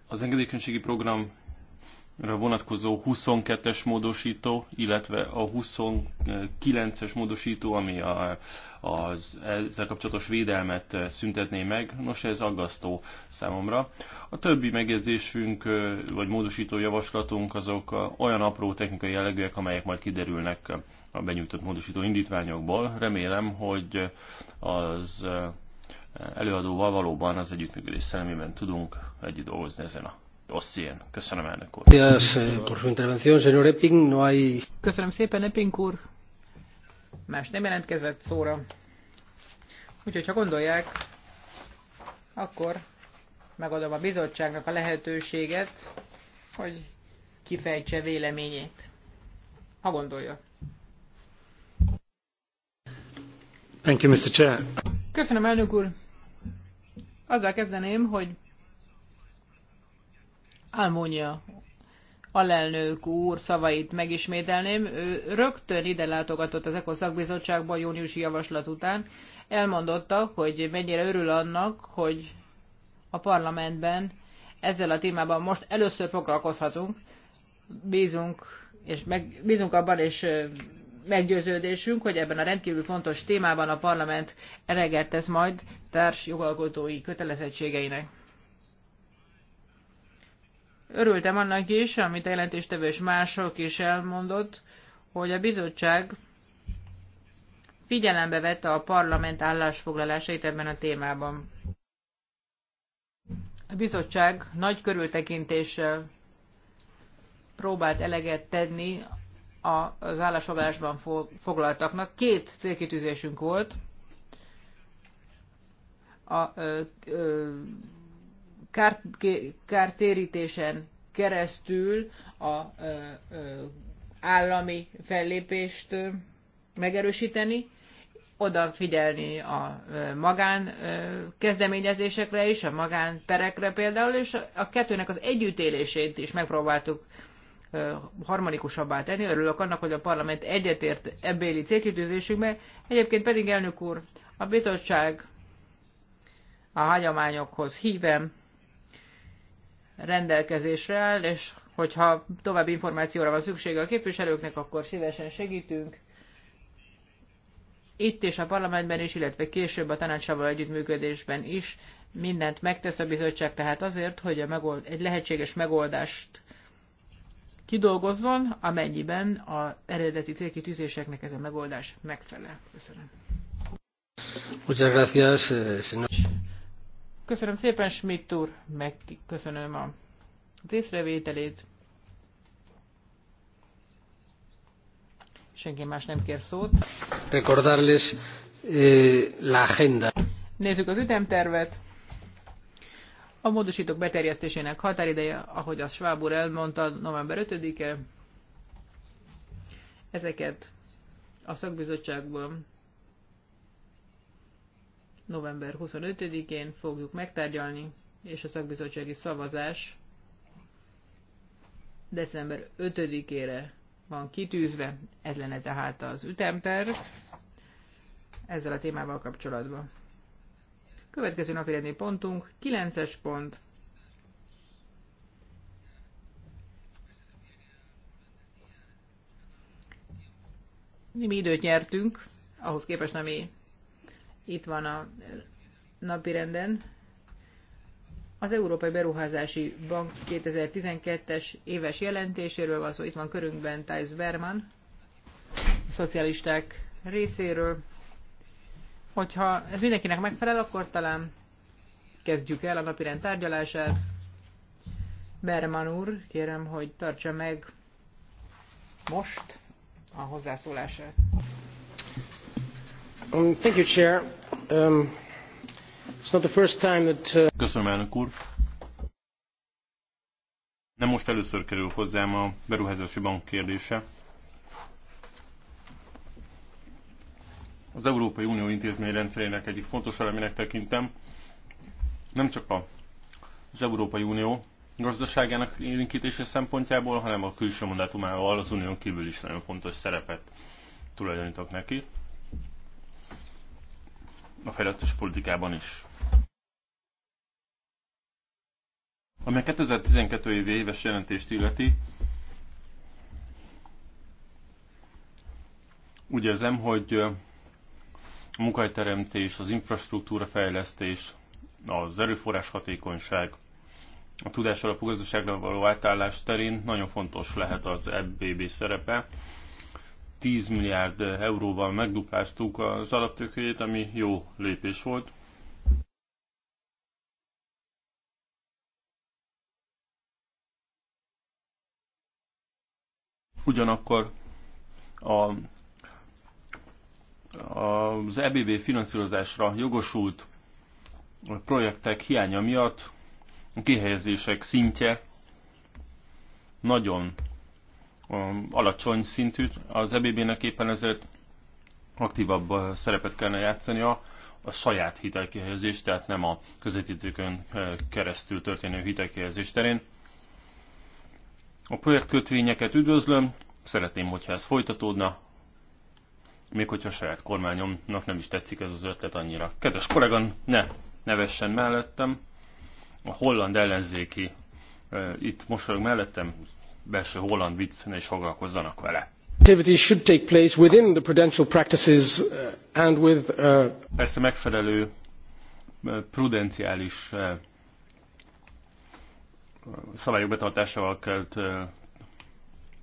az engedékenységi program vonatkozó 22-es módosító, illetve a 29-es módosító, ami a, az ezzel kapcsolatos védelmet szüntetné meg. Nos, ez aggasztó számomra. A többi megjegyzésünk, vagy módosító javaslatunk azok olyan apró technikai jellegűek, amelyek majd kiderülnek a benyújtott módosító indítványokból. Remélem, hogy az előadóval valóban az együttműködés szellemében tudunk együtt dolgozni ezen a Köszönöm, elnök úr. Eh, Köszönöm szépen, Epping úr. Más nem jelentkezett szóra. Úgyhogy, ha gondolják, akkor megadom a bizottságnak a lehetőséget, hogy kifejtse véleményét. Ha gondolja. Thank you, Mr. Chair. Köszönöm, elnök úr. Azzal kezdeném, hogy Almunia alelnök úr szavait megismételném. Ő rögtön ide látogatott az ECO a júniusi javaslat után. Elmondotta, hogy mennyire örül annak, hogy a parlamentben ezzel a témában most először foglalkozhatunk. Bízunk, és meg, bízunk abban, és meggyőződésünk, hogy ebben a rendkívül fontos témában a parlament eleget tesz majd társ jogalkotói kötelezettségeinek. Örültem annak is, amit a jelentéstevő és mások is elmondott, hogy a bizottság figyelembe vette a parlament állásfoglalásait ebben a témában. A bizottság nagy körültekintéssel próbált eleget tenni az állásfoglalásban foglaltaknak. Két célkitűzésünk volt. A ö, ö, kárt, kártérítésen keresztül a ö, ö, állami fellépést megerősíteni, odafigyelni a magán kezdeményezésekre is, a magán perekre például, és a kettőnek az együttélését is megpróbáltuk harmonikusabbá tenni. Örülök annak, hogy a parlament egyetért ebbéli célkitűzésünkben. Egyébként pedig, elnök úr, a bizottság a hagyományokhoz hívem, rendelkezésre áll, és hogyha további információra van szüksége a képviselőknek, akkor szívesen segítünk. Itt és a parlamentben is, illetve később a tanácsával együttműködésben is mindent megtesz a bizottság, tehát azért, hogy a megold, egy lehetséges megoldást kidolgozzon, amennyiben az eredeti célkitűzéseknek ez a megoldás megfelel. Köszönöm. Muchas gracias, eh, señor. Köszönöm szépen, Schmidt úr, megköszönöm a észrevételét. Senki más nem kér szót. Recordarles eh, la agenda. Nézzük az ütemtervet. A módosítók beterjesztésének határideje, ahogy az Schwab úr elmondta, november 5-e. Ezeket a szakbizottságban november 25-én fogjuk megtárgyalni, és a szakbizottsági szavazás december 5-ére van kitűzve, ez lenne tehát az ütemterv ezzel a témával kapcsolatban. Következő napi rendi pontunk, 9-es pont. Mi időt nyertünk, ahhoz képest, ami itt van a napirenden. Az Európai Beruházási Bank 2012-es éves jelentéséről van szó, itt van körünkben Thijs Berman, a szocialisták részéről. Hogyha ez mindenkinek megfelel, akkor talán kezdjük el a napirend tárgyalását. Berman úr, kérem, hogy tartsa meg most a hozzászólását. Um, thank you, Chair. Um, uh, Nem most először kerül hozzám a beruházási bank kérdése. Az Európai Unió intézményrendszerének egyik fontos elemének tekintem. Nem csak a, az Európai Unió gazdaságának érintítése szempontjából, hanem a külső mandátumával az unión kívül is nagyon fontos szerepet tulajdonítok neki a fejlesztés politikában is. Ami a 2012 évi éves jelentést illeti, úgy érzem, hogy a munkahelyteremtés, az infrastruktúra fejlesztés, az erőforrás hatékonyság, a tudás alapú gazdaságra való átállás terén nagyon fontos lehet az EBB szerepe, 10 milliárd euróval megdupláztuk az alaptőkéjét, ami jó lépés volt. Ugyanakkor a, az EBB finanszírozásra jogosult projektek hiánya miatt a kihelyezések szintje nagyon Um, alacsony szintű. Az EBB-nek éppen ezért aktívabb uh, szerepet kellene játszania a saját hitelkihelyezés, tehát nem a közvetítőkön uh, keresztül történő hitelkihelyezés terén. A projektkötvényeket üdvözlöm, szeretném, hogyha ez folytatódna, még hogyha a saját kormányomnak nem is tetszik ez az ötlet annyira. Kedves kollégan, ne nevessen mellettem, a holland ellenzéki uh, itt mosolyog mellettem, belső holland viccen is foglalkozzanak vele. Activities should take place within the prudential practices uh, and with... Uh, Persze megfelelő uh, prudenciális szabályok betartásával kell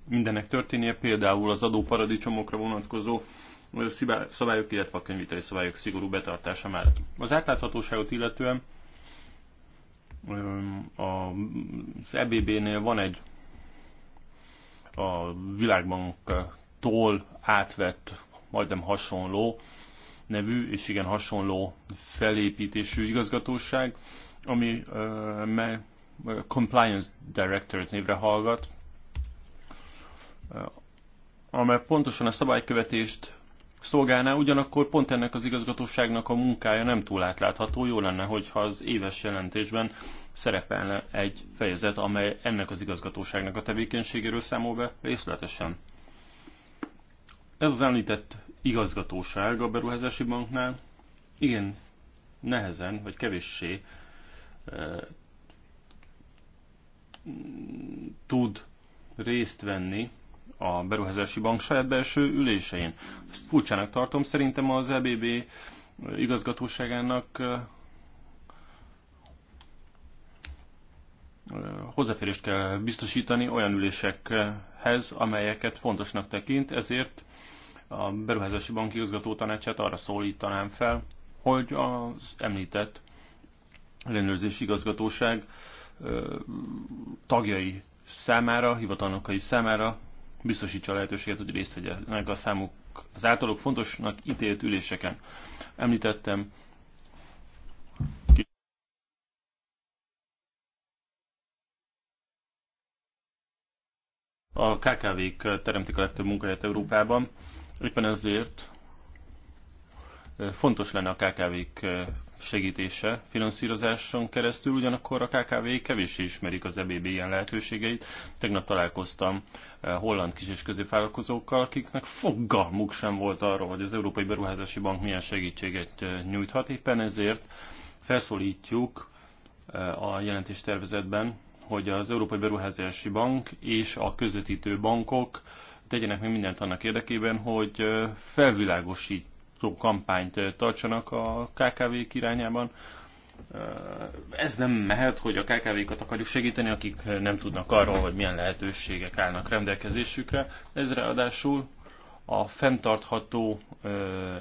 mindennek történnie, például az adóparadicsomokra vonatkozó szabályok, illetve a könyviteli szabályok szigorú betartása mellett. Az átláthatóságot illetően um, az EBB-nél van egy a világbanktól átvett, majdnem hasonló nevű és igen hasonló felépítésű igazgatóság, ami uh, Compliance Director névre hallgat, amely pontosan a szabálykövetést szolgálná, ugyanakkor pont ennek az igazgatóságnak a munkája nem túl átlátható. Jó lenne, hogyha az éves jelentésben szerepelne egy fejezet, amely ennek az igazgatóságnak a tevékenységéről számol be részletesen. Ez az említett igazgatóság a beruházási banknál igen nehezen, vagy kevéssé e, tud részt venni a beruházási bank saját belső ülésein. Ezt furcsának tartom, szerintem az EBB igazgatóságának hozzáférést kell biztosítani olyan ülésekhez, amelyeket fontosnak tekint, ezért a Beruházási Bank igazgató tanácsát arra szólítanám fel, hogy az említett ellenőrzési igazgatóság tagjai számára, hivatalnokai számára biztosítsa a lehetőséget, hogy részt vegyenek a számuk az általuk fontosnak ítélt üléseken. Említettem a KKV-k teremtik a legtöbb munkahelyet Európában, éppen ezért eh, fontos lenne a KKV-k segítése finanszírozáson keresztül, ugyanakkor a KKV kevéssé ismerik az EBB ilyen lehetőségeit. Tegnap találkoztam eh, holland kis- és középvállalkozókkal, akiknek fogalmuk sem volt arról, hogy az Európai Beruházási Bank milyen segítséget eh, nyújthat. Éppen ezért felszólítjuk eh, a jelentéstervezetben, hogy az Európai Beruházási Bank és a közvetítő bankok tegyenek meg mindent annak érdekében, hogy felvilágosít kampányt tartsanak a KKV-k irányában. Ez nem mehet, hogy a KKV-kat akarjuk segíteni, akik nem tudnak arról, hogy milyen lehetőségek állnak rendelkezésükre. Ez ráadásul a fenntartható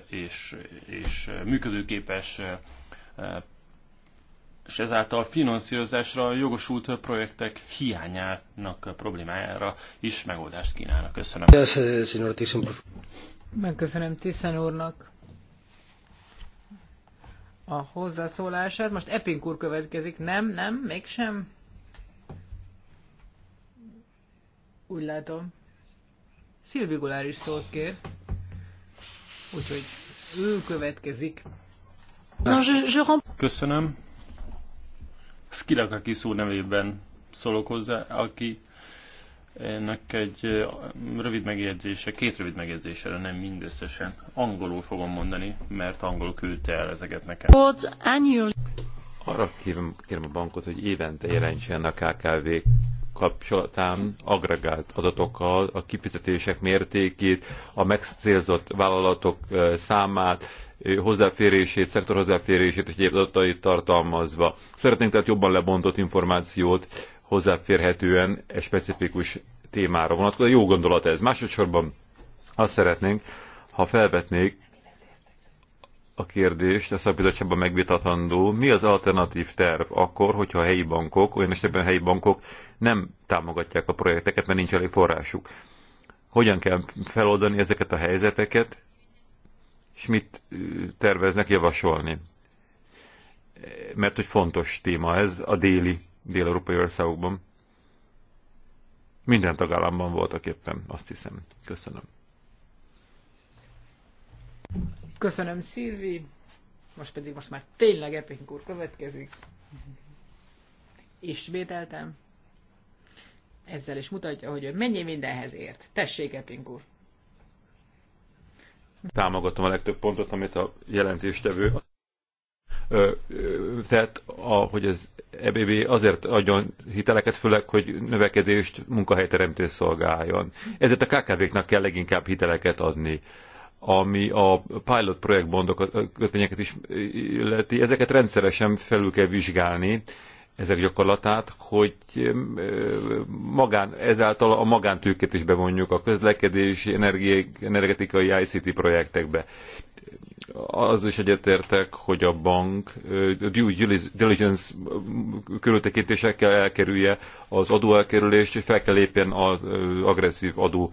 és, és működőképes és ezáltal finanszírozásra jogosult projektek hiányának problémájára is megoldást kínálnak. Köszönöm. Megköszönöm Tiszen úrnak a hozzászólását. Most Epink úr következik. Nem, nem, mégsem. Úgy látom. Szilvi Gulár is szót kér. Úgyhogy ő következik. Köszönöm. Skilakakis úr nevében szólok hozzá, aki ennek egy rövid megjegyzése, két rövid de nem mindösszesen. Angolul fogom mondani, mert angol küldte el ezeket nekem. Arra kérem, kérem a bankot, hogy évente jelentsen a KKV kapcsolatán agregált adatokkal a kifizetések mértékét, a megcélzott vállalatok számát, hozzáférését, szektor hozzáférését, egyéb adatait tartalmazva. Szeretnénk tehát jobban lebontott információt hozzáférhetően egy specifikus témára vonatkozó. Jó gondolat ez. Másodszorban azt szeretnénk, ha felvetnék a kérdést, a szakbizottságban megvitatandó, mi az alternatív terv akkor, hogyha a helyi bankok, olyan esetben a helyi bankok nem támogatják a projekteket, mert nincs elég forrásuk. Hogyan kell feloldani ezeket a helyzeteket, és mit terveznek javasolni? Mert hogy fontos téma ez, a déli dél-európai országokban. Minden tagállamban voltak éppen, azt hiszem. Köszönöm. Köszönöm, Szilvi. Most pedig most már tényleg Epping úr következik. Ismételtem. Ezzel is mutatja, hogy mennyi mindenhez ért. Tessék, Epping úr. Támogatom a legtöbb pontot, amit a jelentéstevő a hogy az EBB azért adjon hiteleket, főleg, hogy növekedést, munkahelyteremtés szolgáljon. Ezért a KKV-knak kell leginkább hiteleket adni ami a pilot projektbondok kötvényeket is illeti, ezeket rendszeresen felül kell vizsgálni, ezek gyakorlatát, hogy magán, ezáltal a magántőkét is bevonjuk a közlekedési, energetikai ICT projektekbe az is egyetértek, hogy a bank a due diligence körültekintésekkel elkerülje az adóelkerülést, hogy fel kell lépjen az agresszív adó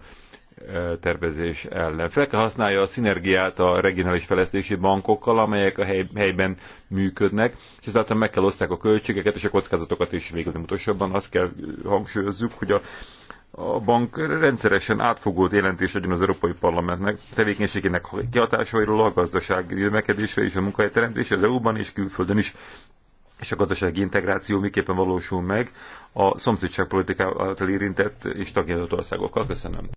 tervezés ellen. Fel kell használja a szinergiát a regionális fejlesztési bankokkal, amelyek a hely, helyben működnek, és ezáltal meg kell osztják a költségeket és a kockázatokat is végül. Utolsóban azt kell hangsúlyozzuk, hogy a a bank rendszeresen átfogót jelentés legyen az Európai Parlamentnek tevékenységének kihatásairól a gazdaság jövekedésre és a munkahelyteremtésre az EU-ban és külföldön is és a gazdasági integráció miképpen valósul meg a szomszédságpolitiká által érintett és tagjelölt országokkal. Köszönöm.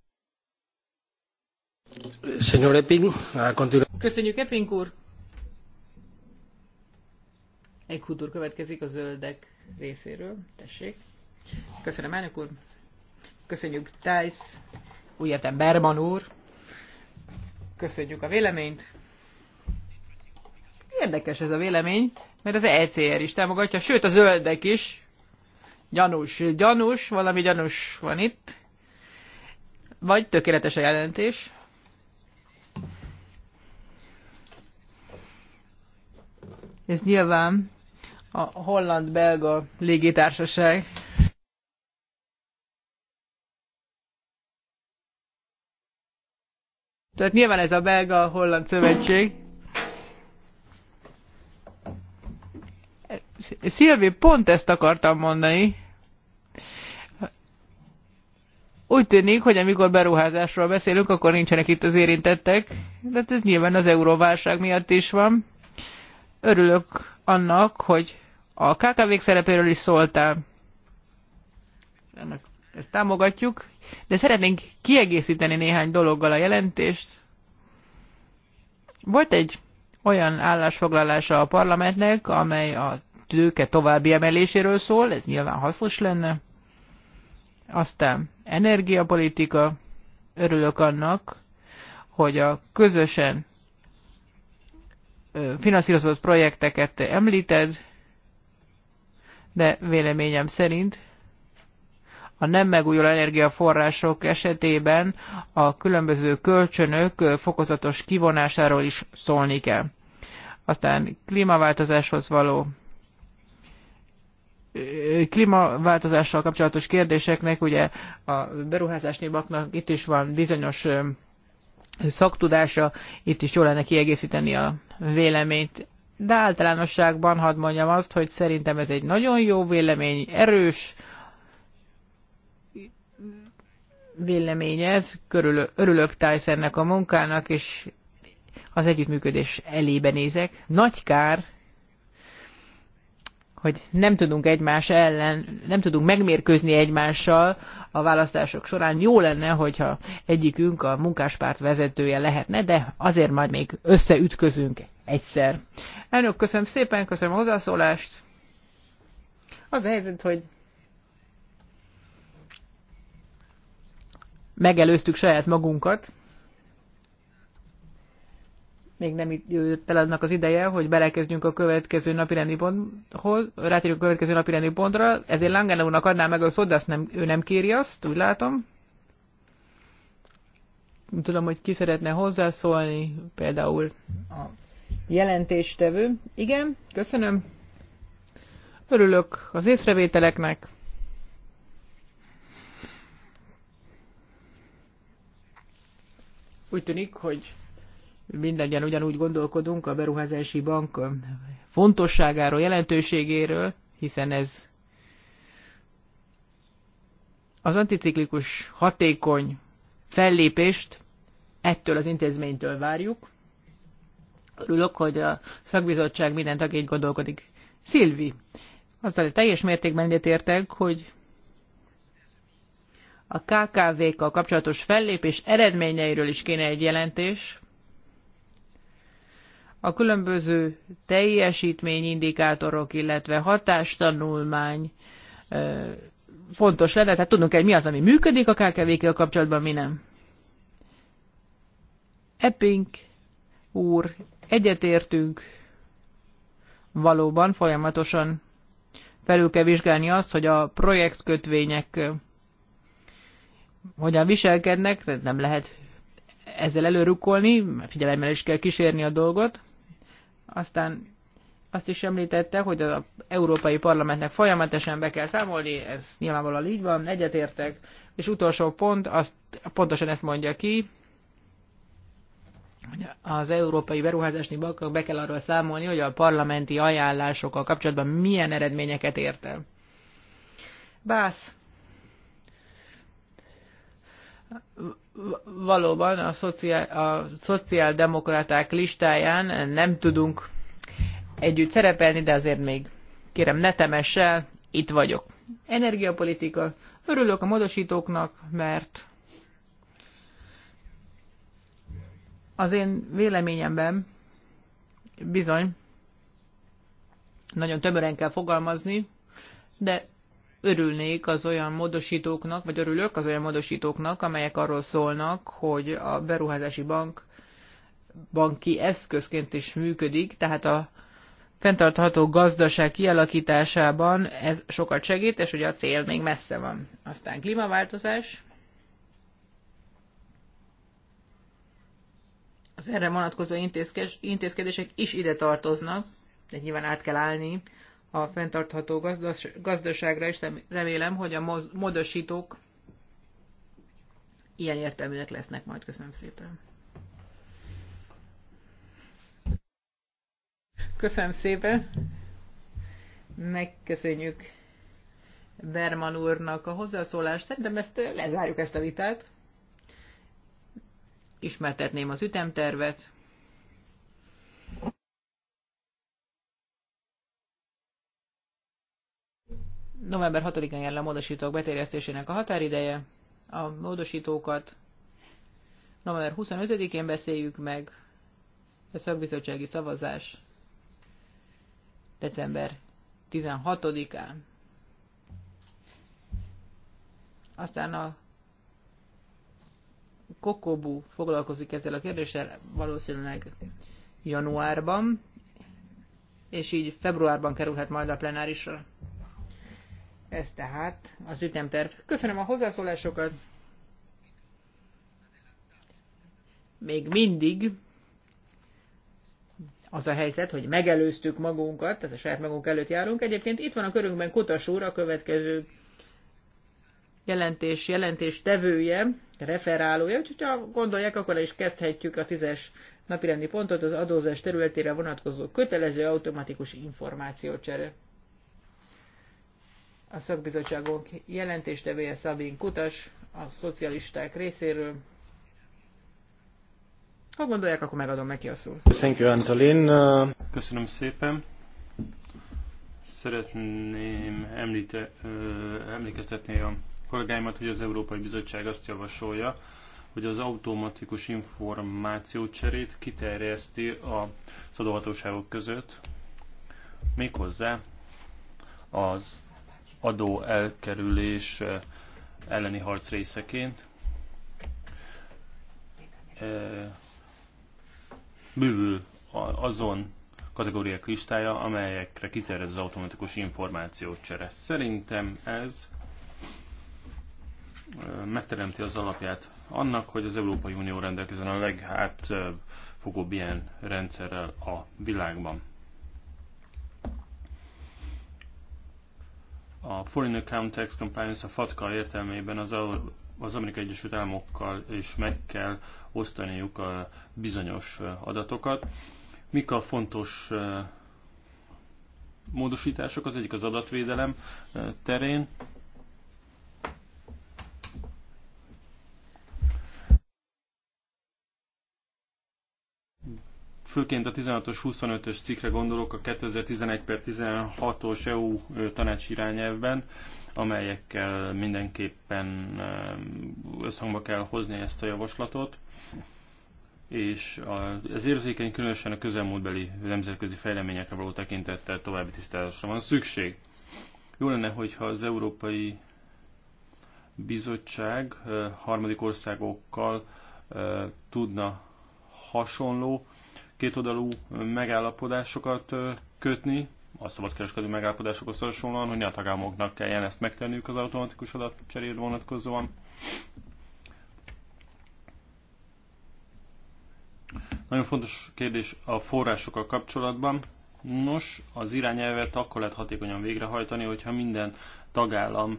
Köszönjük, Epping úr! Egy kultúr következik a zöldek részéről. Tessék. Köszönöm, elnök úr! Köszönjük Tejsz, úgy értem Berman úr. Köszönjük a véleményt. Érdekes ez a vélemény, mert az ECR is támogatja, sőt a zöldek is. Gyanús, gyanús, valami gyanús van itt. Vagy tökéletes a jelentés. Ez nyilván a holland-belga légitársaság Tehát nyilván ez a belga-holland szövetség. Szilvi, pont ezt akartam mondani. Úgy tűnik, hogy amikor beruházásról beszélünk, akkor nincsenek itt az érintettek, de hát ez nyilván az euróválság miatt is van. Örülök annak, hogy a KKV-k szerepéről is szóltál. Ennek ezt támogatjuk, de szeretnénk kiegészíteni néhány dologgal a jelentést. Volt egy olyan állásfoglalása a parlamentnek, amely a tőke további emeléséről szól, ez nyilván hasznos lenne. Aztán energiapolitika, örülök annak, hogy a közösen finanszírozott projekteket említed, de véleményem szerint a nem megújuló energiaforrások esetében a különböző kölcsönök fokozatos kivonásáról is szólni kell. Aztán klímaváltozáshoz való klímaváltozással kapcsolatos kérdéseknek, ugye a beruházásnél baknak itt is van bizonyos szaktudása, itt is jól lenne kiegészíteni a véleményt. De általánosságban hadd mondjam azt, hogy szerintem ez egy nagyon jó vélemény, erős, véleményez. Körül, örülök Tysonnek a munkának, és az együttműködés elébe nézek. Nagy kár, hogy nem tudunk egymás ellen, nem tudunk megmérkőzni egymással a választások során. Jó lenne, hogyha egyikünk a munkáspárt vezetője lehetne, de azért majd még összeütközünk egyszer. Elnök, köszönöm szépen, köszönöm a hozzászólást. Az a helyzet, hogy megelőztük saját magunkat. Még nem jött el annak az ideje, hogy belekezdjünk a következő napirendi ponthoz, rátérjük a következő napirendi pontra, ezért Langen úrnak adná meg a szót, de azt nem, ő nem kéri azt, úgy látom. Nem tudom, hogy ki szeretne hozzászólni, például a jelentéstevő. Igen, köszönöm. Örülök az észrevételeknek. Úgy tűnik, hogy mindannyian ugyanúgy gondolkodunk a beruházási bank fontosságáról, jelentőségéről, hiszen ez az anticiklikus hatékony fellépést ettől az intézménytől várjuk. Örülök, hogy a szakbizottság minden tagjét gondolkodik. Szilvi, azzal teljes mértékben egyetértek, hogy a KKV-kkal kapcsolatos fellépés eredményeiről is kéne egy jelentés. A különböző teljesítményindikátorok, illetve hatástanulmány fontos lenne, tehát tudnunk kell, mi az, ami működik a KKV-kkel kapcsolatban, mi nem. Epping úr, egyetértünk, valóban folyamatosan felül kell vizsgálni azt, hogy a projektkötvények hogyan viselkednek, tehát nem lehet ezzel előrukkolni, figyelemmel is kell kísérni a dolgot. Aztán azt is említette, hogy az Európai Parlamentnek folyamatosan be kell számolni, ez nyilvánvalóan így van, egyetértek. És utolsó pont, azt pontosan ezt mondja ki, hogy az Európai Beruházási Banknak be kell arról számolni, hogy a parlamenti ajánlásokkal kapcsolatban milyen eredményeket ért el. Bász valóban a, szociál, a szociáldemokraták listáján nem tudunk együtt szerepelni, de azért még kérem ne temessel, itt vagyok. Energiapolitika. Örülök a modosítóknak, mert az én véleményemben bizony nagyon tömören kell fogalmazni, de örülnék az olyan módosítóknak, vagy örülök az olyan módosítóknak, amelyek arról szólnak, hogy a beruházási bank banki eszközként is működik, tehát a fenntartható gazdaság kialakításában ez sokat segít, és ugye a cél még messze van. Aztán klímaváltozás. Az erre vonatkozó intézkedések is ide tartoznak, de nyilván át kell állni a fenntartható gazdaságra, és remélem, hogy a módosítók ilyen értelműek lesznek majd. Köszönöm szépen. Köszönöm szépen. Megköszönjük Berman úrnak a hozzászólást, de ezt lezárjuk ezt a vitát. Ismertetném az ütemtervet. november 6-án jelen a módosítók beterjesztésének a határideje. A módosítókat november 25-én beszéljük meg, a szakbizottsági szavazás december 16-án. Aztán a Kokobu foglalkozik ezzel a kérdéssel valószínűleg januárban, és így februárban kerülhet majd a plenárisra. Ez tehát az ütemterv. Köszönöm a hozzászólásokat. Még mindig az a helyzet, hogy megelőztük magunkat, tehát a saját magunk előtt járunk. Egyébként itt van a körünkben Kutas úr, a következő jelentés, jelentés tevője, referálója, úgyhogy ha gondolják, akkor is kezdhetjük a tízes napirendi pontot az adózás területére vonatkozó kötelező automatikus információcsere a szakbizottságok jelentéstevője Szabin Kutas a szocialisták részéről. Ha gondolják, akkor megadom neki a szót. Köszönöm szépen. Szeretném említe, emlékeztetni a kollégáimat, hogy az Európai Bizottság azt javasolja, hogy az automatikus információcserét kiterjeszti a szadóhatóságok között, méghozzá az adó elkerülés eh, elleni harc részeként. Eh, bűvül azon kategóriák listája, amelyekre kiterjed az automatikus információcsere. Szerintem ez eh, megteremti az alapját annak, hogy az Európai Unió rendelkezzen a leghátfogóbb ilyen rendszerrel a világban. a Foreign Account Tax Compliance a FATCA értelmében az, az Amerikai Egyesült Államokkal is meg kell osztaniuk a bizonyos adatokat. Mik a fontos módosítások? Az egyik az adatvédelem terén, főként a 16-os 25-ös cikkre gondolok a 2011 per 16-os EU tanács irányelvben, amelyekkel mindenképpen összhangba kell hozni ezt a javaslatot és ez érzékeny különösen a közelmúltbeli nemzetközi fejleményekre való tekintettel további tisztázásra van szükség. Jó lenne, hogyha az Európai Bizottság harmadik országokkal tudna hasonló kétoldalú megállapodásokat kötni, a szabadkereskedő megállapodásokhoz hasonlóan, hogy ne a tagállamoknak kelljen ezt megtenniük az automatikus adatcserére vonatkozóan. Nagyon fontos kérdés a forrásokkal kapcsolatban. Nos, az irányelvet akkor lehet hatékonyan végrehajtani, hogyha minden tagállam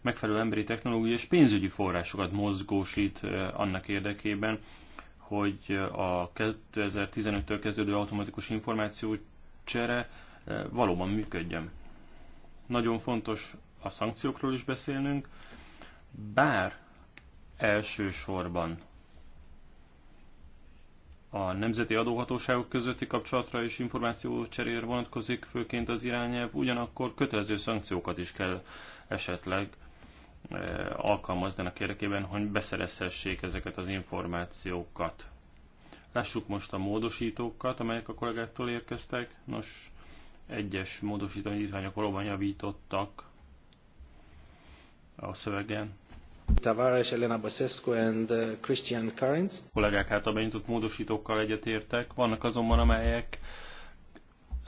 megfelelő emberi technológiai és pénzügyi forrásokat mozgósít annak érdekében, hogy a 2015-től kezdődő automatikus csere eh, valóban működjön. Nagyon fontos a szankciókról is beszélnünk, bár elsősorban a nemzeti adóhatóságok közötti kapcsolatra és információ cserére vonatkozik főként az irányelv, ugyanakkor kötelező szankciókat is kell esetleg Eh, alkalmazzanak érdekében, hogy beszerezhessék ezeket az információkat. Lássuk most a módosítókat, amelyek a kollégáktól érkeztek. Nos, egyes módosító indítványok valóban javítottak a szövegen. Tavares, Elena Basescu and uh, Christian Currents. A kollégák által benyújtott módosítókkal egyetértek, vannak azonban amelyek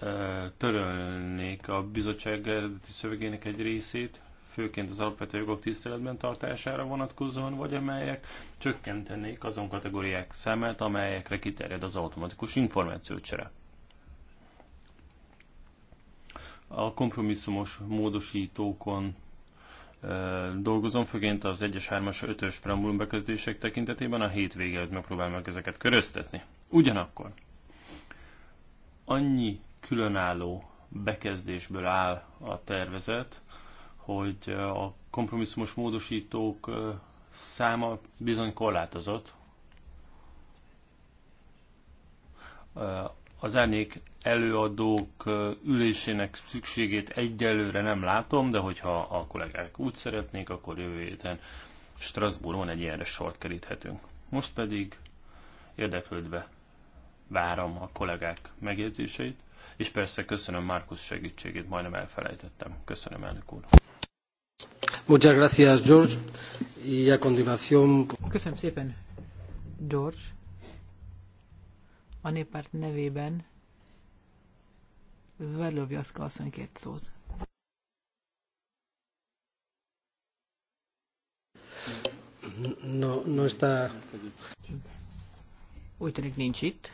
eh, törölnék a bizottság eredeti eh, szövegének egy részét, főként az alapvető jogok tiszteletben tartására vonatkozóan, vagy amelyek csökkentenék azon kategóriák számát, amelyekre kiterjed az automatikus információcsere. A kompromisszumos módosítókon dolgozom, főként az 1-es, 3-as, 5-ös preambulum bekezdések tekintetében a hétvége előtt megpróbálom meg ezeket köröztetni. Ugyanakkor annyi különálló bekezdésből áll a tervezet, hogy a kompromisszumos módosítók száma bizony korlátozott. Az elnék előadók ülésének szükségét egyelőre nem látom, de hogyha a kollégák úgy szeretnék, akkor jövő héten Strasbourgon egy ilyenre sort keríthetünk. Most pedig érdeklődve várom a kollégák megjegyzéseit, és persze köszönöm Márkusz segítségét, majdnem elfelejtettem. Köszönöm, elnök úr. Köszönöm szépen, George. A néppárt nevében Zverlovjaszka asszony kért szót. No, no está... Úgy tűnik nincs itt.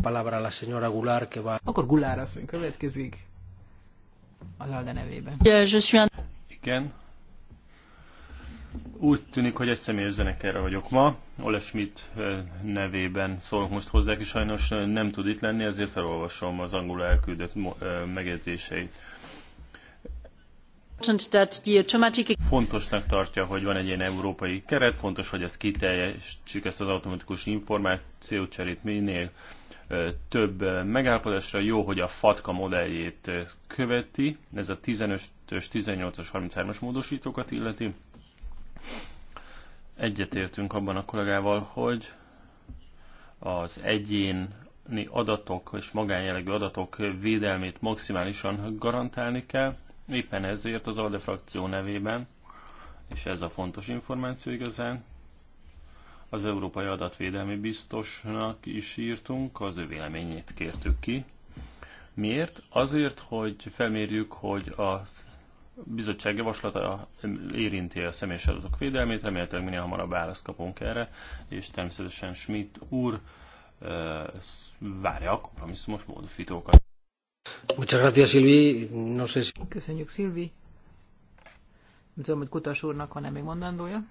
Palabra la señora Goulart, que va... Akkor Goulart asszony következik az Alde nevében. Je suis igen. Úgy tűnik, hogy egy személyes zenekerre vagyok ma. Ole Schmidt nevében szólok most hozzá, és sajnos nem tud itt lenni, ezért felolvasom az angol elküldött megjegyzéseit. Fontosnak tartja, hogy van egy ilyen európai keret, fontos, hogy ezt kiteljesítsük, ezt az automatikus cserét minél több megállapodásra. Jó, hogy a FATKA modelljét követi, ez a 15-ös, 18-as, 33-as módosítókat illeti. Egyetértünk abban a kollégával, hogy az egyéni adatok és magánjellegű adatok védelmét maximálisan garantálni kell. Éppen ezért az ALDE frakció nevében, és ez a fontos információ igazán, az Európai Adatvédelmi Biztosnak is írtunk, az ő véleményét kértük ki. Miért? Azért, hogy felmérjük, hogy a bizottság javaslata érinti a személyes adatok védelmét, remélhetőleg minél hamarabb választ kapunk erre, és természetesen Schmidt úr várja a kompromisszumos módosítókat. Muchas gracias, Silvi. No sé si... Köszönjük, Silvi. Nem tudom, hogy Kutas úrnak van-e még mondandója?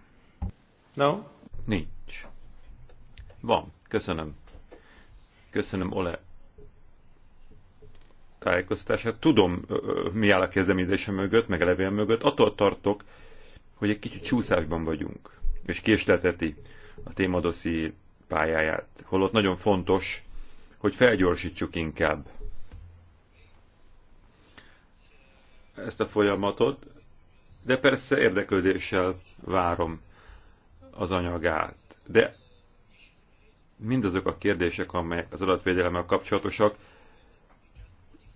No. Nincs. Van. Köszönöm. Köszönöm, Ole tájékoztatását. Tudom, mi áll a kezdeményezésem mögött, meg a levél mögött. Attól tartok, hogy egy kicsit csúszásban vagyunk, és késleteti a témadoszi pályáját. Holott nagyon fontos, hogy felgyorsítsuk inkább ezt a folyamatot, de persze érdeklődéssel várom az anyagát. De mindazok a kérdések, amelyek az adatvédelemmel kapcsolatosak,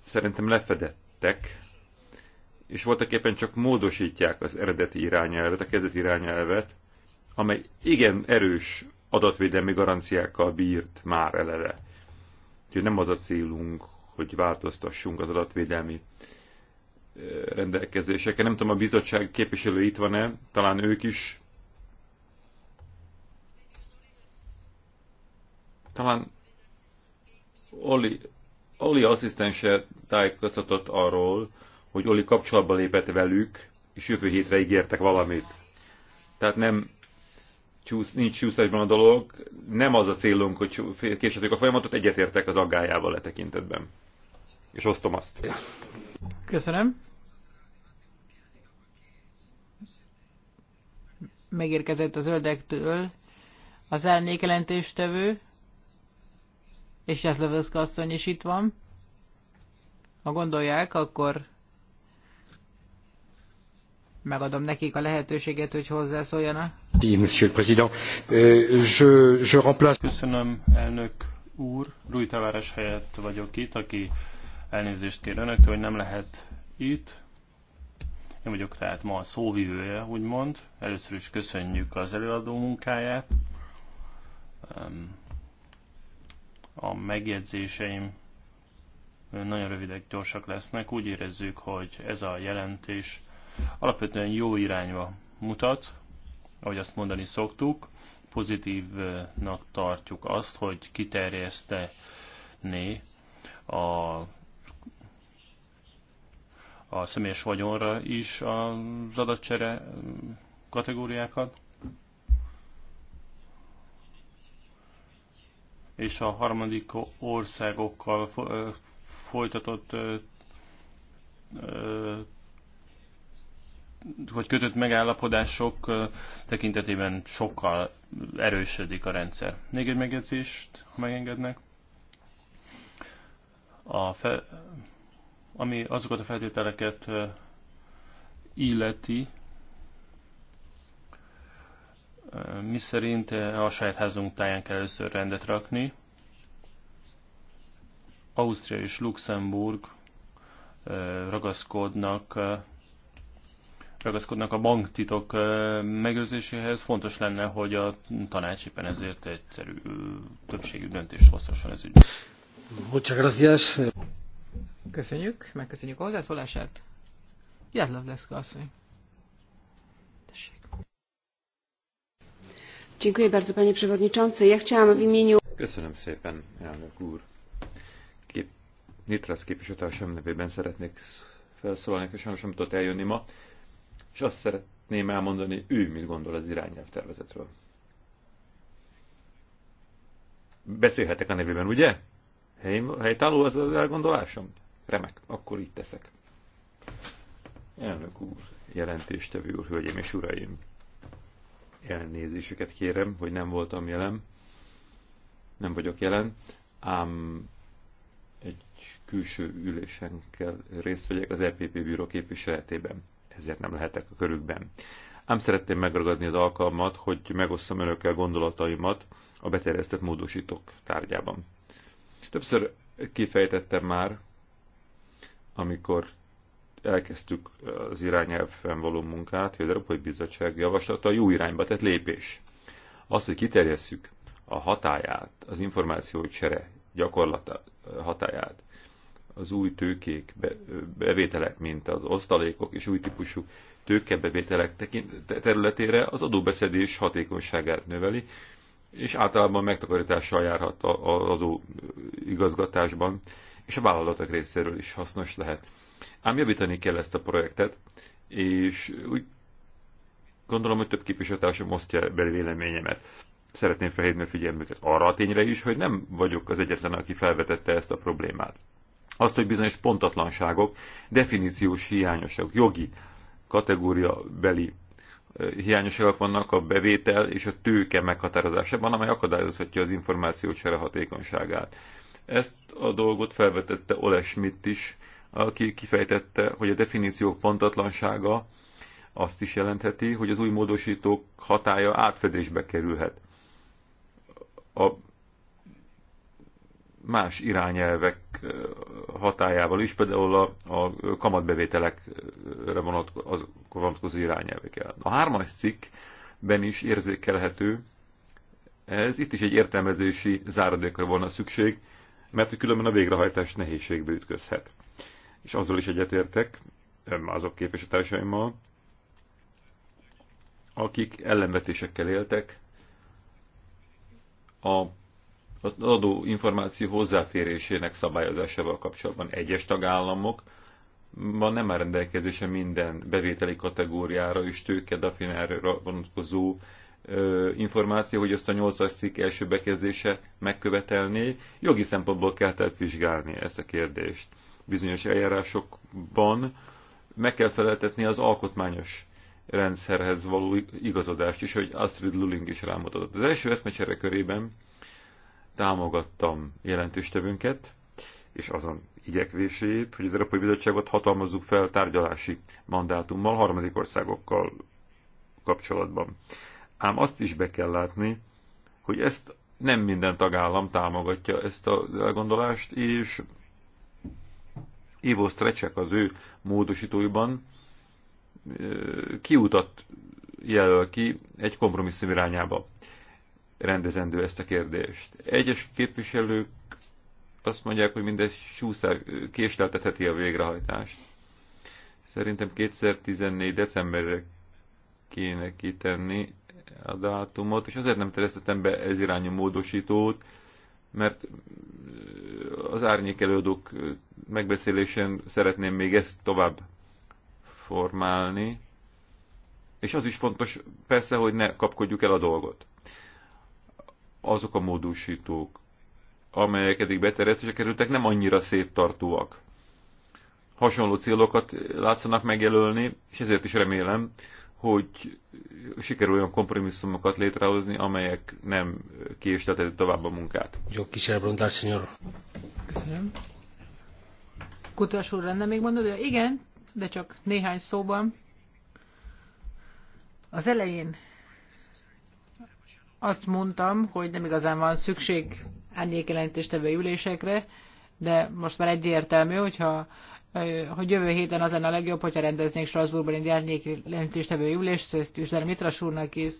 szerintem lefedettek, és voltak éppen csak módosítják az eredeti irányelvet, a kezdeti irányelvet, amely igen erős adatvédelmi garanciákkal bírt már eleve. Úgyhogy nem az a célunk, hogy változtassunk az adatvédelmi rendelkezéseket. Nem tudom, a bizottság képviselő itt van-e, talán ők is Talán Oli, Oli asszisztense tájékoztatott arról, hogy Oli kapcsolatba lépett velük, és jövő hétre ígértek valamit. Tehát nem csúsz, nincs csúszásban a dolog, nem az a célunk, hogy késetjük a folyamatot, egyetértek az aggájával letekintetben. És osztom azt. Köszönöm. Megérkezett a zöldektől az elnékelentéstevő. tevő és Jászlövözka asszony is itt van. Ha gondolják, akkor megadom nekik a lehetőséget, hogy hozzászóljanak. Euh, Köszönöm, elnök úr. Rúj Tavares helyett vagyok itt, aki elnézést kér önöktől, hogy nem lehet itt. Én vagyok tehát ma a szóvivője, úgymond. Először is köszönjük az előadó munkáját. Um, a megjegyzéseim nagyon rövidek, gyorsak lesznek. Úgy érezzük, hogy ez a jelentés alapvetően jó irányba mutat, ahogy azt mondani szoktuk. Pozitívnak tartjuk azt, hogy kiterjesztené a a személyes vagyonra is az adatcsere kategóriákat. és a harmadik országokkal folytatott hogy kötött megállapodások tekintetében sokkal erősödik a rendszer. Még egy megjegyzést, ha megengednek. A fe, ami azokat a feltételeket illeti, mi szerint eh, a saját házunk táján kell először rendet rakni. Ausztria és Luxemburg eh, ragaszkodnak eh, ragaszkodnak a banktitok megőrzéséhez, fontos lenne, hogy a tanács éppen ezért egyszerű többségű döntést hozhasson ez ügyben. Muchas gracias. Köszönjük, megköszönjük a hozzászólását. Jászlav lesz, köszönjük. Dziękuję bardzo, panie przewodniczący. Ja chciałam w imieniu... Köszönöm szépen, elnök úr. Kép... Nitrasz képviselőtársam nevében szeretnék felszólalni, és sajnos nem tudott eljönni ma, és azt szeretném elmondani, ő mit gondol az irányelv tervezetről. Beszélhetek a nevében, ugye? Hely, helytálló az az elgondolásom? Remek, akkor így teszek. Elnök úr, jelentéstevő úr, hölgyeim és uraim! elnézésüket kérem, hogy nem voltam jelen, nem vagyok jelen, ám egy külső ülésen kell részt vegyek az EPP bíró képviseletében, ezért nem lehetek a körükben. Ám szeretném megragadni az alkalmat, hogy megosszam önökkel gondolataimat a beterjesztett módosítók tárgyában. Többször kifejtettem már, amikor elkezdtük az irányelvben való munkát, hogy az Európai Bizottság javaslata jó irányba tett lépés. Az, hogy kiterjesszük a hatáját, az információcsere gyakorlata hatáját, az új tőkék, bevételek, mint az osztalékok és új típusú tőkebevételek területére az adóbeszedés hatékonyságát növeli, és általában megtakarítással járhat az adó igazgatásban, és a vállalatok részéről is hasznos lehet. Ám javítani kell ezt a projektet, és úgy gondolom, hogy több képviselőtársam osztja beli véleményemet. Szeretném felhívni a figyelmüket arra a tényre is, hogy nem vagyok az egyetlen, aki felvetette ezt a problémát. Azt, hogy bizonyos pontatlanságok, definíciós hiányosságok, jogi kategória beli hiányosságok vannak a bevétel és a tőke meghatározásában, amely akadályozhatja az információcsere hatékonyságát. Ezt a dolgot felvetette Ole Schmidt is aki kifejtette, hogy a definíciók pontatlansága azt is jelentheti, hogy az új módosítók hatája átfedésbe kerülhet. A más irányelvek eh, hatájával is, például a, a kamatbevételekre vonatkozó irányelvekkel. A hármas cikkben is érzékelhető, ez itt is egy értelmezési záradékra volna szükség, mert különben a végrehajtás nehézségbe ütközhet és azzal is egyetértek azok képviselőtársaimmal, akik ellenvetésekkel éltek a az adó információ hozzáférésének szabályozásával kapcsolatban egyes tagállamok ma nem áll rendelkezésre minden bevételi kategóriára és tőkedafinárra vonatkozó ö, információ, hogy azt a 8-as cikk első bekezdése megkövetelné. Jogi szempontból kell tehát vizsgálni ezt a kérdést bizonyos eljárásokban meg kell feleltetni az alkotmányos rendszerhez való igazodást is, hogy Astrid Luling is rámutatott. Az első eszmecsere körében támogattam jelentéstevünket, és azon igyekvését, hogy az Európai Bizottságot hatalmazzuk fel tárgyalási mandátummal harmadik országokkal kapcsolatban. Ám azt is be kell látni, hogy ezt nem minden tagállam támogatja ezt a elgondolást, és Ivo Strecek az ő módosítóiban kiutat jelöl ki egy kompromisszum irányába rendezendő ezt a kérdést. Egyes képviselők azt mondják, hogy mindez súszár késleltetheti a végrehajtást. Szerintem 2014. decemberre kéne kitenni a dátumot, és azért nem terjesztettem be ez irányú módosítót, mert az árnyékelődők megbeszélésen szeretném még ezt tovább formálni. És az is fontos persze, hogy ne kapkodjuk el a dolgot. Azok a módosítók, amelyek eddig beterjesztésre kerültek, nem annyira széttartóak. Hasonló célokat látszanak megjelölni, és ezért is remélem, hogy sikerül olyan kompromisszumokat létrehozni, amelyek nem késleltetik tovább a munkát. Jó kísérbrondás, senyor. Köszönöm. Kutas úr, lenne még mondod, hogy igen, de csak néhány szóban. Az elején azt mondtam, hogy nem igazán van szükség árnyékjelentéstevő ülésekre, de most már egyértelmű, hogyha hogy jövő héten az lenne a legjobb, hogyha rendeznék Strasbourgban egy jelentéstevő ülést, ezt Üzenem Mitras úrnak is,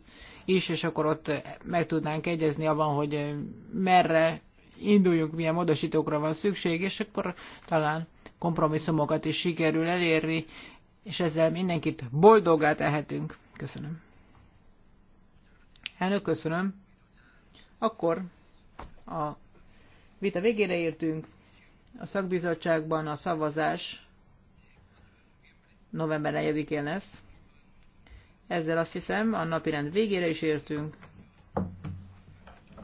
is, és akkor ott meg tudnánk egyezni abban, hogy merre induljunk, milyen módosítókra van szükség, és akkor talán kompromisszumokat is sikerül elérni, és ezzel mindenkit boldoggá tehetünk. Köszönöm. Elnök, köszönöm. Akkor a vita végére értünk. A szakbizottságban a szavazás november 4-én lesz. Ezzel azt hiszem, a napirend végére is értünk.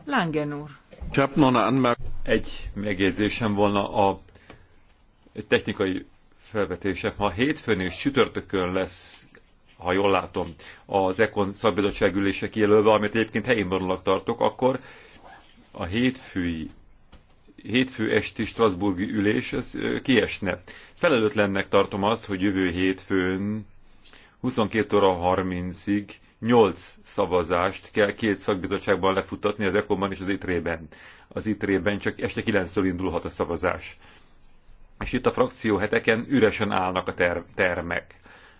Langen úr. Egy megjegyzésem volna a technikai felvetése. Ha hétfőn és csütörtökön lesz, ha jól látom, az Ekon szakbizottság ülések jelölve, amit egyébként helyén tartok, akkor a hétfői hétfő esti Strasburgi ülés ez kiesne. Felelőtlennek tartom azt, hogy jövő hétfőn 22 óra 30-ig 8 szavazást kell két szakbizottságban lefutatni, az ECO-ban és az ITRE-ben. Az ITRE-ben csak este 9-től indulhat a szavazás. És itt a frakció heteken üresen állnak a ter termek.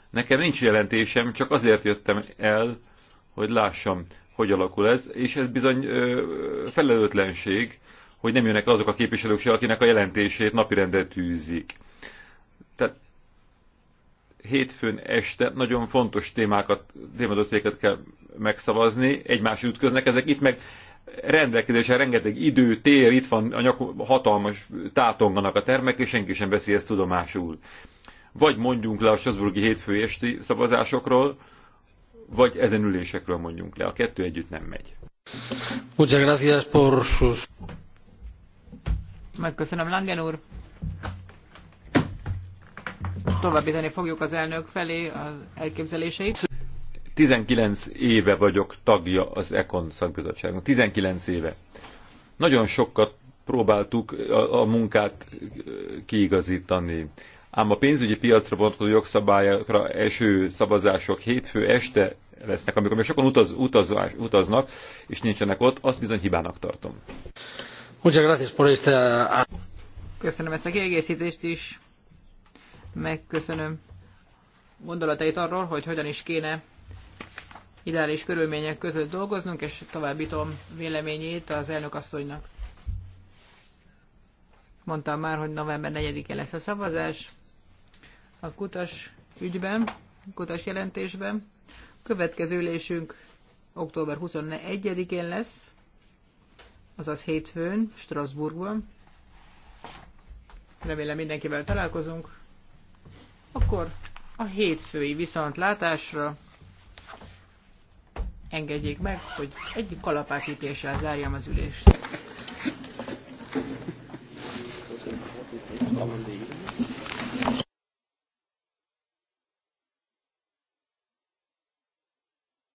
Nekem nincs jelentésem, csak azért jöttem el, hogy lássam, hogy alakul ez, és ez bizony ö, felelőtlenség, hogy nem jönnek azok a képviselők se, akinek a jelentését napirendre tűzik. Tehát hétfőn este nagyon fontos témákat, témadosszéket kell megszavazni, egymás ütköznek, ezek itt meg rendelkezésre rengeteg idő, tér, itt van a nyak, hatalmas tátonganak a termek, és senki sem veszi ezt tudomásul. Vagy mondjunk le a Strasburgi hétfői esti szavazásokról, vagy ezen ülésekről mondjunk le. A kettő együtt nem megy. Muchas gracias por sus... Megköszönöm, Langen úr. Továbbítani fogjuk az elnök felé az elképzeléseit. 19 éve vagyok tagja az Econ szakbizottságnak. 19 éve. Nagyon sokat próbáltuk a, a munkát kiigazítani. Ám a pénzügyi piacra vonatkozó jogszabályokra eső szavazások hétfő este lesznek, amikor még sokan utaz, utaz, utaznak, és nincsenek ott, azt bizony hibának tartom. Köszönöm ezt a kiegészítést is. Megköszönöm gondolatait arról, hogy hogyan is kéne ideális körülmények között dolgoznunk, és továbbítom véleményét az elnök asszonynak. Mondtam már, hogy november 4-e lesz a szavazás a kutas ügyben, kutas jelentésben. Következő ülésünk október 21-én lesz azaz hétfőn Strasbourgban. Remélem mindenkivel találkozunk. Akkor a hétfői viszontlátásra engedjék meg, hogy egy kalapátítéssel zárjam az ülést.